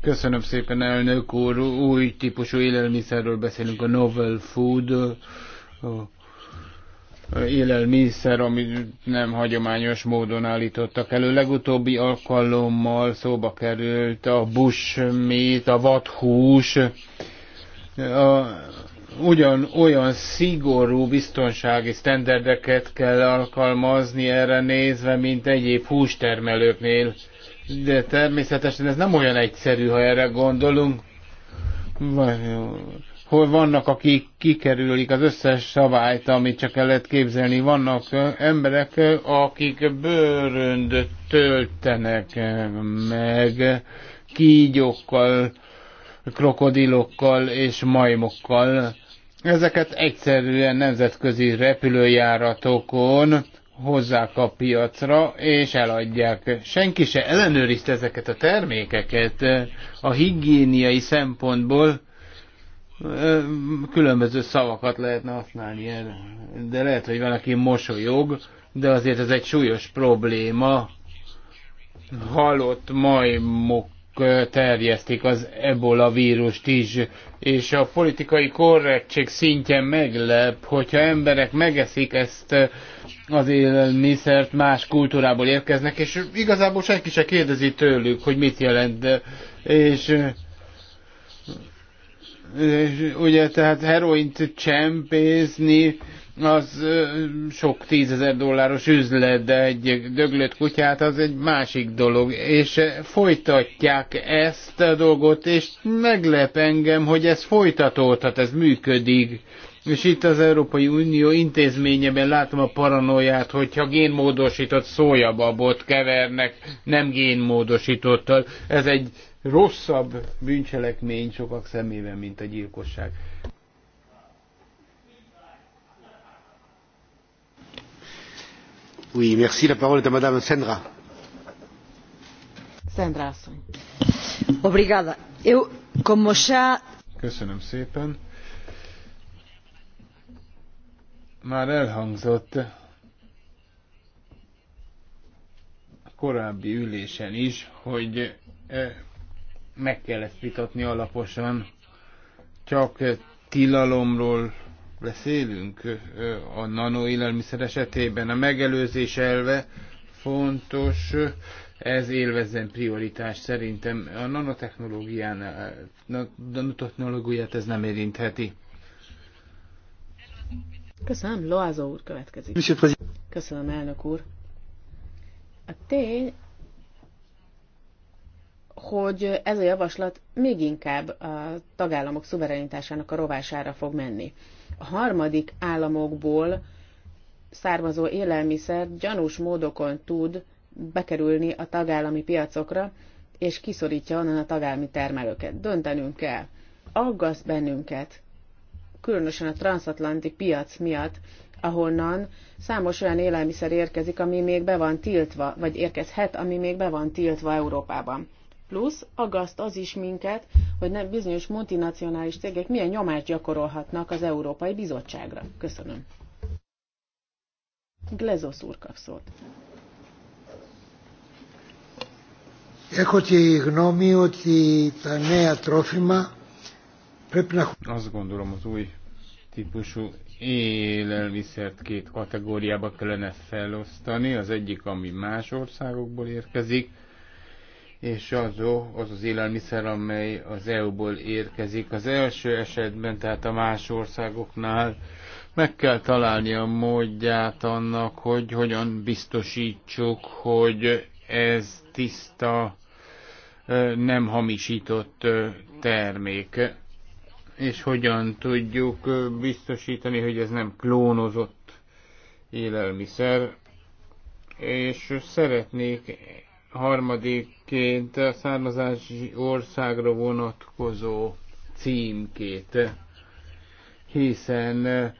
Köszönöm szépen, elnök úr. Új típusú élelmiszerről beszélünk, a novel food. A élelmiszer, amit nem hagyományos módon állítottak elő. Legutóbbi alkalommal szóba került a busmét, a vadhús, a, ugyan olyan szigorú biztonsági sztenderdeket kell alkalmazni erre nézve, mint egyéb hústermelőknél. De természetesen ez nem olyan egyszerű, ha erre gondolunk. Vagy, hol vannak, akik kikerülik az összes szabályt, amit csak el lehet képzelni. Vannak emberek, akik bőröndöt töltenek meg kígyókkal, krokodilokkal és majmokkal. Ezeket egyszerűen nemzetközi repülőjáratokon hozzák a piacra, és eladják. Senki se ellenőrizte ezeket a termékeket a higiéniai szempontból, különböző szavakat lehetne használni erre. De lehet, hogy valaki mosolyog, de azért ez egy súlyos probléma. Halott majmok terjesztik az ebola vírust is, és a politikai korrektség szintje meglep, hogyha emberek megeszik ezt az élelmiszert, más kultúrából érkeznek, és igazából senki se kérdezi tőlük, hogy mit jelent, és ugye tehát heroint csempészni, az sok tízezer dolláros üzlet, de egy döglött kutyát az egy másik dolog. És folytatják ezt a dolgot, és meglep engem, hogy ez folytatódhat, ez működik. És itt az Európai Unió intézményeben látom a paranoiát, hogyha génmódosított szójababot kevernek, nem génmódosítottal. Ez egy rosszabb bűncselekmény sokak szemében, mint a gyilkosság. Oui, merci. La parole est à Madame Sandra. Sandra. asszony. Obrigada. Eu, como já... Köszönöm szépen már elhangzott a korábbi ülésen is, hogy e, meg kell ezt vitatni alaposan. Csak tilalomról beszélünk e, a nanoélelmiszer esetében. A megelőzés elve fontos, ez élvezzen prioritás szerintem. A nanotechnológián, a nanotechnológiát ez nem érintheti. Köszönöm, Loázó úr következik. Köszönöm, elnök úr. A tény, hogy ez a javaslat még inkább a tagállamok szuverenitásának a rovására fog menni. A harmadik államokból származó élelmiszer gyanús módokon tud bekerülni a tagállami piacokra, és kiszorítja onnan a tagállami termelőket. Döntenünk kell. Aggaszt bennünket különösen a transatlanti piac miatt, ahonnan számos olyan élelmiszer érkezik, ami még be van tiltva, vagy érkezhet, ami még be van tiltva Európában. Plusz agaszt az is minket, hogy nem bizonyos multinacionális cégek milyen nyomást gyakorolhatnak az Európai Bizottságra. Köszönöm. Glezos úr kap szót. Azt gondolom, az új típusú élelmiszert két kategóriába kellene felosztani. Az egyik, ami más országokból érkezik, és az az, az élelmiszer, amely az EU-ból érkezik. Az első esetben, tehát a más országoknál meg kell találni a módját annak, hogy hogyan biztosítsuk, hogy ez tiszta, nem hamisított termék és hogyan tudjuk biztosítani, hogy ez nem klónozott élelmiszer. És szeretnék harmadikként a származási országra vonatkozó címkét, hiszen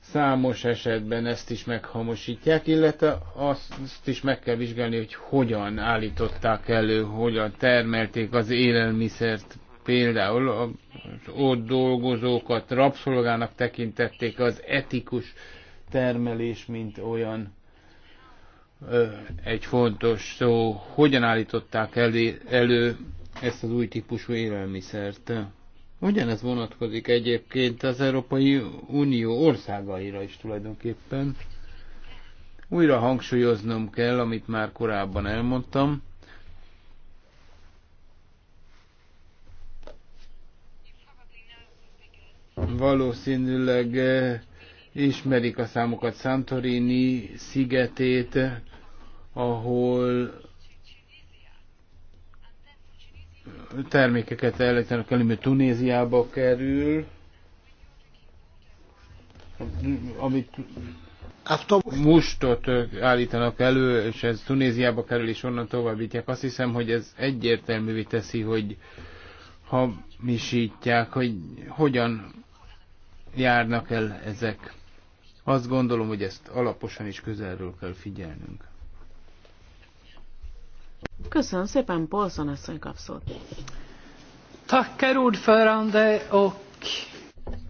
számos esetben ezt is meghamosítják, illetve azt is meg kell vizsgálni, hogy hogyan állították elő, hogyan termelték az élelmiszert. Például az ott dolgozókat rabszolgának tekintették az etikus termelés, mint olyan egy fontos szó. Hogyan állították elő, elő ezt az új típusú élelmiszert? Ugyanez vonatkozik egyébként az Európai Unió országaira is tulajdonképpen. Újra hangsúlyoznom kell, amit már korábban elmondtam, Valószínűleg eh, ismerik a számokat Santorini szigetét, ahol termékeket elejtenek elő, mert Tunéziába kerül, amit mustot eh, állítanak elő, és ez Tunéziába kerül, és onnan továbbítják. Azt hiszem, hogy ez egyértelművé teszi, hogy hamisítják, hogy hogyan járnak el ezek. Azt gondolom, hogy ezt alaposan is közelről kell figyelnünk. Köszönöm szépen, Polson asszony kapszót. Tacker ordförande ok.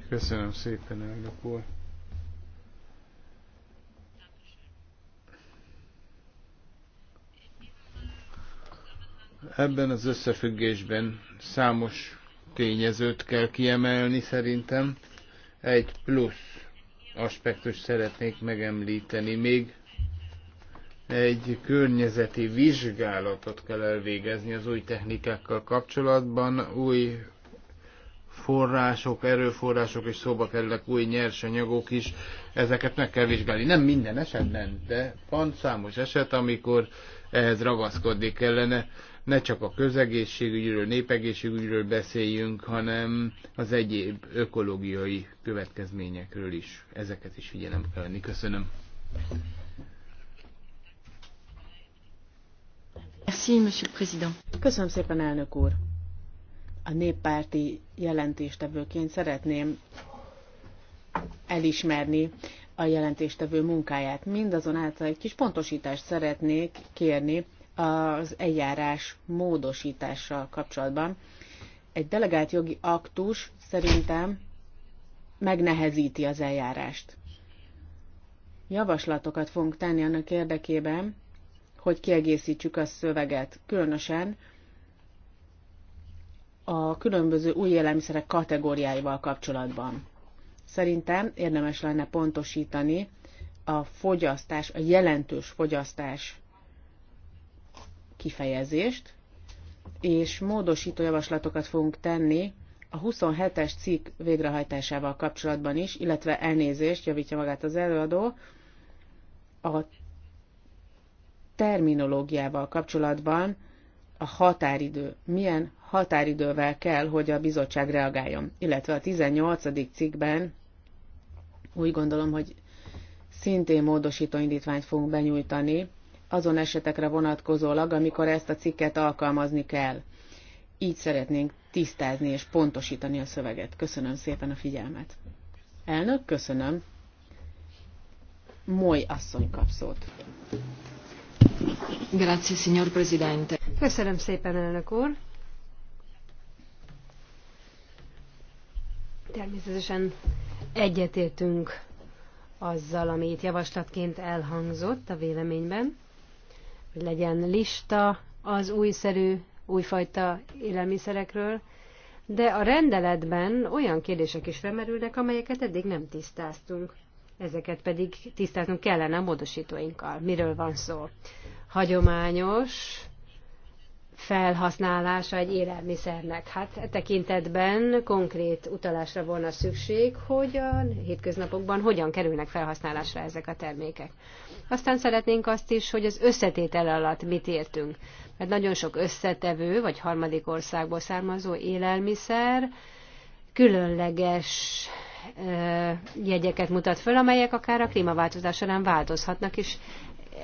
Köszönöm szépen, elnök úr. Ebben az összefüggésben számos tényezőt kell kiemelni szerintem egy plusz aspektus szeretnék megemlíteni. Még egy környezeti vizsgálatot kell elvégezni az új technikákkal kapcsolatban, új források, erőforrások és szóba kerülnek, új nyersanyagok is, ezeket meg kell vizsgálni. Nem minden esetben, de van számos eset, amikor ehhez ragaszkodni kellene ne csak a közegészségügyről, népegészségügyről beszéljünk, hanem az egyéb ökológiai következményekről is. Ezeket is figyelem kell venni. Köszönöm. Köszönöm szépen, elnök úr. A néppárti jelentéstevőként szeretném elismerni a jelentéstevő munkáját. Mindazonáltal egy kis pontosítást szeretnék kérni az eljárás módosítással kapcsolatban. Egy delegált jogi aktus szerintem megnehezíti az eljárást. Javaslatokat fogunk tenni annak érdekében, hogy kiegészítsük a szöveget, különösen a különböző új élelmiszerek kategóriáival kapcsolatban. Szerintem érdemes lenne pontosítani a fogyasztás, a jelentős fogyasztás kifejezést, és módosító javaslatokat fogunk tenni a 27-es cikk végrehajtásával kapcsolatban is, illetve elnézést javítja magát az előadó, a terminológiával kapcsolatban a határidő. Milyen határidővel kell, hogy a bizottság reagáljon. Illetve a 18. cikkben úgy gondolom, hogy szintén módosító indítványt fogunk benyújtani azon esetekre vonatkozólag, amikor ezt a cikket alkalmazni kell. Így szeretnénk tisztázni és pontosítani a szöveget. Köszönöm szépen a figyelmet. Elnök, köszönöm. Moly asszony kap szót. Grazie, signor Presidente. Köszönöm szépen, elnök úr. Természetesen egyetértünk azzal, amit javaslatként elhangzott a véleményben hogy legyen lista az újszerű, újfajta élelmiszerekről, de a rendeletben olyan kérdések is felmerülnek, amelyeket eddig nem tisztáztunk. Ezeket pedig tisztáznunk kellene a módosítóinkkal. Miről van szó? Hagyományos felhasználása egy élelmiszernek. Hát e tekintetben konkrét utalásra volna szükség, hogy a hétköznapokban hogyan kerülnek felhasználásra ezek a termékek. Aztán szeretnénk azt is, hogy az összetétel alatt mit értünk. Mert nagyon sok összetevő vagy harmadik országból származó élelmiszer különleges e, jegyeket mutat föl, amelyek akár a klímaváltozás során változhatnak, és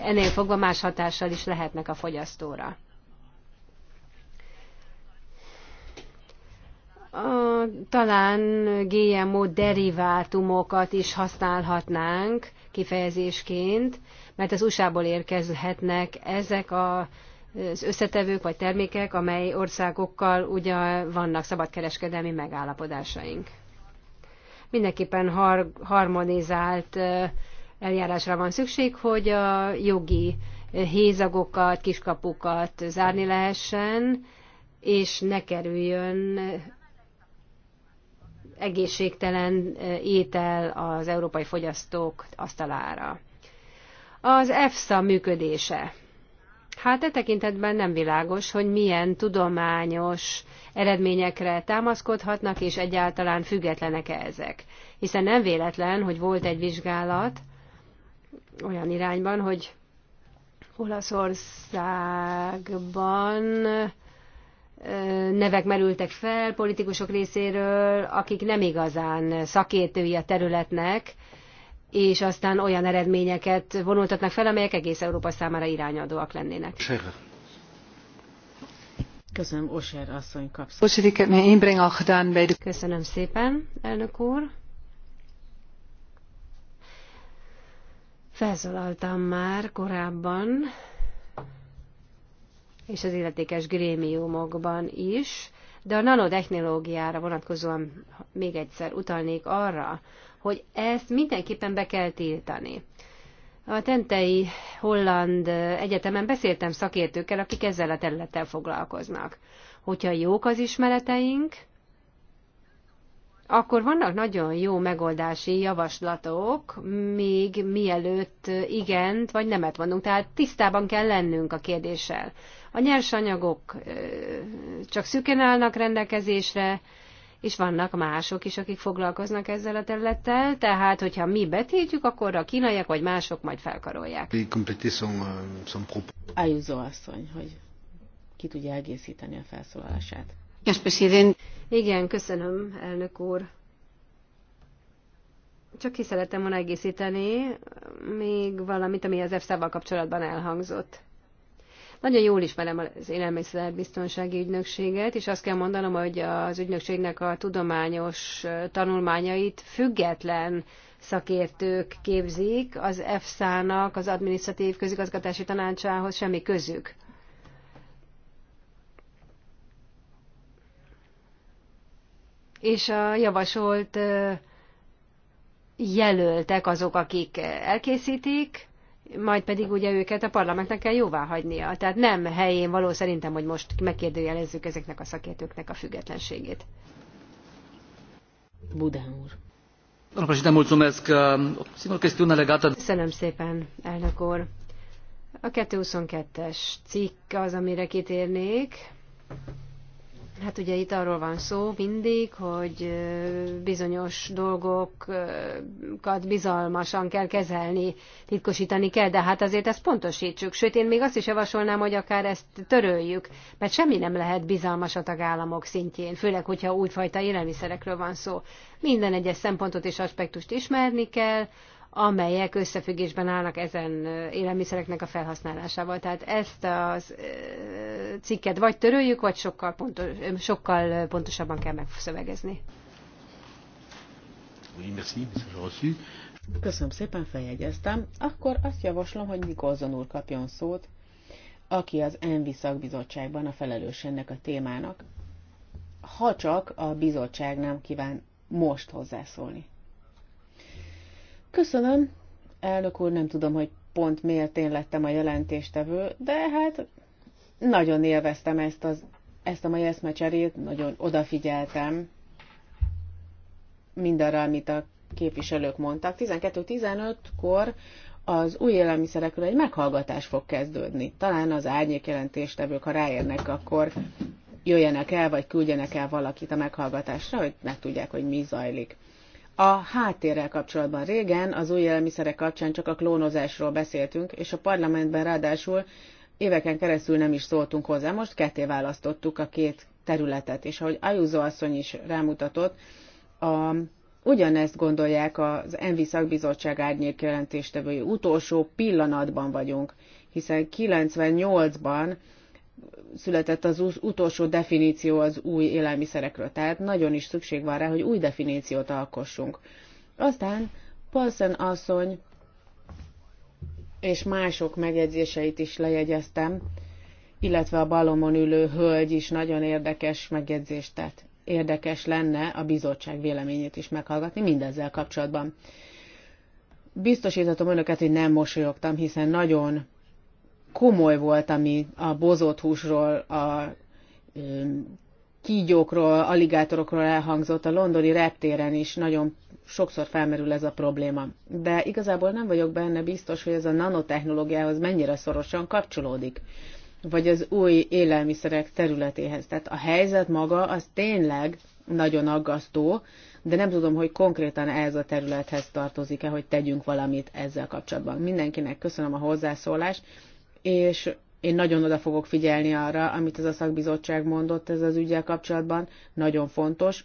ennél fogva más hatással is lehetnek a fogyasztóra. a, talán GMO derivátumokat is használhatnánk kifejezésként, mert az USA-ból érkezhetnek ezek a, az összetevők vagy termékek, amely országokkal ugye vannak szabadkereskedelmi megállapodásaink. Mindenképpen har, harmonizált eljárásra van szükség, hogy a jogi hézagokat, kiskapukat zárni lehessen, és ne kerüljön egészségtelen étel az európai fogyasztók asztalára. Az EFSA működése. Hát e tekintetben nem világos, hogy milyen tudományos eredményekre támaszkodhatnak, és egyáltalán függetlenek-e ezek. Hiszen nem véletlen, hogy volt egy vizsgálat olyan irányban, hogy Olaszországban nevek merültek fel politikusok részéről, akik nem igazán szakértői a területnek, és aztán olyan eredményeket vonultatnak fel, amelyek egész Európa számára irányadóak lennének. Köszönöm, Osher asszony kapsz. Köszönöm szépen, elnök úr. Felszólaltam már korábban és az illetékes grémiumokban is, de a nanotechnológiára vonatkozóan még egyszer utalnék arra, hogy ezt mindenképpen be kell tiltani. A Tentei Holland Egyetemen beszéltem szakértőkkel, akik ezzel a területtel foglalkoznak. Hogyha jók az ismereteink, akkor vannak nagyon jó megoldási javaslatok, még mielőtt igent vagy nemet mondunk. Tehát tisztában kell lennünk a kérdéssel. A nyersanyagok csak szüken állnak rendelkezésre, és vannak mások is, akik foglalkoznak ezzel a területtel, tehát hogyha mi betiltjuk, akkor a kínaiak vagy mások majd felkarolják. Ájúzó euh, asszony, hogy ki tudja egészíteni a felszólalását. Igen, köszönöm, elnök úr. Csak ki szerettem volna egészíteni még valamit, ami az EFSZ-val kapcsolatban elhangzott. Nagyon jól ismerem az élelmiszerbiztonsági ügynökséget, és azt kell mondanom, hogy az ügynökségnek a tudományos tanulmányait független szakértők képzik, az EFSA-nak, az Administratív Közigazgatási Tanácsához semmi közük. És a javasolt jelöltek azok, akik elkészítik, majd pedig ugye őket a parlamentnek kell jóvá hagynia. Tehát nem helyén való szerintem, hogy most megkérdőjelezzük ezeknek a szakértőknek a függetlenségét. Budán úr. Köszönöm szépen, elnök úr. A 222-es cikk az, amire kitérnék. Hát ugye itt arról van szó mindig, hogy bizonyos dolgokat bizalmasan kell kezelni, titkosítani kell, de hát azért ezt pontosítsuk. Sőt, én még azt is javasolnám, hogy akár ezt töröljük, mert semmi nem lehet bizalmas a tagállamok szintjén, főleg, hogyha újfajta élelmiszerekről van szó. Minden egyes szempontot és aspektust ismerni kell, amelyek összefüggésben állnak ezen élelmiszereknek a felhasználásával. Tehát ezt a cikket vagy töröljük, vagy sokkal, pontos, sokkal pontosabban kell megszövegezni. Köszönöm szépen, feljegyeztem. Akkor azt javaslom, hogy Nikolzon úr kapjon szót, aki az ENVI szakbizottságban a felelős ennek a témának, ha csak a bizottság nem kíván most hozzászólni. Köszönöm. Elnök úr, nem tudom, hogy pont miért én lettem a jelentéstevő, de hát nagyon élveztem ezt, az, ezt a mai eszmecserét, nagyon odafigyeltem mindarra, amit a képviselők mondtak. 12-15-kor az új élelmiszerekről egy meghallgatás fog kezdődni. Talán az árnyék jelentéstevők, ha ráérnek, akkor jöjjenek el, vagy küldjenek el valakit a meghallgatásra, hogy meg tudják, hogy mi zajlik. A háttérrel kapcsolatban régen az új élelmiszerek kapcsán csak a klónozásról beszéltünk, és a parlamentben ráadásul éveken keresztül nem is szóltunk hozzá, most ketté választottuk a két területet, és ahogy Ayuso asszony is rámutatott, a, ugyanezt gondolják az Envi szakbizottság árnyék jelentéstevői. Utolsó pillanatban vagyunk, hiszen 98-ban született az utolsó definíció az új élelmiszerekről. Tehát nagyon is szükség van rá, hogy új definíciót alkossunk. Aztán Paulsen asszony és mások megjegyzéseit is lejegyeztem, illetve a balomon ülő hölgy is nagyon érdekes megjegyzést tett. Érdekes lenne a bizottság véleményét is meghallgatni mindezzel kapcsolatban. Biztosítatom önöket, hogy nem mosolyogtam, hiszen nagyon komoly volt, ami a bozott húsról, a kígyókról, aligátorokról elhangzott, a londoni reptéren is nagyon sokszor felmerül ez a probléma. De igazából nem vagyok benne biztos, hogy ez a nanotechnológiához mennyire szorosan kapcsolódik, vagy az új élelmiszerek területéhez. Tehát a helyzet maga az tényleg nagyon aggasztó, de nem tudom, hogy konkrétan ez a területhez tartozik-e, hogy tegyünk valamit ezzel kapcsolatban. Mindenkinek köszönöm a hozzászólást, és én nagyon oda fogok figyelni arra, amit ez a szakbizottság mondott ez az ügyel kapcsolatban, nagyon fontos,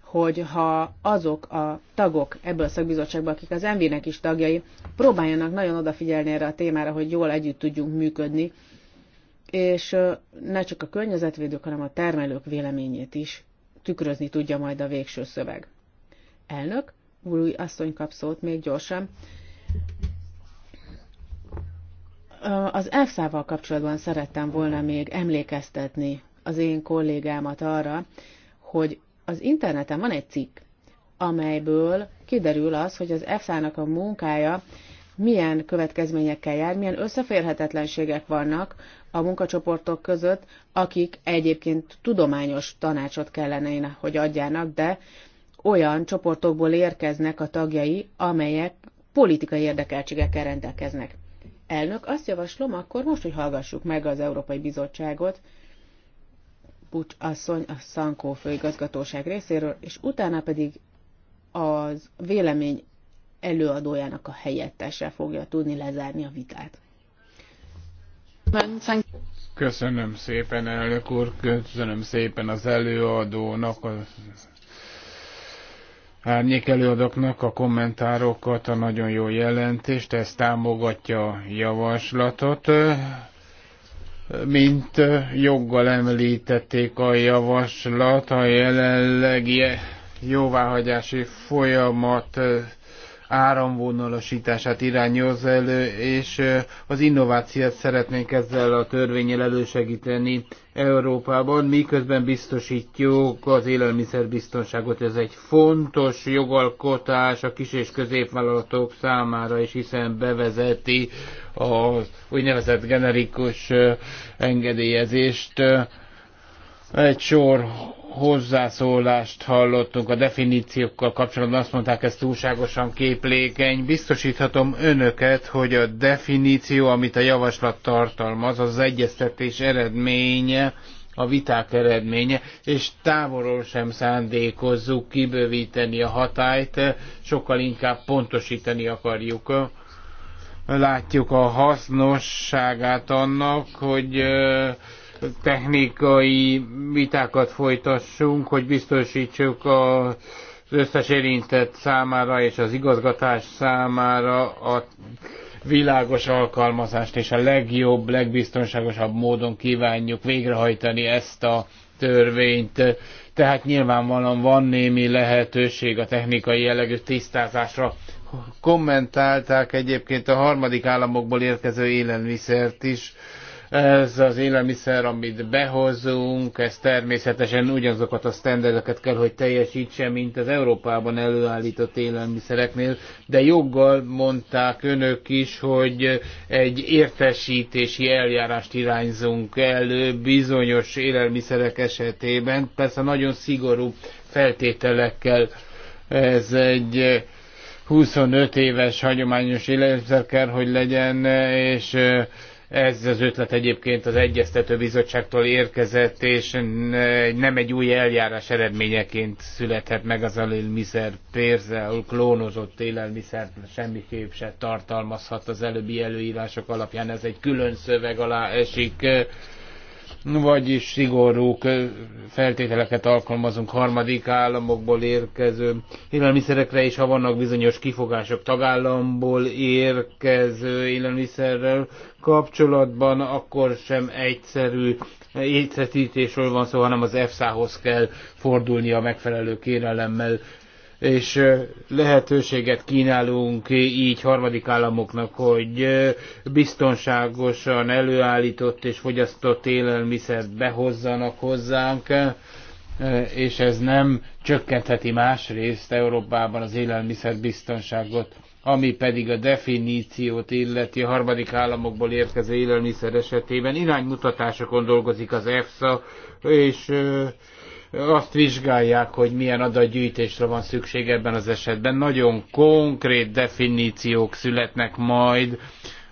hogy ha azok a tagok ebből a szakbizottságban, akik az MV-nek is tagjai, próbáljanak nagyon odafigyelni erre a témára, hogy jól együtt tudjunk működni, és ne csak a környezetvédők, hanem a termelők véleményét is tükrözni tudja majd a végső szöveg. Elnök, új asszony kap szót még gyorsan. Az EFSA-val kapcsolatban szerettem volna még emlékeztetni az én kollégámat arra, hogy az interneten van egy cikk, amelyből kiderül az, hogy az EFSA-nak a munkája milyen következményekkel jár, milyen összeférhetetlenségek vannak a munkacsoportok között, akik egyébként tudományos tanácsot kellene, hogy adjának, de olyan csoportokból érkeznek a tagjai, amelyek politikai érdekeltségekkel rendelkeznek. Elnök, azt javaslom, akkor most, hogy hallgassuk meg az Európai Bizottságot, Pucs asszony a Szankó főigazgatóság részéről, és utána pedig az vélemény előadójának a helyettese fogja tudni lezárni a vitát. Köszönöm szépen, elnök úr, köszönöm szépen az előadónak a árnyék előadóknak a kommentárokat, a nagyon jó jelentést, ez támogatja a javaslatot. Mint joggal említették a javaslat, a jelenlegi jóváhagyási folyamat áramvonalasítását irányoz elő, és az innovációt szeretnénk ezzel a törvényel elősegíteni Európában, miközben biztosítjuk az élelmiszerbiztonságot. Ez egy fontos jogalkotás a kis és középvállalatok számára is, hiszen bevezeti az úgynevezett generikus engedélyezést egy sor hozzászólást hallottunk a definíciókkal kapcsolatban, azt mondták, ez túlságosan képlékeny. Biztosíthatom önöket, hogy a definíció, amit a javaslat tartalmaz, az, egyeztetés eredménye, a viták eredménye, és távolról sem szándékozzuk kibővíteni a hatályt, sokkal inkább pontosítani akarjuk. Látjuk a hasznosságát annak, hogy technikai vitákat folytassunk, hogy biztosítsuk a az összes érintett számára és az igazgatás számára a világos alkalmazást és a legjobb, legbiztonságosabb módon kívánjuk végrehajtani ezt a törvényt. Tehát nyilvánvalóan van némi lehetőség a technikai jellegű tisztázásra. Kommentálták egyébként a harmadik államokból érkező élelmiszert is. Ez az élelmiszer, amit behozunk, ez természetesen ugyanazokat a standardokat kell, hogy teljesítse, mint az Európában előállított élelmiszereknél, de joggal mondták önök is, hogy egy értesítési eljárást irányzunk elő bizonyos élelmiszerek esetében, persze nagyon szigorú feltételekkel. Ez egy 25 éves hagyományos élelmiszer kell, hogy legyen, és ez az ötlet egyébként az Egyeztető Bizottságtól érkezett, és nem egy új eljárás eredményeként születhet meg az élelmiszer pérzel, klónozott élelmiszer semmiképp se tartalmazhat az előbbi előírások alapján. Ez egy külön szöveg alá esik, vagyis szigorú feltételeket alkalmazunk harmadik államokból érkező élelmiszerekre, és ha vannak bizonyos kifogások tagállamból érkező élelmiszerrel kapcsolatban, akkor sem egyszerű étszerítésről van szó, hanem az EFSA-hoz kell fordulni a megfelelő kérelemmel és lehetőséget kínálunk így harmadik államoknak, hogy biztonságosan előállított és fogyasztott élelmiszert behozzanak hozzánk, és ez nem csökkentheti másrészt Európában az élelmiszer biztonságot, ami pedig a definíciót illeti a harmadik államokból érkező élelmiszer esetében. Iránymutatásokon dolgozik az EFSA, és azt vizsgálják, hogy milyen adatgyűjtésre van szükség ebben az esetben. Nagyon konkrét definíciók születnek majd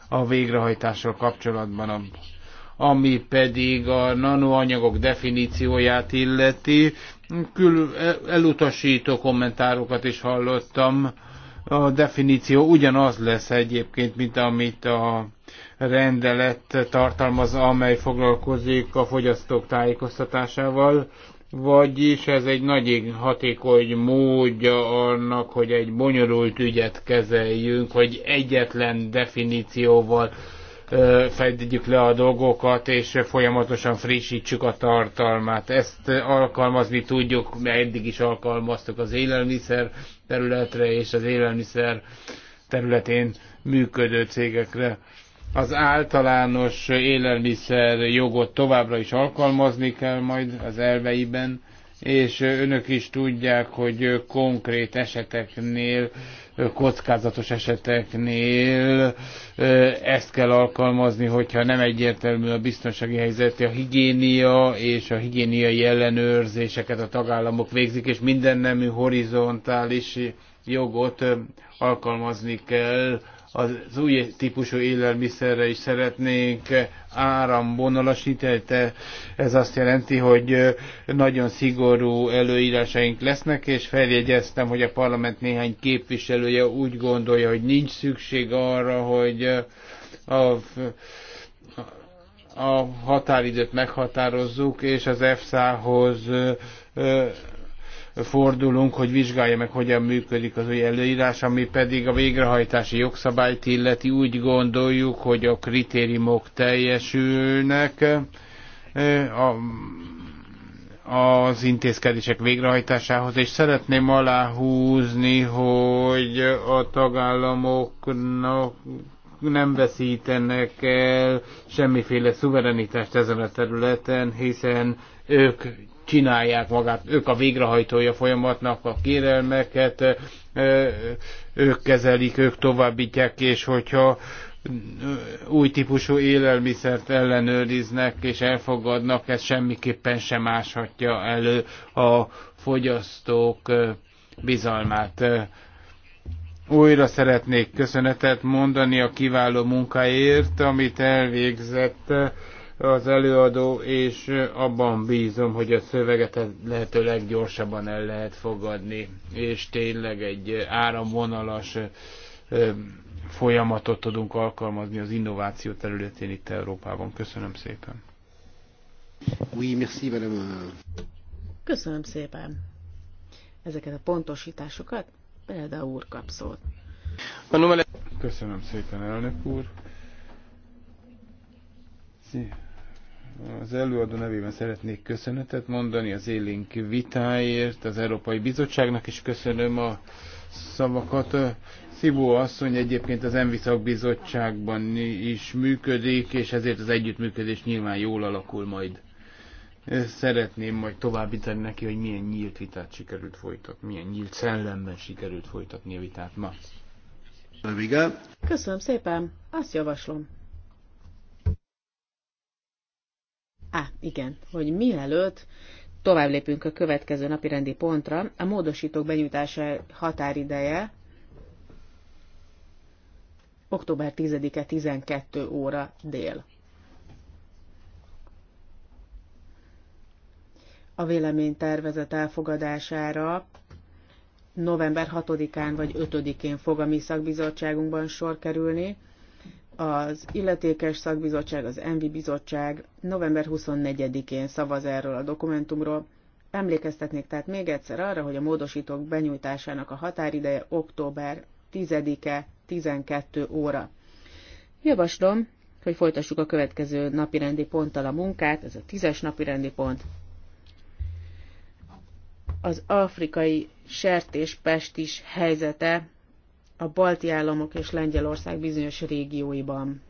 a végrehajtással kapcsolatban, ami pedig a nanoanyagok definícióját illeti. Kül elutasító kommentárokat is hallottam. A definíció ugyanaz lesz egyébként, mint amit a rendelet tartalmaz, amely foglalkozik a fogyasztók tájékoztatásával. Vagyis ez egy nagy hatékony módja annak, hogy egy bonyolult ügyet kezeljünk, hogy egyetlen definícióval fedjük le a dolgokat, és folyamatosan frissítsük a tartalmát. Ezt alkalmazni tudjuk, mert eddig is alkalmaztuk az élelmiszer területre és az élelmiszer területén működő cégekre az általános élelmiszer jogot továbbra is alkalmazni kell majd az elveiben, és önök is tudják, hogy konkrét eseteknél, kockázatos eseteknél ezt kell alkalmazni, hogyha nem egyértelmű a biztonsági helyzet, a higiénia és a higiéniai ellenőrzéseket a tagállamok végzik, és minden nemű horizontális jogot alkalmazni kell az új típusú élelmiszerre is szeretnénk áramvonalasítani. Ez azt jelenti, hogy nagyon szigorú előírásaink lesznek, és feljegyeztem, hogy a parlament néhány képviselője úgy gondolja, hogy nincs szükség arra, hogy a a határidőt meghatározzuk, és az EFSA-hoz fordulunk, hogy vizsgálja meg, hogyan működik az új előírás, ami pedig a végrehajtási jogszabályt illeti. Úgy gondoljuk, hogy a kritériumok teljesülnek, az intézkedések végrehajtásához, és szeretném aláhúzni, hogy a tagállamoknak nem veszítenek el semmiféle szuverenitást ezen a területen, hiszen ők csinálják magát, ők a végrehajtója folyamatnak a kérelmeket, ők kezelik, ők továbbítják, és hogyha új típusú élelmiszert ellenőriznek és elfogadnak, ez semmiképpen sem áshatja elő a fogyasztók bizalmát. Újra szeretnék köszönetet mondani a kiváló munkáért, amit elvégzett az előadó, és abban bízom, hogy a szöveget lehető leggyorsabban el lehet fogadni, és tényleg egy áramvonalas folyamatot tudunk alkalmazni az innováció területén itt Európában. Köszönöm szépen. Oui, merci, Köszönöm szépen. Ezeket a pontosításokat Beleda úr kap szót. Köszönöm szépen, elnök úr. Szia. Az előadó nevében szeretnék köszönetet mondani az élénk vitáért, az Európai Bizottságnak is köszönöm a szavakat. Szibó asszony egyébként az Envi szakbizottságban is működik, és ezért az együttműködés nyilván jól alakul majd. Szeretném majd továbbítani neki, hogy milyen nyílt vitát sikerült folytatni, milyen nyílt szellemben sikerült folytatni a vitát ma. Köszönöm szépen, azt javaslom. Á, igen, hogy mielőtt tovább lépünk a következő napi rendi pontra, a módosítók benyújtása határideje október 10-e 12 óra dél. A véleménytervezet elfogadására november 6-án vagy 5-én fog a mi szakbizottságunkban sor kerülni, az illetékes szakbizottság, az ENVI bizottság november 24-én szavaz erről a dokumentumról. Emlékeztetnék tehát még egyszer arra, hogy a módosítók benyújtásának a határideje október 10-e 12 óra. Javaslom, hogy folytassuk a következő napirendi ponttal a munkát, ez a tízes napirendi pont. Az afrikai sertéspestis helyzete a balti államok és Lengyelország bizonyos régióiban.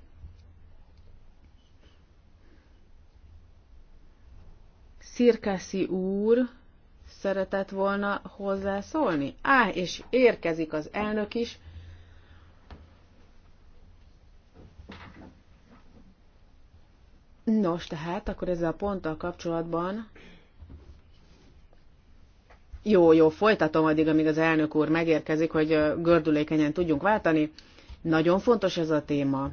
Szirkeszi úr szeretett volna hozzászólni. Á, és érkezik az elnök is. Nos, tehát akkor ezzel a ponttal kapcsolatban jó, jó, folytatom addig, amíg az elnök úr megérkezik, hogy gördülékenyen tudjunk váltani. Nagyon fontos ez a téma.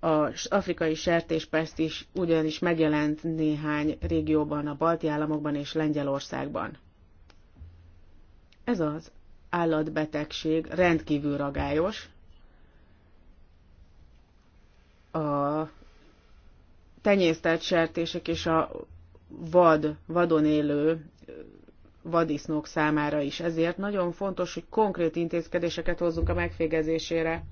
Az afrikai sertéspest is ugyanis megjelent néhány régióban, a balti államokban és Lengyelországban. Ez az állatbetegség rendkívül ragályos. A tenyésztett sertések és a vad, vadon élő vadisznók számára is. Ezért nagyon fontos, hogy konkrét intézkedéseket hozzunk a megfégezésére.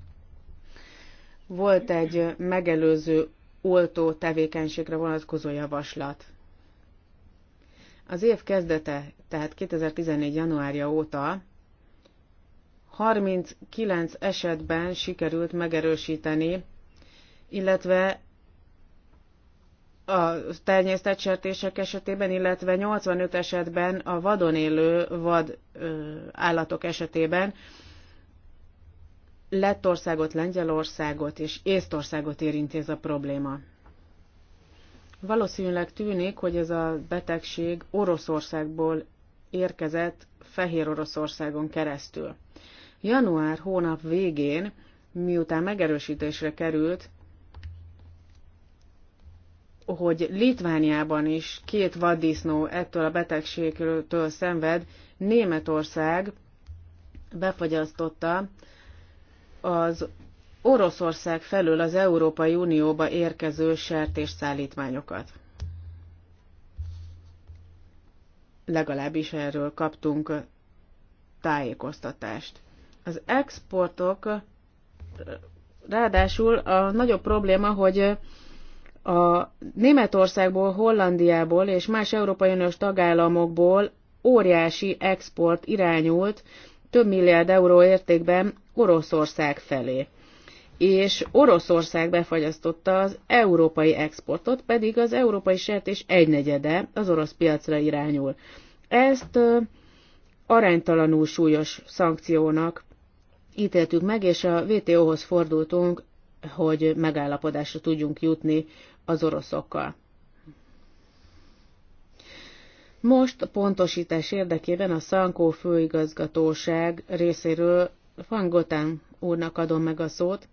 Volt egy megelőző oltó tevékenységre vonatkozó javaslat. Az év kezdete, tehát 2014. januárja óta 39 esetben sikerült megerősíteni, illetve a ternyésztett sertések esetében, illetve 85 esetben a vadon élő vad ö, állatok esetében Lettországot, Lengyelországot és Észtországot érinti ez a probléma. Valószínűleg tűnik, hogy ez a betegség Oroszországból érkezett Fehér Oroszországon keresztül. Január hónap végén, miután megerősítésre került, hogy Litvániában is két vaddisznó ettől a betegségtől szenved, Németország befagyasztotta az Oroszország felől az Európai Unióba érkező szállítmányokat. Legalábbis erről kaptunk tájékoztatást. Az exportok, ráadásul a nagyobb probléma, hogy a Németországból, Hollandiából és más Európai Uniós tagállamokból óriási export irányult több milliárd euró értékben Oroszország felé. És Oroszország befagyasztotta az európai exportot, pedig az európai sertés egynegyede az orosz piacra irányul. Ezt aránytalanul súlyos szankciónak ítéltük meg, és a WTO-hoz fordultunk hogy megállapodásra tudjunk jutni az oroszokkal. Most a pontosítás érdekében a Szankó főigazgatóság részéről Fangotán úrnak adom meg a szót,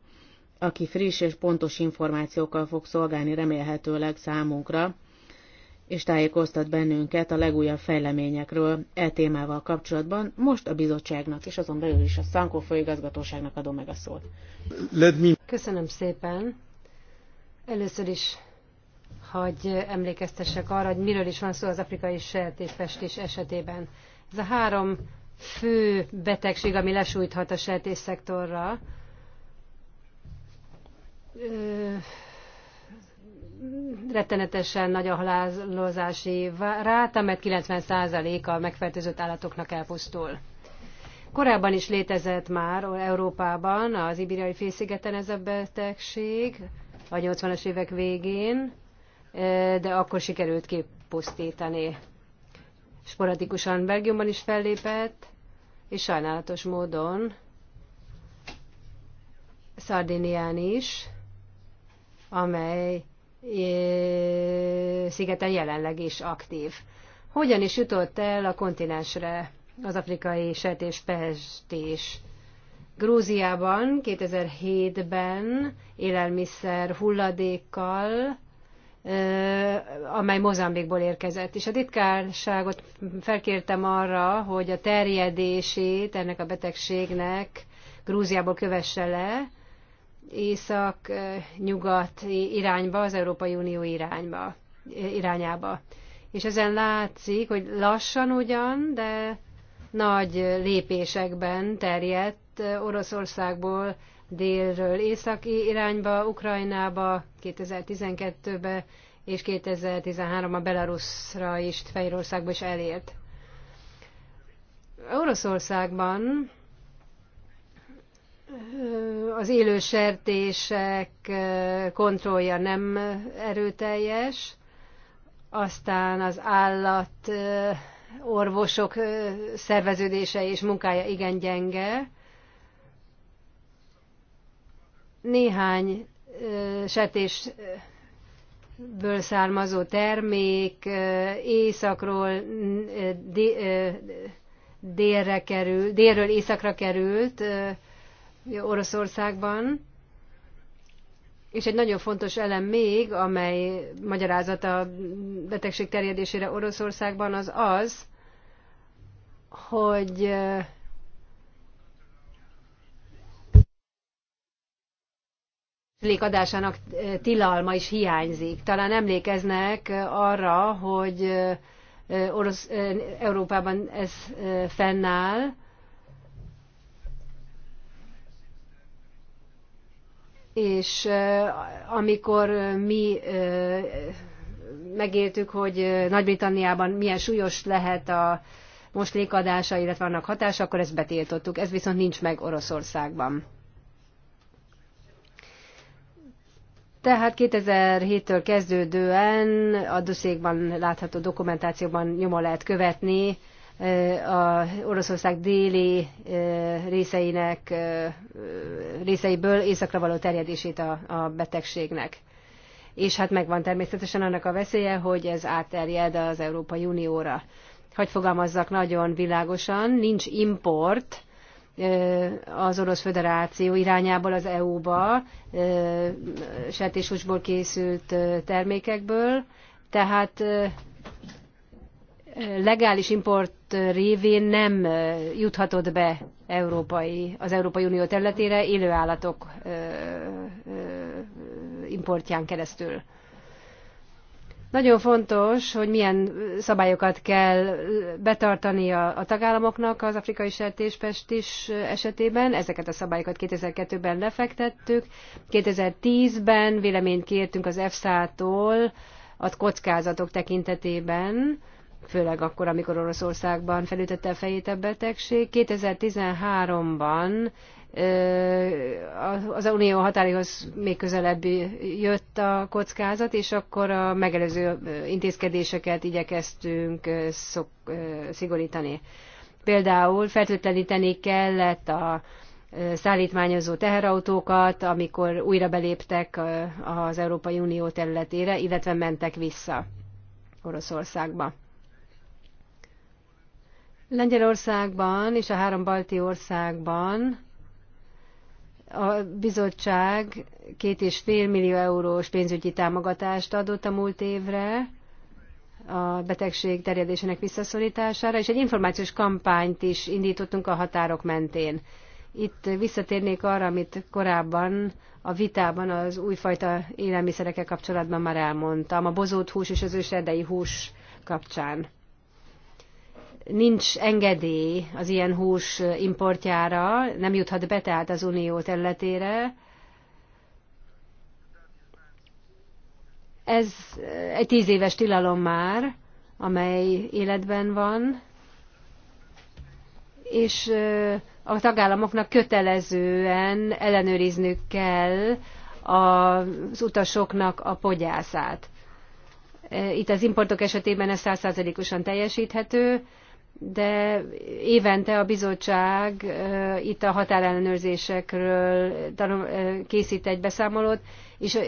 aki friss és pontos információkkal fog szolgálni remélhetőleg számunkra, és tájékoztat bennünket a legújabb fejleményekről e témával kapcsolatban. Most a bizottságnak, és azon belül is a Szankó főigazgatóságnak adom meg a szót. Köszönöm szépen. Először is hogy emlékeztessek arra, hogy miről is van szó az afrikai sertésfestés esetében. Ez a három fő betegség, ami lesújthat a sertés szektorra, rettenetesen nagy a halálozási ráta, mert 90% a megfertőzött állatoknak elpusztul. Korábban is létezett már Európában, az ibiriai félszigeten ez a betegség, a 80-as évek végén, de akkor sikerült kipusztítani. Sporadikusan Belgiumban is fellépett, és sajnálatos módon Szardinián is, amely szigeten jelenleg is aktív. Hogyan is jutott el a kontinensre az afrikai sertéspestés? Grúziában 2007-ben élelmiszer hulladékkal, amely Mozambikból érkezett. És a titkárságot felkértem arra, hogy a terjedését ennek a betegségnek Grúziából kövesse le, észak-nyugat irányba, az Európai Unió irányba, irányába. És ezen látszik, hogy lassan ugyan, de nagy lépésekben terjedt jött Oroszországból délről északi irányba, Ukrajnába 2012-be és 2013-ban Belarusra is Fehérországba is elért. Oroszországban az élő sertések kontrollja nem erőteljes, aztán az állat orvosok szerveződése és munkája igen gyenge, Néhány sertésből származó termék északról délre kerül, délről északra került Oroszországban, és egy nagyon fontos elem még, amely magyarázat a betegség terjedésére Oroszországban, az az, hogy lékadásának eh, tilalma is hiányzik. Talán emlékeznek eh, arra, hogy eh, Orosz, Európában ez fennáll, és amikor mi megértük, hogy Nagy-Britanniában milyen súlyos lehet a most lékadása, illetve annak hatása, akkor ezt betiltottuk. Ez viszont nincs meg Oroszországban. Tehát 2007-től kezdődően a dosszékban látható dokumentációban nyoma lehet követni a Oroszország déli részeinek, részeiből északra való terjedését a, a betegségnek. És hát megvan természetesen annak a veszélye, hogy ez átterjed az Európai Unióra. Hogy fogalmazzak nagyon világosan, nincs import, az Orosz Föderáció irányából az EU-ba sertéshúsból készült termékekből, tehát legális import révén nem juthatott be európai, az Európai Unió területére élőállatok importján keresztül. Nagyon fontos, hogy milyen szabályokat kell betartani a, a tagállamoknak az afrikai sertéspest is esetében. Ezeket a szabályokat 2002-ben lefektettük. 2010-ben véleményt kértünk az EFSA-tól a kockázatok tekintetében főleg akkor, amikor Oroszországban felütötte a fejét a betegség. 2013-ban az unió határihoz még közelebb jött a kockázat, és akkor a megelőző intézkedéseket igyekeztünk szok, szigorítani. Például feltétleníteni kellett a szállítmányozó teherautókat, amikor újra beléptek az Európai Unió területére, illetve mentek vissza Oroszországba. Lengyelországban és a három balti országban a bizottság két és fél millió eurós pénzügyi támogatást adott a múlt évre a betegség terjedésének visszaszorítására, és egy információs kampányt is indítottunk a határok mentén. Itt visszatérnék arra, amit korábban a vitában az újfajta élelmiszerekkel kapcsolatban már elmondtam, a bozót hús és az őserdei hús kapcsán nincs engedély az ilyen hús importjára, nem juthat be tehát az unió területére. Ez egy tíz éves tilalom már, amely életben van, és a tagállamoknak kötelezően ellenőriznük kell az utasoknak a pogyászát. Itt az importok esetében ez százszázalékosan teljesíthető, de évente a bizottság itt a határellenőrzésekről készít egy beszámolót, és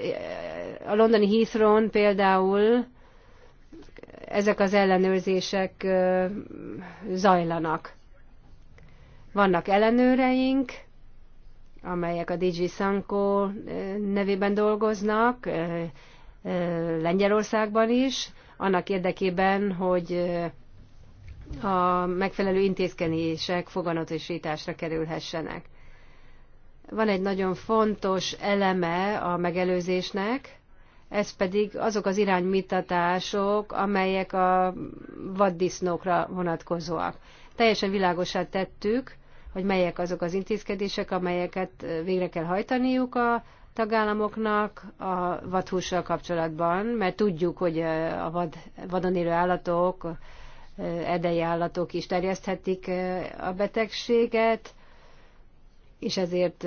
a londoni Heathrow-n például ezek az ellenőrzések zajlanak. Vannak ellenőreink, amelyek a DG Sanko nevében dolgoznak, Lengyelországban is, annak érdekében, hogy a megfelelő intézkedések foganatosításra kerülhessenek. Van egy nagyon fontos eleme a megelőzésnek, ez pedig azok az iránymitatások, amelyek a vaddisznókra vonatkozóak. Teljesen világosá tettük, hogy melyek azok az intézkedések, amelyeket végre kell hajtaniuk a tagállamoknak a vadhússal kapcsolatban, mert tudjuk, hogy a vad, vadon élő állatok edei állatok is terjeszthetik a betegséget, és ezért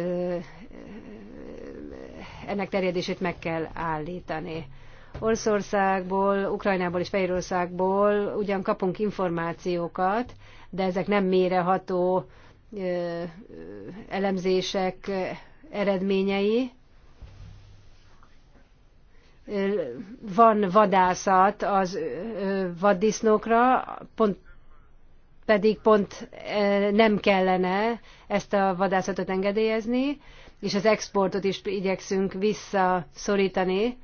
ennek terjedését meg kell állítani. Oroszországból, Ukrajnából és Fehérországból ugyan kapunk információkat, de ezek nem méreható elemzések eredményei, van vadászat az vaddisznókra, pont, pedig pont nem kellene ezt a vadászatot engedélyezni, és az exportot is igyekszünk visszaszorítani.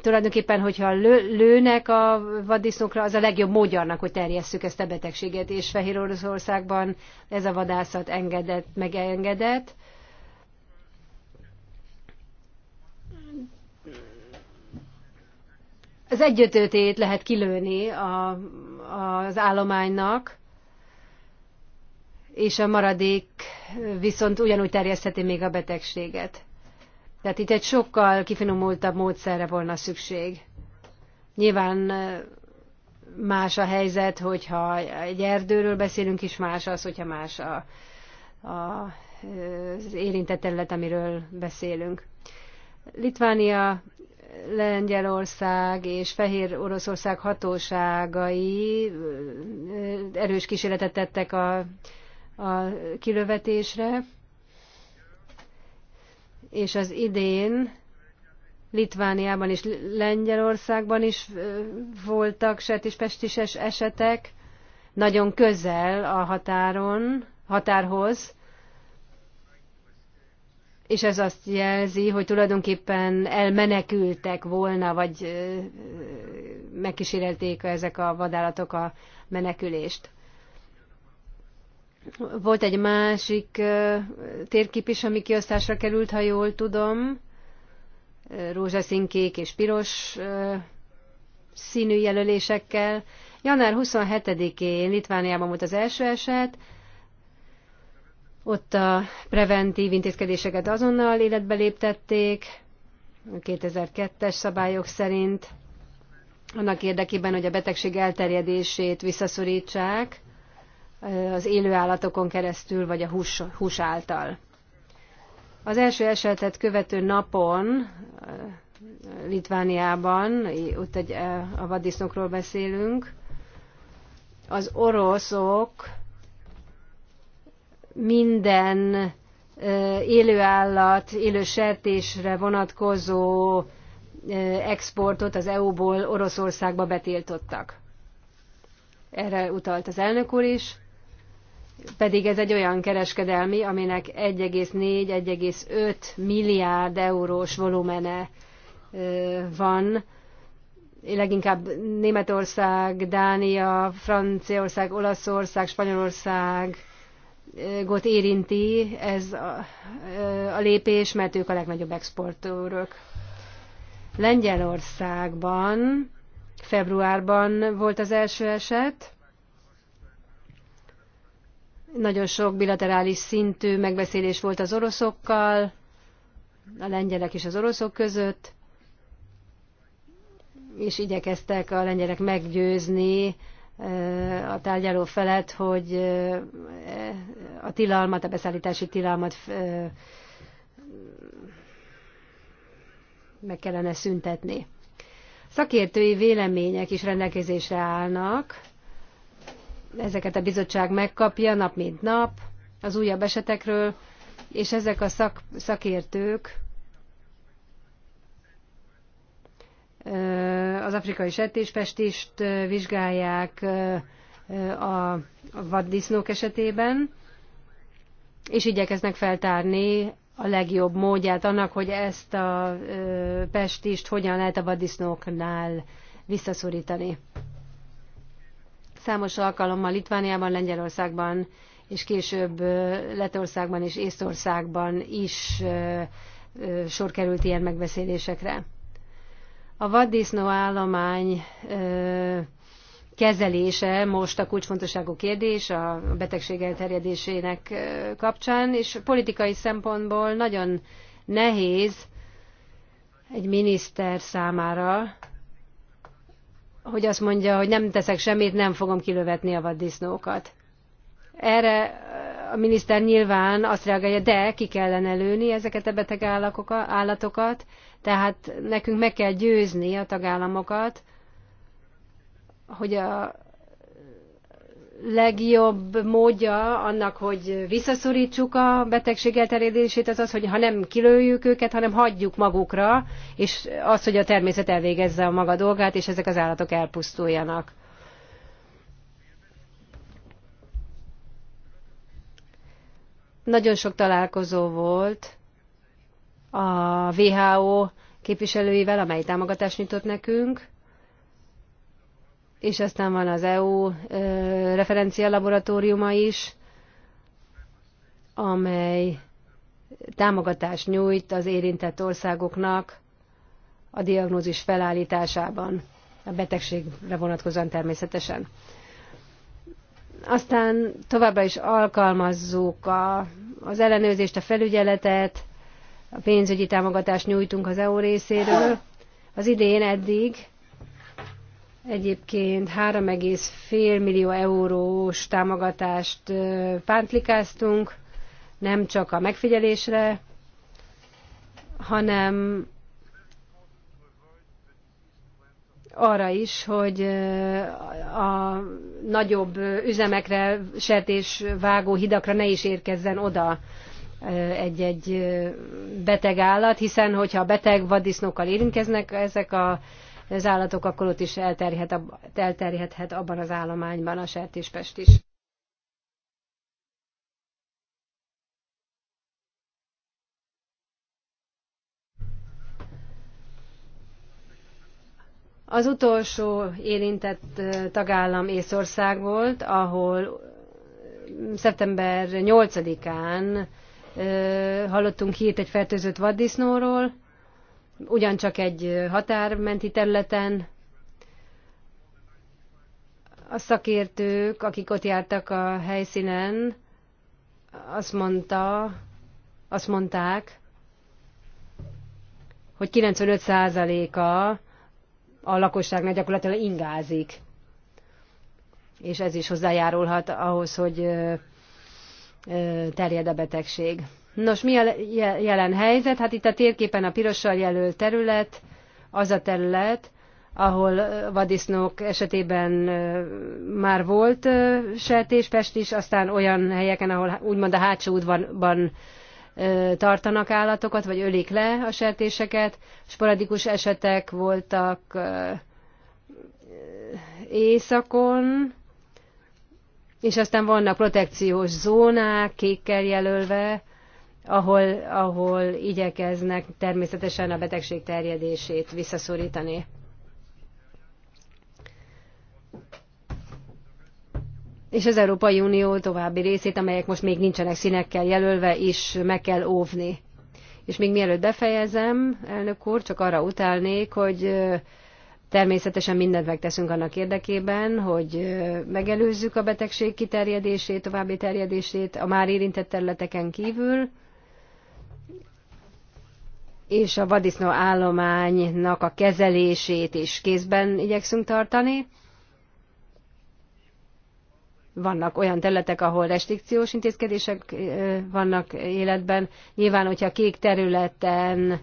Tulajdonképpen, hogyha lőnek a vaddisznókra, az a legjobb módja annak, hogy terjesszük ezt a betegséget, és Fehér Oroszországban ez a vadászat engedett, megengedett az egyötőtét lehet kilőni a, az állománynak, és a maradék viszont ugyanúgy terjesztheti még a betegséget. Tehát itt egy sokkal kifinomultabb módszerre volna szükség. Nyilván más a helyzet, hogyha egy erdőről beszélünk, és más az, hogyha más a, a, az érintett terület, amiről beszélünk. Litvánia Lengyelország és Fehér Oroszország hatóságai erős kísérletet tettek a, a kilövetésre, és az idén Litvániában és Lengyelországban is voltak set és pestises esetek, nagyon közel a határon, határhoz, és ez azt jelzi, hogy tulajdonképpen elmenekültek volna, vagy megkísérelték ezek a vadállatok a menekülést. Volt egy másik térkép is, ami kiosztásra került, ha jól tudom. Rózsaszínkék és piros színű jelölésekkel. Január 27-én Litvániában volt az első eset, ott a preventív intézkedéseket azonnal életbe léptették, 2002-es szabályok szerint, annak érdekében, hogy a betegség elterjedését visszaszorítsák az élő állatokon keresztül, vagy a hús, hús által. Az első esetet követő napon Litvániában, ott egy, a vaddisznokról beszélünk, az oroszok minden élőállat, élő sertésre vonatkozó exportot az EU-ból Oroszországba betiltottak. Erre utalt az elnök úr is, pedig ez egy olyan kereskedelmi, aminek 1,4-1,5 milliárd eurós volumene van, leginkább Németország, Dánia, Franciaország, Olaszország, Spanyolország, got érinti ez a, a lépés, mert ők a legnagyobb exportőrök. Lengyelországban februárban volt az első eset. Nagyon sok bilaterális szintű megbeszélés volt az oroszokkal, a lengyelek és az oroszok között, és igyekeztek a lengyelek meggyőzni a tárgyaló felett, hogy a tilalmat, a beszállítási tilalmat meg kellene szüntetni. Szakértői vélemények is rendelkezésre állnak, ezeket a bizottság megkapja nap mint nap az újabb esetekről, és ezek a szak, szakértők az afrikai sertésfestést vizsgálják a vaddisznók esetében, és igyekeznek feltárni a legjobb módját annak, hogy ezt a pestist hogyan lehet a vaddisznóknál visszaszorítani. Számos alkalommal Litvániában, Lengyelországban és később Letországban és Észtországban is sor került ilyen megbeszélésekre. A vaddisznó állomány kezelése most a kulcsfontosságú kérdés a betegség elterjedésének kapcsán, és politikai szempontból nagyon nehéz egy miniszter számára, hogy azt mondja, hogy nem teszek semmit, nem fogom kilövetni a vaddisznókat. Erre a miniszter nyilván azt reagálja, de ki kellene lőni ezeket a beteg állatokat, tehát nekünk meg kell győzni a tagállamokat, hogy a legjobb módja annak, hogy visszaszorítsuk a betegség elterjedését, az az, hogy ha nem kilőjük őket, hanem hagyjuk magukra, és az, hogy a természet elvégezze a maga dolgát, és ezek az állatok elpusztuljanak. Nagyon sok találkozó volt a WHO képviselőivel, amely támogatást nyújtott nekünk, és aztán van az EU referencia laboratóriuma is, amely támogatást nyújt az érintett országoknak a diagnózis felállításában, a betegségre vonatkozóan természetesen. Aztán továbbra is alkalmazzuk a, az ellenőrzést, a felügyeletet, a pénzügyi támogatást nyújtunk az EU részéről. Az idén eddig egyébként 3,5 millió eurós támogatást pántlikáztunk, nem csak a megfigyelésre, hanem arra is, hogy a nagyobb üzemekre, sertésvágó vágó hidakra ne is érkezzen oda egy-egy beteg állat, hiszen hogyha beteg vaddisznókkal érintkeznek ezek a, az állatok, akkor ott is elterjedhet, elterjedhet abban az állományban a sertéspest is. Az utolsó érintett tagállam Észország volt, ahol szeptember 8-án hallottunk hírt egy fertőzött vaddisznóról, ugyancsak egy határmenti területen. A szakértők, akik ott jártak a helyszínen, azt mondta, azt mondták, hogy 95%-a a lakosságnak gyakorlatilag ingázik. És ez is hozzájárulhat ahhoz, hogy terjed a betegség. Nos, mi a jelen helyzet? Hát itt a térképen a pirossal jelölt terület, az a terület, ahol vadisznók esetében már volt sertéspest is, aztán olyan helyeken, ahol úgymond a hátsó udvarban tartanak állatokat, vagy ölik le a sertéseket. Sporadikus esetek voltak éjszakon, és aztán vannak protekciós zónák, kékkel jelölve, ahol, ahol igyekeznek természetesen a betegség terjedését visszaszorítani. És az Európai Unió további részét, amelyek most még nincsenek színekkel jelölve, is meg kell óvni. És még mielőtt befejezem, elnök úr, csak arra utálnék, hogy Természetesen mindent megteszünk annak érdekében, hogy megelőzzük a betegség kiterjedését, további terjedését a már érintett területeken kívül, és a vadisznó állománynak a kezelését is kézben igyekszünk tartani. Vannak olyan területek, ahol restrikciós intézkedések vannak életben. Nyilván, hogyha kék területen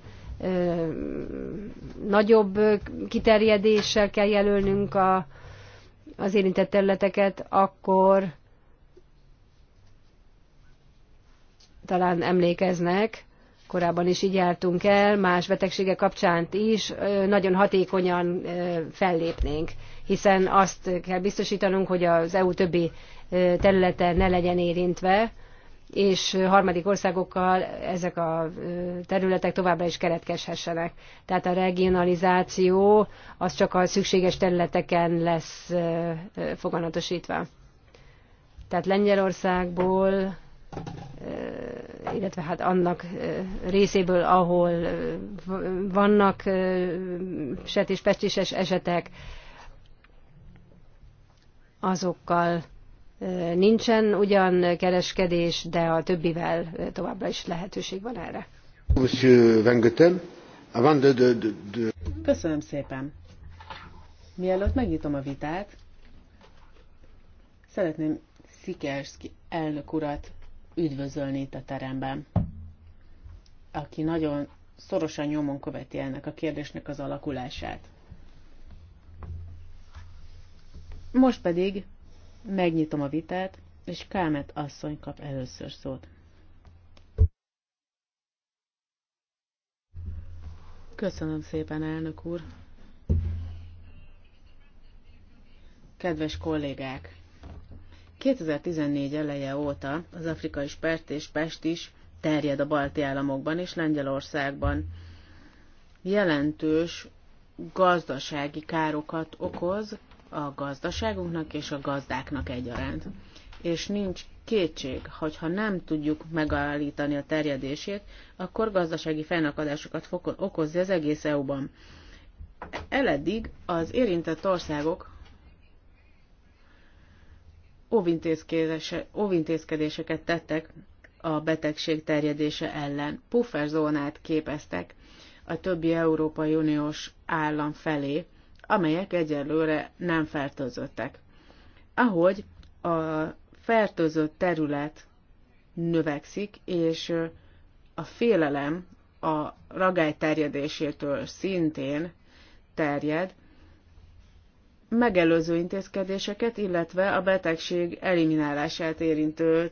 nagyobb kiterjedéssel kell jelölnünk a, az érintett területeket, akkor talán emlékeznek, korábban is így jártunk el, más betegségek kapcsán is nagyon hatékonyan fellépnénk, hiszen azt kell biztosítanunk, hogy az EU többi területe ne legyen érintve, és harmadik országokkal ezek a területek továbbra is keletkezhessenek. Tehát a regionalizáció az csak a szükséges területeken lesz foganatosítva. Tehát Lengyelországból, illetve hát annak részéből, ahol vannak set és pestises esetek, azokkal nincsen ugyan kereskedés, de a többivel továbbra is lehetőség van erre. Köszönöm szépen. Mielőtt megnyitom a vitát, szeretném Szikerszki elnök urat üdvözölni itt a teremben, aki nagyon szorosan nyomon követi ennek a kérdésnek az alakulását. Most pedig Megnyitom a vitát, és Kámet asszony kap először szót. Köszönöm szépen, elnök úr! Kedves kollégák! 2014 eleje óta az afrikai spert és pest is terjed a balti államokban és Lengyelországban. Jelentős gazdasági károkat okoz, a gazdaságunknak és a gazdáknak egyaránt. És nincs kétség, hogyha nem tudjuk megállítani a terjedését, akkor gazdasági fennakadásokat fog okozni az egész EU-ban. Eleddig az érintett országok óvintézkedéseket tettek a betegség terjedése ellen. Pufferzónát képeztek a többi Európai Uniós állam felé, amelyek egyelőre nem fertőzöttek. Ahogy a fertőzött terület növekszik, és a félelem a ragály terjedésétől szintén terjed, megelőző intézkedéseket, illetve a betegség eliminálását érintő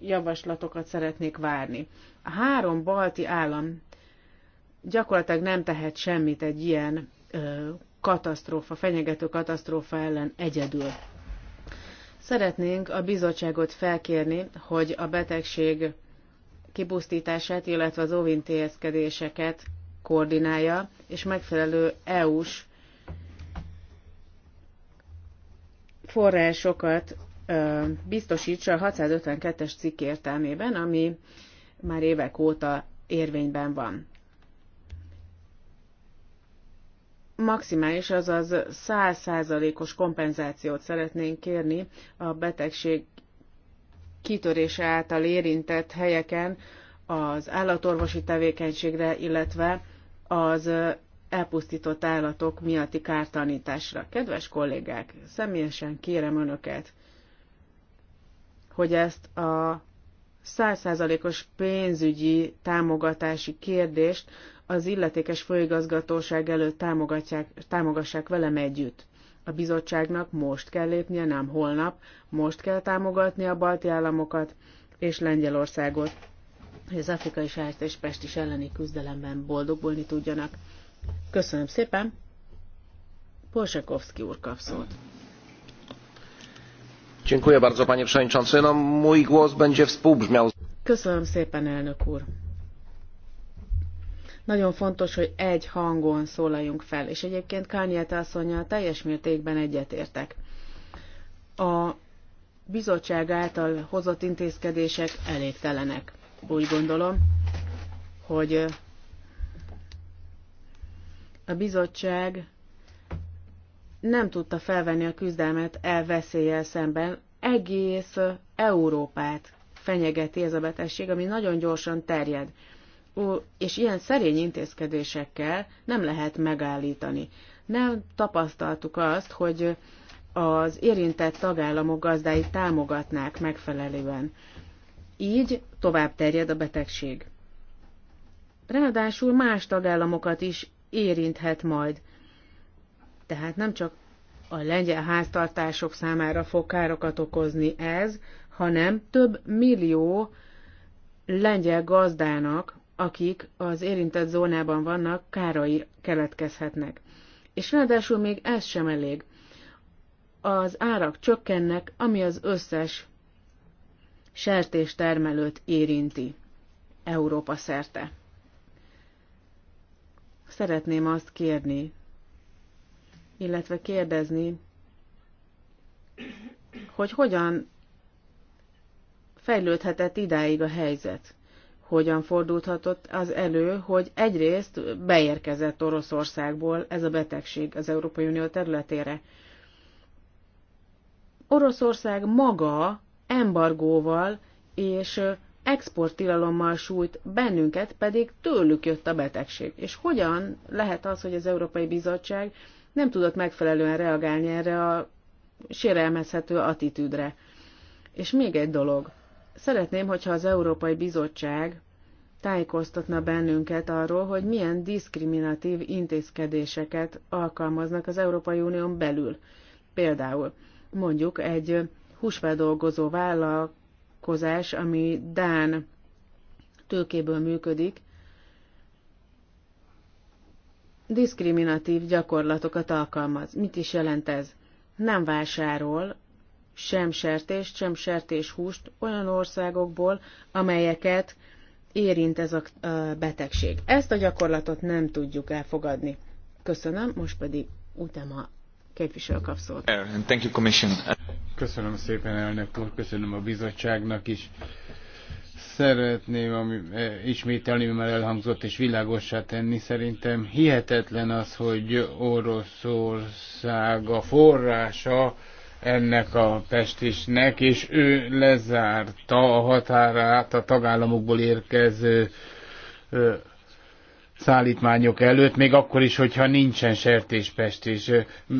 javaslatokat szeretnék várni. A három balti állam gyakorlatilag nem tehet semmit egy ilyen ö, katasztrófa, fenyegető katasztrófa ellen egyedül. Szeretnénk a bizottságot felkérni, hogy a betegség kipusztítását, illetve az óvintézkedéseket koordinálja, és megfelelő EU-s forrásokat ö, biztosítsa a 652-es cikk értelmében, ami már évek óta érvényben van. maximális, azaz 100%-os kompenzációt szeretnénk kérni a betegség kitörése által érintett helyeken az állatorvosi tevékenységre, illetve az elpusztított állatok miatti kártanításra. Kedves kollégák, személyesen kérem Önöket, hogy ezt a százszázalékos pénzügyi támogatási kérdést az illetékes folyigazgatóság előtt támogatják, támogassák velem együtt. A bizottságnak most kell lépnie, nem holnap, most kell támogatni a balti államokat és Lengyelországot, hogy az afrikai sárt és Pest is elleni küzdelemben boldogulni tudjanak. Köszönöm szépen! Polsakowski úr kap szót. Dziękuję bardzo, panie przewodniczący. No, mój głos będzie współbrzmiał. Köszönöm szépen, elnök úr. Nagyon fontos, hogy egy hangon szólaljunk fel, és egyébként Kányát asszonyjal teljes mértékben egyetértek. A bizottság által hozott intézkedések elégtelenek. Úgy gondolom, hogy a bizottság nem tudta felvenni a küzdelmet elveszéllyel szemben. Egész Európát fenyegeti ez a betegség, ami nagyon gyorsan terjed és ilyen szerény intézkedésekkel nem lehet megállítani. Nem tapasztaltuk azt, hogy az érintett tagállamok gazdái támogatnák megfelelően. Így tovább terjed a betegség. Ráadásul más tagállamokat is érinthet majd. Tehát nem csak a lengyel háztartások számára fog károkat okozni ez, hanem több millió lengyel gazdának akik az érintett zónában vannak, károi keletkezhetnek. És ráadásul még ez sem elég. Az árak csökkennek, ami az összes sertéstermelőt érinti Európa szerte. Szeretném azt kérni, illetve kérdezni, hogy hogyan fejlődhetett idáig a helyzet hogyan fordulhatott az elő, hogy egyrészt beérkezett Oroszországból ez a betegség az Európai Unió területére. Oroszország maga embargóval és exporttilalommal sújt bennünket, pedig tőlük jött a betegség. És hogyan lehet az, hogy az Európai Bizottság nem tudott megfelelően reagálni erre a sérelmezhető attitűdre? És még egy dolog – Szeretném, hogyha az Európai Bizottság tájékoztatna bennünket arról, hogy milyen diszkriminatív intézkedéseket alkalmaznak az Európai Unión belül. Például mondjuk egy húsfeldolgozó vállalkozás, ami Dán tőkéből működik, diszkriminatív gyakorlatokat alkalmaz. Mit is jelent ez? Nem vásárol sem sertést, sem sertéshúst olyan országokból, amelyeket érint ez a betegség. Ezt a gyakorlatot nem tudjuk elfogadni. Köszönöm, most pedig utána képviselő kap szót. Köszönöm szépen, elnök úr, köszönöm a bizottságnak is. Szeretném ami, e, ismételni, mert elhangzott és világossá tenni. Szerintem hihetetlen az, hogy Oroszország a forrása ennek a pestisnek, és ő lezárta a határát a tagállamokból érkező ö, szállítmányok előtt, még akkor is, hogyha nincsen sertéspest,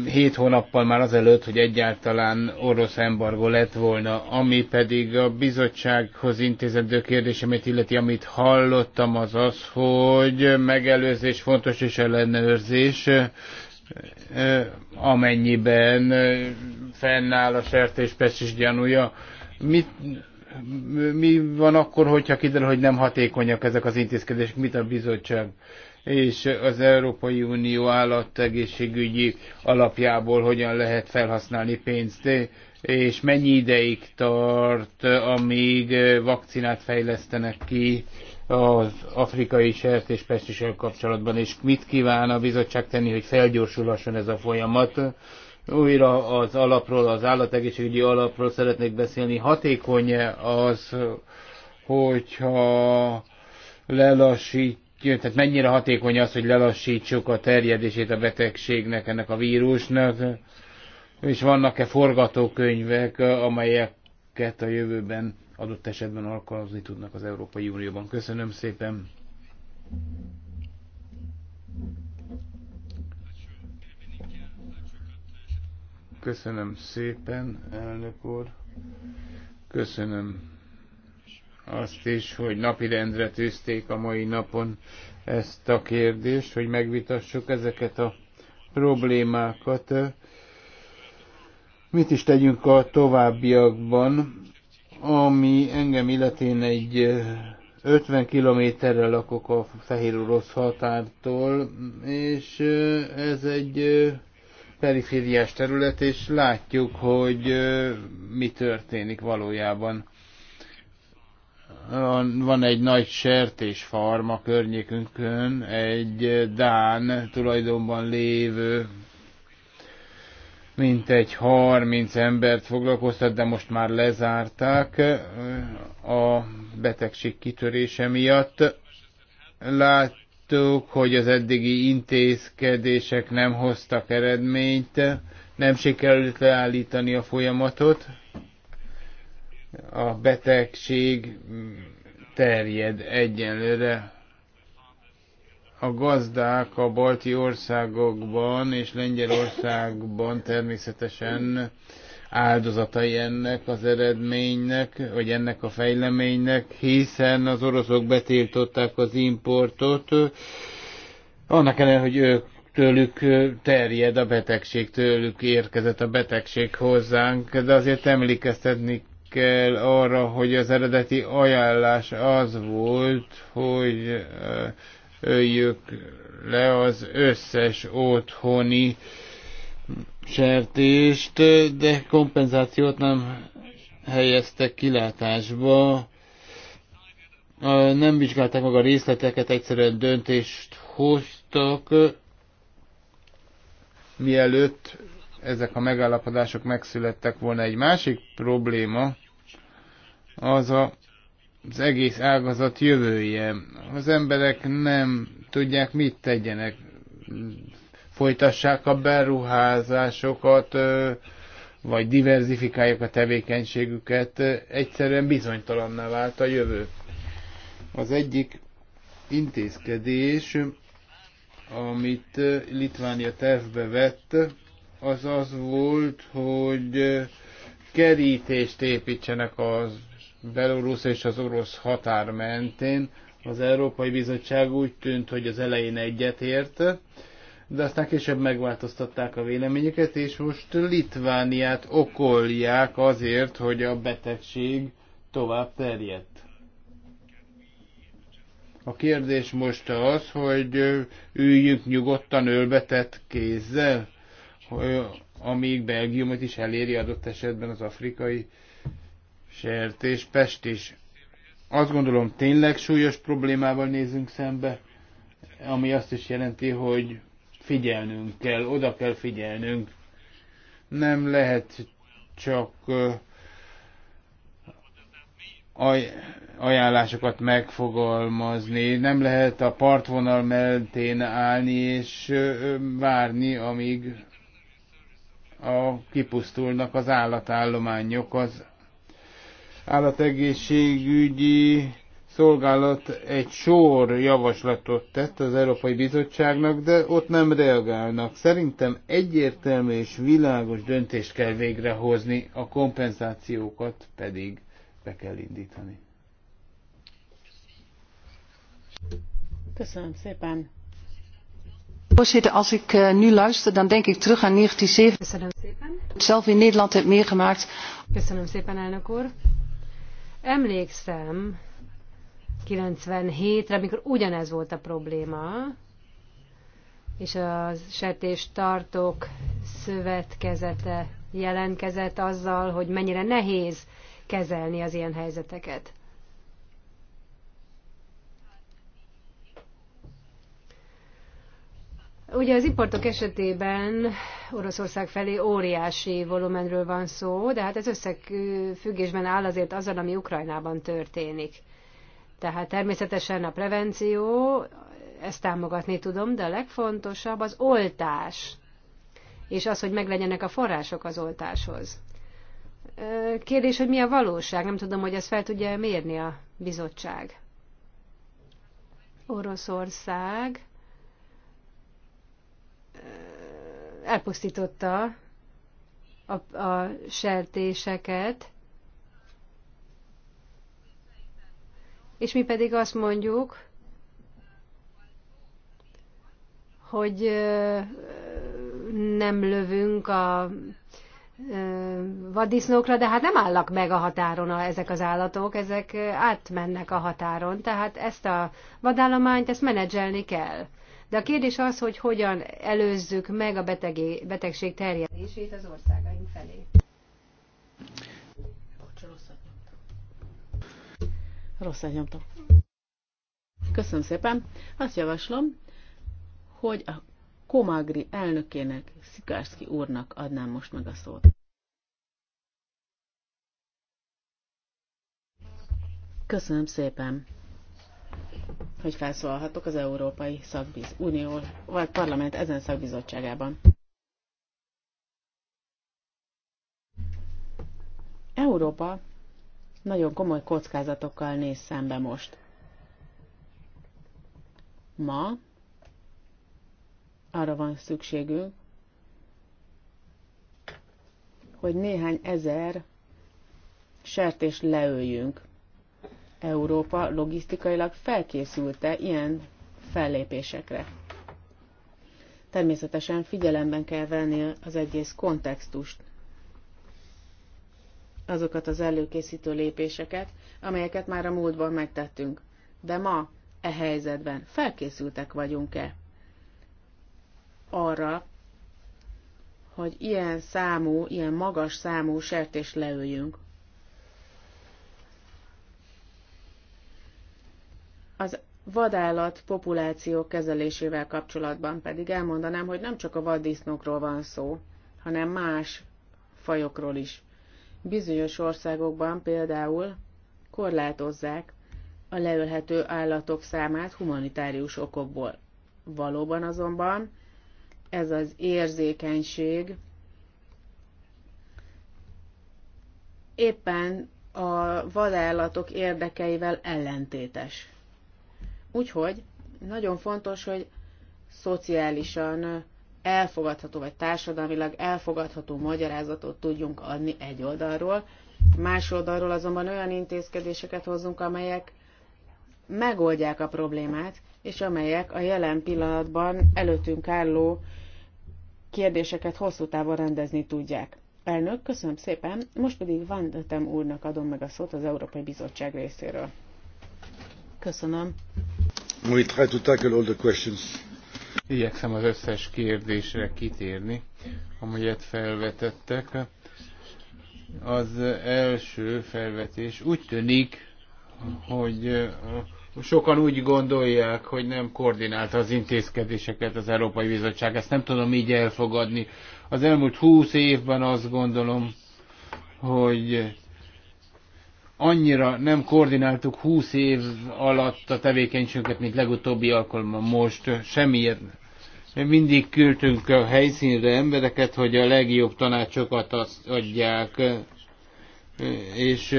hét hónappal már azelőtt, hogy egyáltalán orosz embargo lett volna, ami pedig a bizottsághoz intézendő kérdésemet illeti, amit hallottam, az az, hogy megelőzés fontos és ellenőrzés, amennyiben fennáll a sertéspestis gyanúja. Mit, mi van akkor, hogyha kiderül, hogy nem hatékonyak ezek az intézkedések, mit a bizottság és az Európai Unió állategészségügyi alapjából hogyan lehet felhasználni pénzt, és mennyi ideig tart, amíg vakcinát fejlesztenek ki, az afrikai sertéspestisek kapcsolatban, és mit kíván a bizottság tenni, hogy felgyorsulhasson ez a folyamat. Újra az alapról, az állategészségügyi alapról szeretnék beszélni. Hatékony az, hogyha lelassít tehát mennyire hatékony az, hogy lelassítsuk a terjedését a betegségnek, ennek a vírusnak, és vannak-e forgatókönyvek, amelyeket a jövőben adott esetben alkalmazni tudnak az Európai Unióban. Köszönöm szépen! Köszönöm szépen, elnök úr. Köszönöm azt is, hogy napirendre tűzték a mai napon ezt a kérdést, hogy megvitassuk ezeket a problémákat. Mit is tegyünk a továbbiakban? Ami engem illetén egy 50 eh, kilométerre lakok a fehér orosz határtól, és eh, ez egy eh, perifériás terület, és látjuk, hogy mi történik valójában. Van egy nagy sertésfarm a környékünkön, egy Dán tulajdonban lévő mint egy 30 embert foglalkoztat, de most már lezárták a betegség kitörése miatt. Láttuk, hogy az eddigi intézkedések nem hoztak eredményt, nem sikerült leállítani a folyamatot. A betegség terjed egyenlőre a gazdák a balti országokban és Lengyelországban természetesen áldozatai ennek az eredménynek, vagy ennek a fejleménynek, hiszen az oroszok betiltották az importot, annak ellen, hogy ők tőlük terjed a betegség, tőlük érkezett a betegség hozzánk, de azért emlékeztetni kell arra, hogy az eredeti ajánlás az volt, hogy öljük le az összes otthoni sertést, de kompenzációt nem helyeztek kilátásba. Nem vizsgálták meg a részleteket, egyszerűen döntést hoztak, mielőtt ezek a megállapodások megszülettek volna. Egy másik probléma az a az egész ágazat jövője. Az emberek nem tudják, mit tegyenek. Folytassák a beruházásokat, vagy diverzifikáljuk a tevékenységüket. Egyszerűen bizonytalanná vált a jövő. Az egyik intézkedés, amit Litvánia tervbe vett, az az volt, hogy kerítést építsenek az Belorusz és az orosz határ mentén. Az Európai Bizottság úgy tűnt, hogy az elején egyetért, de aztán később megváltoztatták a véleményüket, és most Litvániát okolják azért, hogy a betegség tovább terjedt. A kérdés most az, hogy üljünk nyugodtan ölbetett kézzel, amíg Belgiumot is eléri adott esetben az afrikai sertés, Pest is. Azt gondolom, tényleg súlyos problémával nézünk szembe, ami azt is jelenti, hogy figyelnünk kell, oda kell figyelnünk. Nem lehet csak ajánlásokat megfogalmazni, nem lehet a partvonal mentén állni és várni, amíg a kipusztulnak az állatállományok, az állategészségügyi szolgálat egy sor javaslatot tett az Európai Bizottságnak, de ott nem reagálnak. Szerintem egyértelmű és világos döntést kell végrehozni, a kompenzációkat pedig be kell indítani. Köszönöm szépen. Voorzitter, als ik uh, nu luister, dan denk ik terug aan 1970. Zelf in Nederland heb meegemaakt. Köszönöm szépen, elnök úr. Emlékszem 97-re, amikor ugyanez volt a probléma, és a tartók szövetkezete jelentkezett azzal, hogy mennyire nehéz kezelni az ilyen helyzeteket. Ugye az importok esetében Oroszország felé óriási volumenről van szó, de hát ez összefüggésben áll azért azzal, ami Ukrajnában történik. Tehát természetesen a prevenció, ezt támogatni tudom, de a legfontosabb az oltás, és az, hogy meglegyenek a források az oltáshoz. Kérdés, hogy mi a valóság? Nem tudom, hogy ezt fel tudja mérni a bizottság. Oroszország elpusztította a, a sertéseket, és mi pedig azt mondjuk, hogy nem lövünk a vadisznókra, de hát nem állnak meg a határon a, ezek az állatok, ezek átmennek a határon, tehát ezt a vadállományt, ezt menedzselni kell. De a kérdés az, hogy hogyan előzzük meg a betegé, betegség terjedését az országaink felé. Rosszat nyomtam. Köszönöm szépen. Azt javaslom, hogy a Komagri elnökének, Szikárszki úrnak adnám most meg a szót. Köszönöm szépen hogy felszólalhatok az Európai Szakbiz Unió, vagy Parlament ezen szakbizottságában. Európa nagyon komoly kockázatokkal néz szembe most. Ma arra van szükségünk, hogy néhány ezer sertést leöljünk, Európa logisztikailag felkészülte ilyen fellépésekre. Természetesen figyelemben kell venni az egész kontextust, azokat az előkészítő lépéseket, amelyeket már a múltban megtettünk. De ma, e helyzetben felkészültek vagyunk-e arra, hogy ilyen számú, ilyen magas számú sertés leüljünk? Az vadállat populáció kezelésével kapcsolatban pedig elmondanám, hogy nem csak a vaddisznókról van szó, hanem más fajokról is. Bizonyos országokban például korlátozzák a leölhető állatok számát humanitárius okokból. Valóban azonban ez az érzékenység éppen a vadállatok érdekeivel ellentétes. Úgyhogy nagyon fontos, hogy szociálisan elfogadható, vagy társadalmilag elfogadható magyarázatot tudjunk adni egy oldalról, más oldalról azonban olyan intézkedéseket hozzunk, amelyek megoldják a problémát, és amelyek a jelen pillanatban előttünk álló kérdéseket hosszú távon rendezni tudják. Elnök, köszönöm szépen, most pedig Van Dötem úrnak adom meg a szót az Európai Bizottság részéről. Köszönöm. We try to tackle all the questions. Igyekszem az összes kérdésre kitérni, amelyet felvetettek. Az első felvetés úgy tűnik, hogy sokan úgy gondolják, hogy nem koordinálta az intézkedéseket az Európai Bizottság. Ezt nem tudom így elfogadni. Az elmúlt húsz évben azt gondolom, hogy annyira nem koordináltuk 20 év alatt a tevékenységünket, mint legutóbbi alkalommal most semmiért. Mindig küldtünk a helyszínre embereket, hogy a legjobb tanácsokat adják, és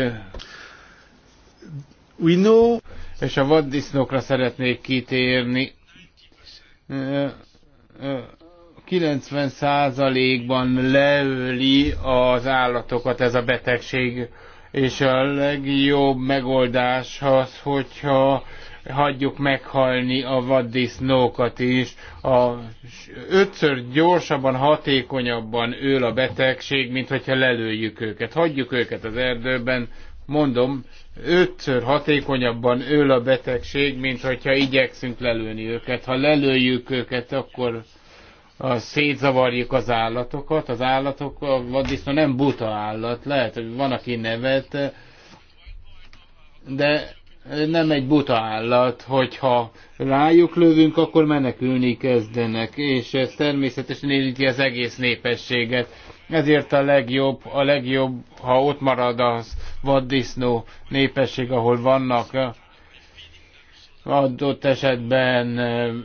We know... És a vaddisznókra szeretnék kitérni. 90%-ban leöli az állatokat ez a betegség és a legjobb megoldás az, hogyha hagyjuk meghalni a vaddisznókat is. A ötször gyorsabban, hatékonyabban ül a betegség, mint hogyha lelőjük őket. Hagyjuk őket az erdőben, mondom, ötször hatékonyabban ül a betegség, mint hogyha igyekszünk lelőni őket. Ha lelőjük őket, akkor a szétzavarjuk az állatokat, az állatok, viszont vaddisznó nem buta állat, lehet, hogy van, aki nevet, de nem egy buta állat, hogyha rájuk lövünk, akkor menekülni kezdenek, és ez természetesen érinti az egész népességet. Ezért a legjobb, a legjobb, ha ott marad az vaddisznó népesség, ahol vannak, adott esetben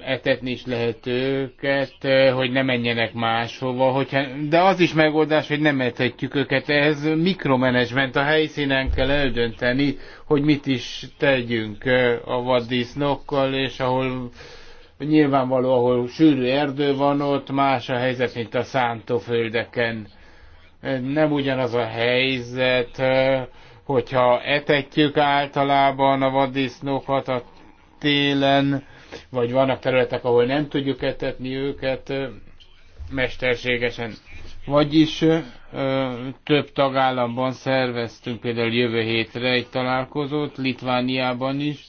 etetni is lehet őket, hogy ne menjenek máshova, hogyha, de az is megoldás, hogy nem etetjük őket. Ez mikromenedzsment, a helyszínen kell eldönteni, hogy mit is tegyünk a vaddisznokkal, és ahol nyilvánvaló, ahol sűrű erdő van, ott más a helyzet, mint a szántóföldeken. Nem ugyanaz a helyzet, hogyha etetjük általában a vaddisznókat, télen, vagy vannak területek, ahol nem tudjuk etetni őket mesterségesen. Vagyis ö, több tagállamban szerveztünk például jövő hétre egy találkozót, Litvániában is.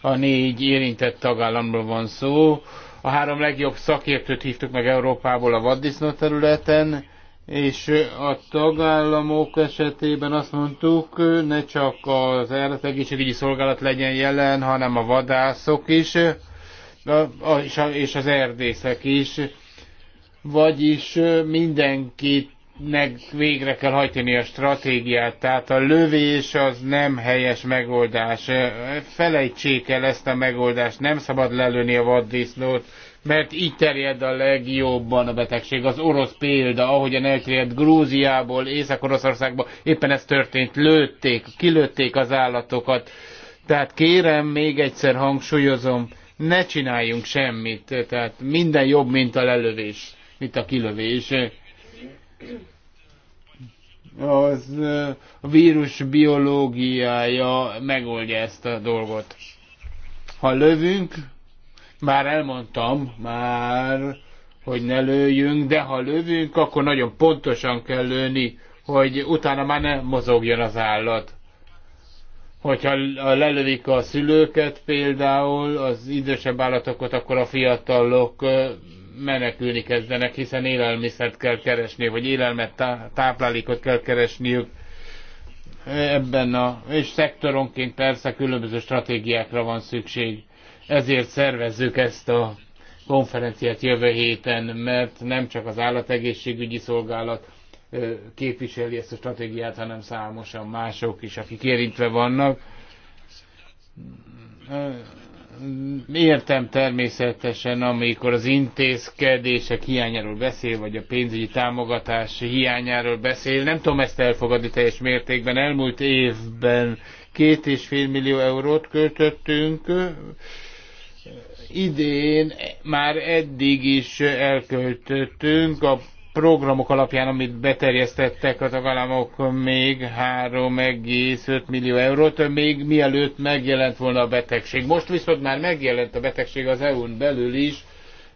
A négy érintett tagállamról van szó. A három legjobb szakértőt hívtuk meg Európából a vaddisznó területen, és a tagállamok esetében azt mondtuk, ne csak az egészségügyi szolgálat legyen jelen, hanem a vadászok is, és az erdészek is, vagyis mindenkit meg végre kell hajtani a stratégiát, tehát a lövés az nem helyes megoldás. Felejtsék el ezt a megoldást, nem szabad lelőni a vaddisznót, mert így terjed a legjobban a betegség. Az orosz példa, ahogyan elterjedt Grúziából, észak oroszországból éppen ez történt, lőtték, kilőtték az állatokat. Tehát kérem, még egyszer hangsúlyozom, ne csináljunk semmit, tehát minden jobb, mint a lelövés, mint a kilövés. Az a vírus biológiája megoldja ezt a dolgot. Ha lövünk, már elmondtam, már, hogy ne lőjünk, de ha lövünk, akkor nagyon pontosan kell lőni, hogy utána már ne mozogjon az állat. Hogyha lelövik a szülőket például, az idősebb állatokat, akkor a fiatalok menekülni kezdenek, hiszen élelmiszert kell keresni, vagy élelmet, táplálékot kell keresniük ebben a, és szektoronként persze különböző stratégiákra van szükség. Ezért szervezzük ezt a konferenciát jövő héten, mert nem csak az állategészségügyi szolgálat képviseli ezt a stratégiát, hanem számosan mások is, akik érintve vannak. Értem természetesen, amikor az intézkedések hiányáról beszél, vagy a pénzügyi támogatás hiányáról beszél. Nem tudom ezt elfogadni teljes mértékben. Elmúlt évben két és fél millió eurót költöttünk idén már eddig is elköltöttünk a programok alapján, amit beterjesztettek a tagállamok, még 3,5 millió eurót, még mielőtt megjelent volna a betegség. Most viszont már megjelent a betegség az EU-n belül is,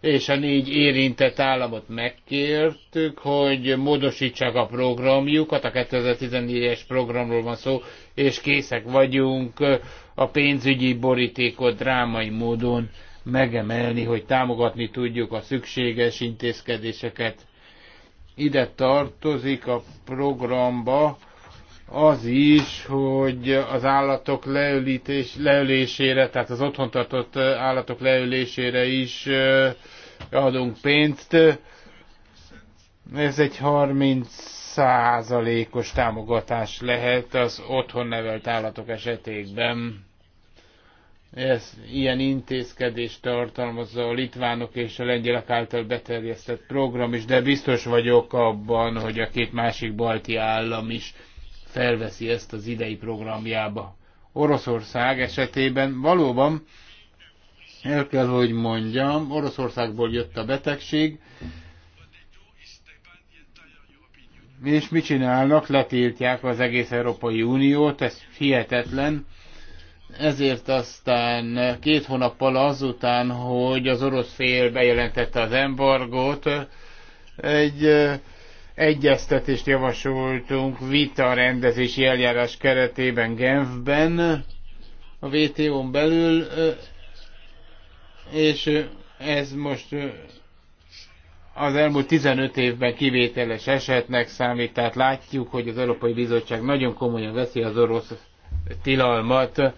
és a négy érintett államot megkértük, hogy módosítsák a programjukat, a 2014-es programról van szó, és készek vagyunk a pénzügyi borítékot drámai módon megemelni, hogy támogatni tudjuk a szükséges intézkedéseket. Ide tartozik a programba az is, hogy az állatok leülítés, leülésére, tehát az otthon tartott állatok leülésére is adunk pénzt. Ez egy 30 százalékos támogatás lehet az otthon nevelt állatok esetében ez ilyen intézkedést tartalmazza a litvánok és a lengyelek által beterjesztett program is, de biztos vagyok abban, hogy a két másik balti állam is felveszi ezt az idei programjába. Oroszország esetében valóban el kell, hogy mondjam, Oroszországból jött a betegség, és mit csinálnak? Letiltják az egész Európai Uniót, ez hihetetlen ezért aztán két hónappal azután, hogy az orosz fél bejelentette az embargót, egy egyeztetést javasoltunk vita rendezési eljárás keretében Genfben, a WTO-n belül, és ez most az elmúlt 15 évben kivételes esetnek számít, tehát látjuk, hogy az Európai Bizottság nagyon komolyan veszi az orosz tilalmat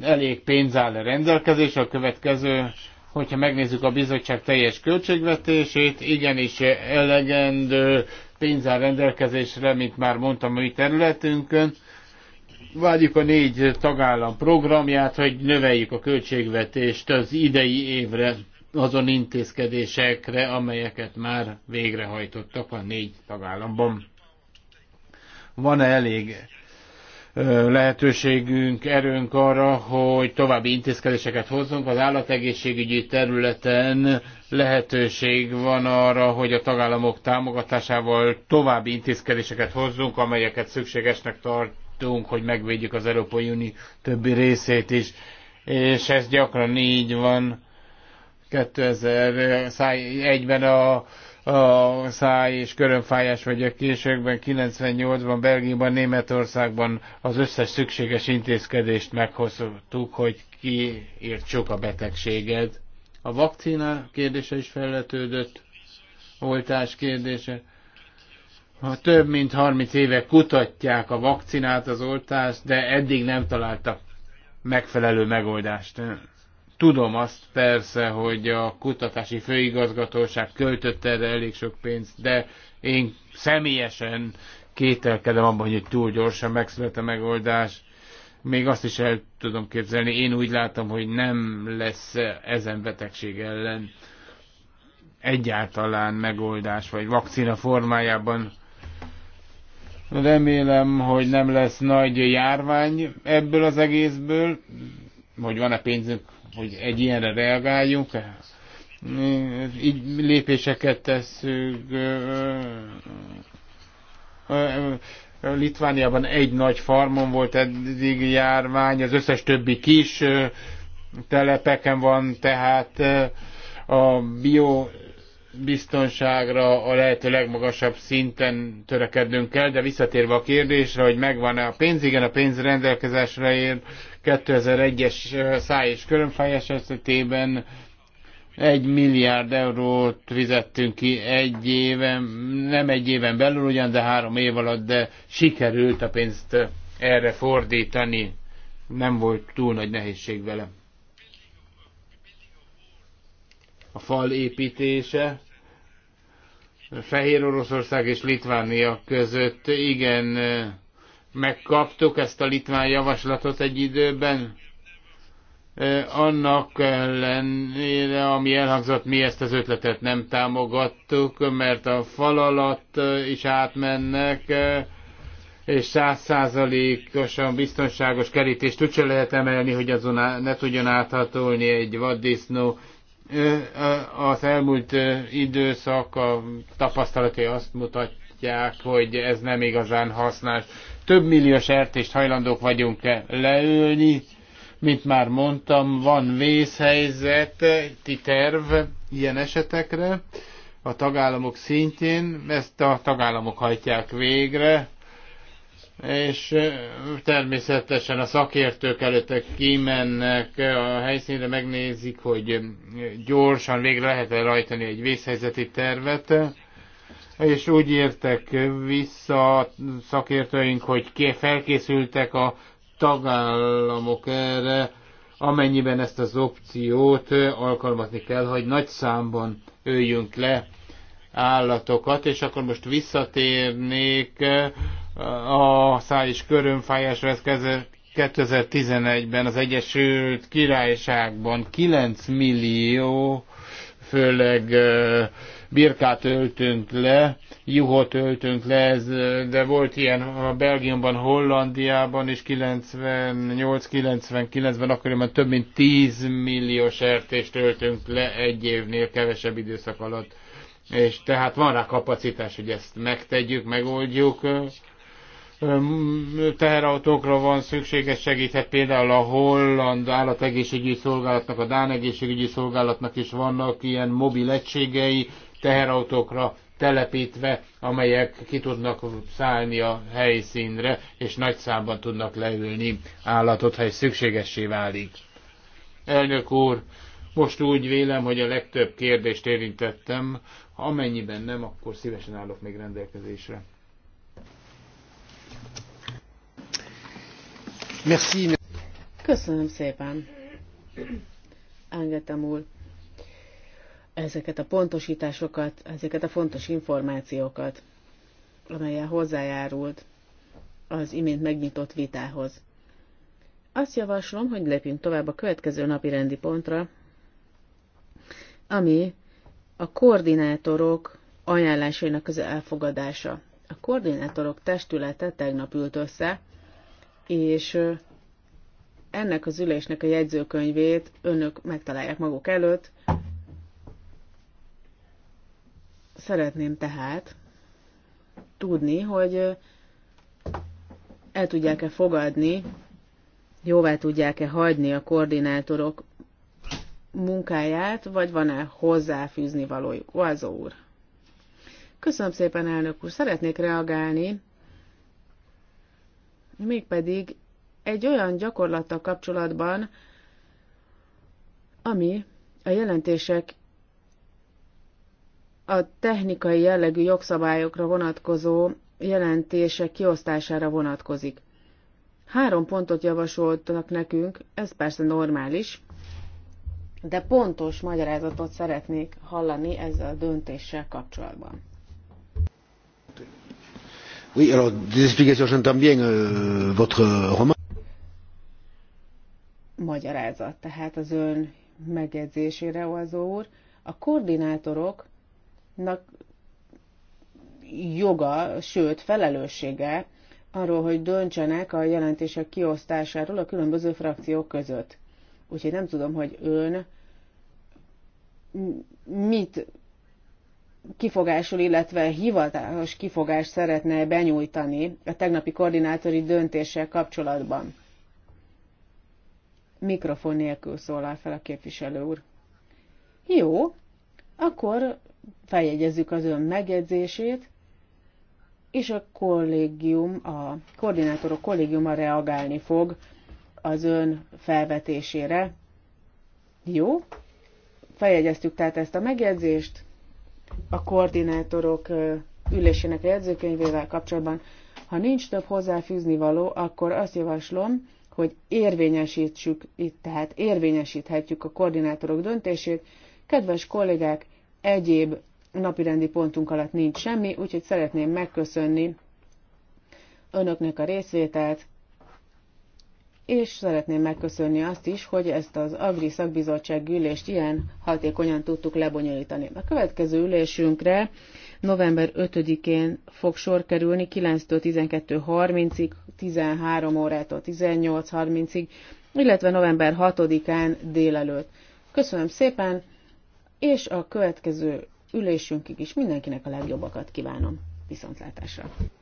elég pénz áll a rendelkezés. a következő hogyha megnézzük a bizottság teljes költségvetését, igenis elegendő pénz áll rendelkezésre, mint már mondtam a mi területünkön. Várjuk a négy tagállam programját, hogy növeljük a költségvetést az idei évre azon intézkedésekre, amelyeket már végrehajtottak a négy tagállamban. Van-e elég lehetőségünk, erőnk arra, hogy további intézkedéseket hozzunk. Az állategészségügyi területen lehetőség van arra, hogy a tagállamok támogatásával további intézkedéseket hozzunk, amelyeket szükségesnek tartunk, hogy megvédjük az Európai Unió többi részét is. És ez gyakran így van. 2001-ben a a száj és körömfájás a későkben, 98-ban, Belgiumban, Németországban az összes szükséges intézkedést meghoztuk, hogy kiírtsuk a betegséget. A vakcina kérdése is felletődött, oltás kérdése. Ha több mint 30 éve kutatják a vakcinát, az oltást, de eddig nem találtak megfelelő megoldást. Tudom azt persze, hogy a kutatási főigazgatóság költött erre elég sok pénzt, de én személyesen kételkedem abban, hogy túl gyorsan megszület a megoldás. Még azt is el tudom képzelni, én úgy látom, hogy nem lesz ezen betegség ellen egyáltalán megoldás, vagy vakcina formájában. Remélem, hogy nem lesz nagy járvány ebből az egészből, hogy van-e pénzünk hogy egy ilyenre reagáljunk, így lépéseket teszünk. Litvániában egy nagy farmon volt eddig járvány, az összes többi kis telepeken van, tehát a bio biztonságra a lehető legmagasabb szinten törekednünk kell, de visszatérve a kérdésre, hogy megvan-e a pénz, igen, a pénz rendelkezésre ér 2001-es száj és körömfájás esetében egy milliárd eurót fizettünk ki egy éven, nem egy éven belül ugyan, de három év alatt, de sikerült a pénzt erre fordítani. Nem volt túl nagy nehézség vele. A fal építése Fehér Oroszország és Litvánia között. Igen, megkaptuk ezt a litván javaslatot egy időben. E, annak ellenére, ami elhangzott, mi ezt az ötletet nem támogattuk, mert a fal alatt e, is átmennek, e, és százszázalékosan biztonságos kerítést úgyse lehet emelni, hogy azon ne tudjon áthatolni egy vaddisznó. Az elmúlt időszak a tapasztalati azt mutatják, hogy ez nem igazán hasznos. Több milliós ertést hajlandók vagyunk -e leülni, mint már mondtam, van vészhelyzet, ti terv ilyen esetekre a tagállamok szintjén, ezt a tagállamok hajtják végre, és természetesen a szakértők előtte kimennek a helyszínre, megnézik, hogy gyorsan végre lehet-e rajtani egy vészhelyzeti tervet, és úgy értek vissza a szakértőink, hogy felkészültek a tagállamok erre, amennyiben ezt az opciót alkalmazni kell, hogy nagy számban öljünk le állatokat, és akkor most visszatérnék a száj és körömfájás lesz 2011-ben az Egyesült Királyságban 9 millió főleg birkát öltünk le, juhot öltünk le, ez, de volt ilyen a Belgiumban, Hollandiában is 98-99-ben, akkoriban több mint 10 millió sertést öltünk le egy évnél kevesebb időszak alatt. És tehát van rá kapacitás, hogy ezt megtegyük, megoldjuk teherautókra van ez segíthet, például a holland állategészségügyi szolgálatnak, a dán egészségügyi szolgálatnak is vannak ilyen mobil egységei teherautókra telepítve, amelyek ki tudnak szállni a helyszínre, és nagy számban tudnak leülni állatot, ha ez szükségessé válik. Elnök úr, most úgy vélem, hogy a legtöbb kérdést érintettem, ha amennyiben nem, akkor szívesen állok még rendelkezésre. Merci. Köszönöm szépen. Engedtem úr ezeket a pontosításokat, ezeket a fontos információkat, amelyel hozzájárult az imént megnyitott vitához. Azt javaslom, hogy lépjünk tovább a következő napi rendi pontra, ami a koordinátorok ajánlásainak az elfogadása. A koordinátorok testülete tegnap ült össze, és ennek az ülésnek a jegyzőkönyvét önök megtalálják maguk előtt. Szeretném tehát tudni, hogy el tudják-e fogadni, jóvá tudják-e hagyni a koordinátorok munkáját, vagy van-e hozzáfűzni valójuk? Oazó úr. Köszönöm szépen, elnök úr. Szeretnék reagálni mégpedig egy olyan gyakorlattal kapcsolatban, ami a jelentések a technikai jellegű jogszabályokra vonatkozó jelentések kiosztására vonatkozik. Három pontot javasoltak nekünk, ez persze normális, de pontos magyarázatot szeretnék hallani ezzel a döntéssel kapcsolatban. Euh, Magyarázat, tehát az ön megjegyzésére, Oazó úr. A koordinátoroknak joga, sőt felelőssége arról, hogy döntsenek a jelentések kiosztásáról a különböző frakciók között. Úgyhogy nem tudom, hogy ön mit kifogásul, illetve hivatalos kifogást szeretne benyújtani a tegnapi koordinátori döntéssel kapcsolatban. Mikrofon nélkül szólal fel a képviselő úr. Jó, akkor feljegyezzük az ön megjegyzését, és a kollégium, a koordinátorok kollégiuma reagálni fog az ön felvetésére. Jó, feljegyeztük tehát ezt a megjegyzést, a koordinátorok ülésének a jegyzőkönyvével kapcsolatban. Ha nincs több hozzáfűzni való, akkor azt javaslom, hogy érvényesítsük itt, tehát érvényesíthetjük a koordinátorok döntését. Kedves kollégák, egyéb napirendi pontunk alatt nincs semmi, úgyhogy szeretném megköszönni önöknek a részvételt, és szeretném megköszönni azt is, hogy ezt az Agri Szakbizottság ülést ilyen hatékonyan tudtuk lebonyolítani. A következő ülésünkre november 5-én fog sor kerülni 9-től 12.30-ig, 13 órától 18.30-ig, illetve november 6-án délelőtt. Köszönöm szépen, és a következő ülésünkig is mindenkinek a legjobbakat kívánom. Viszontlátásra!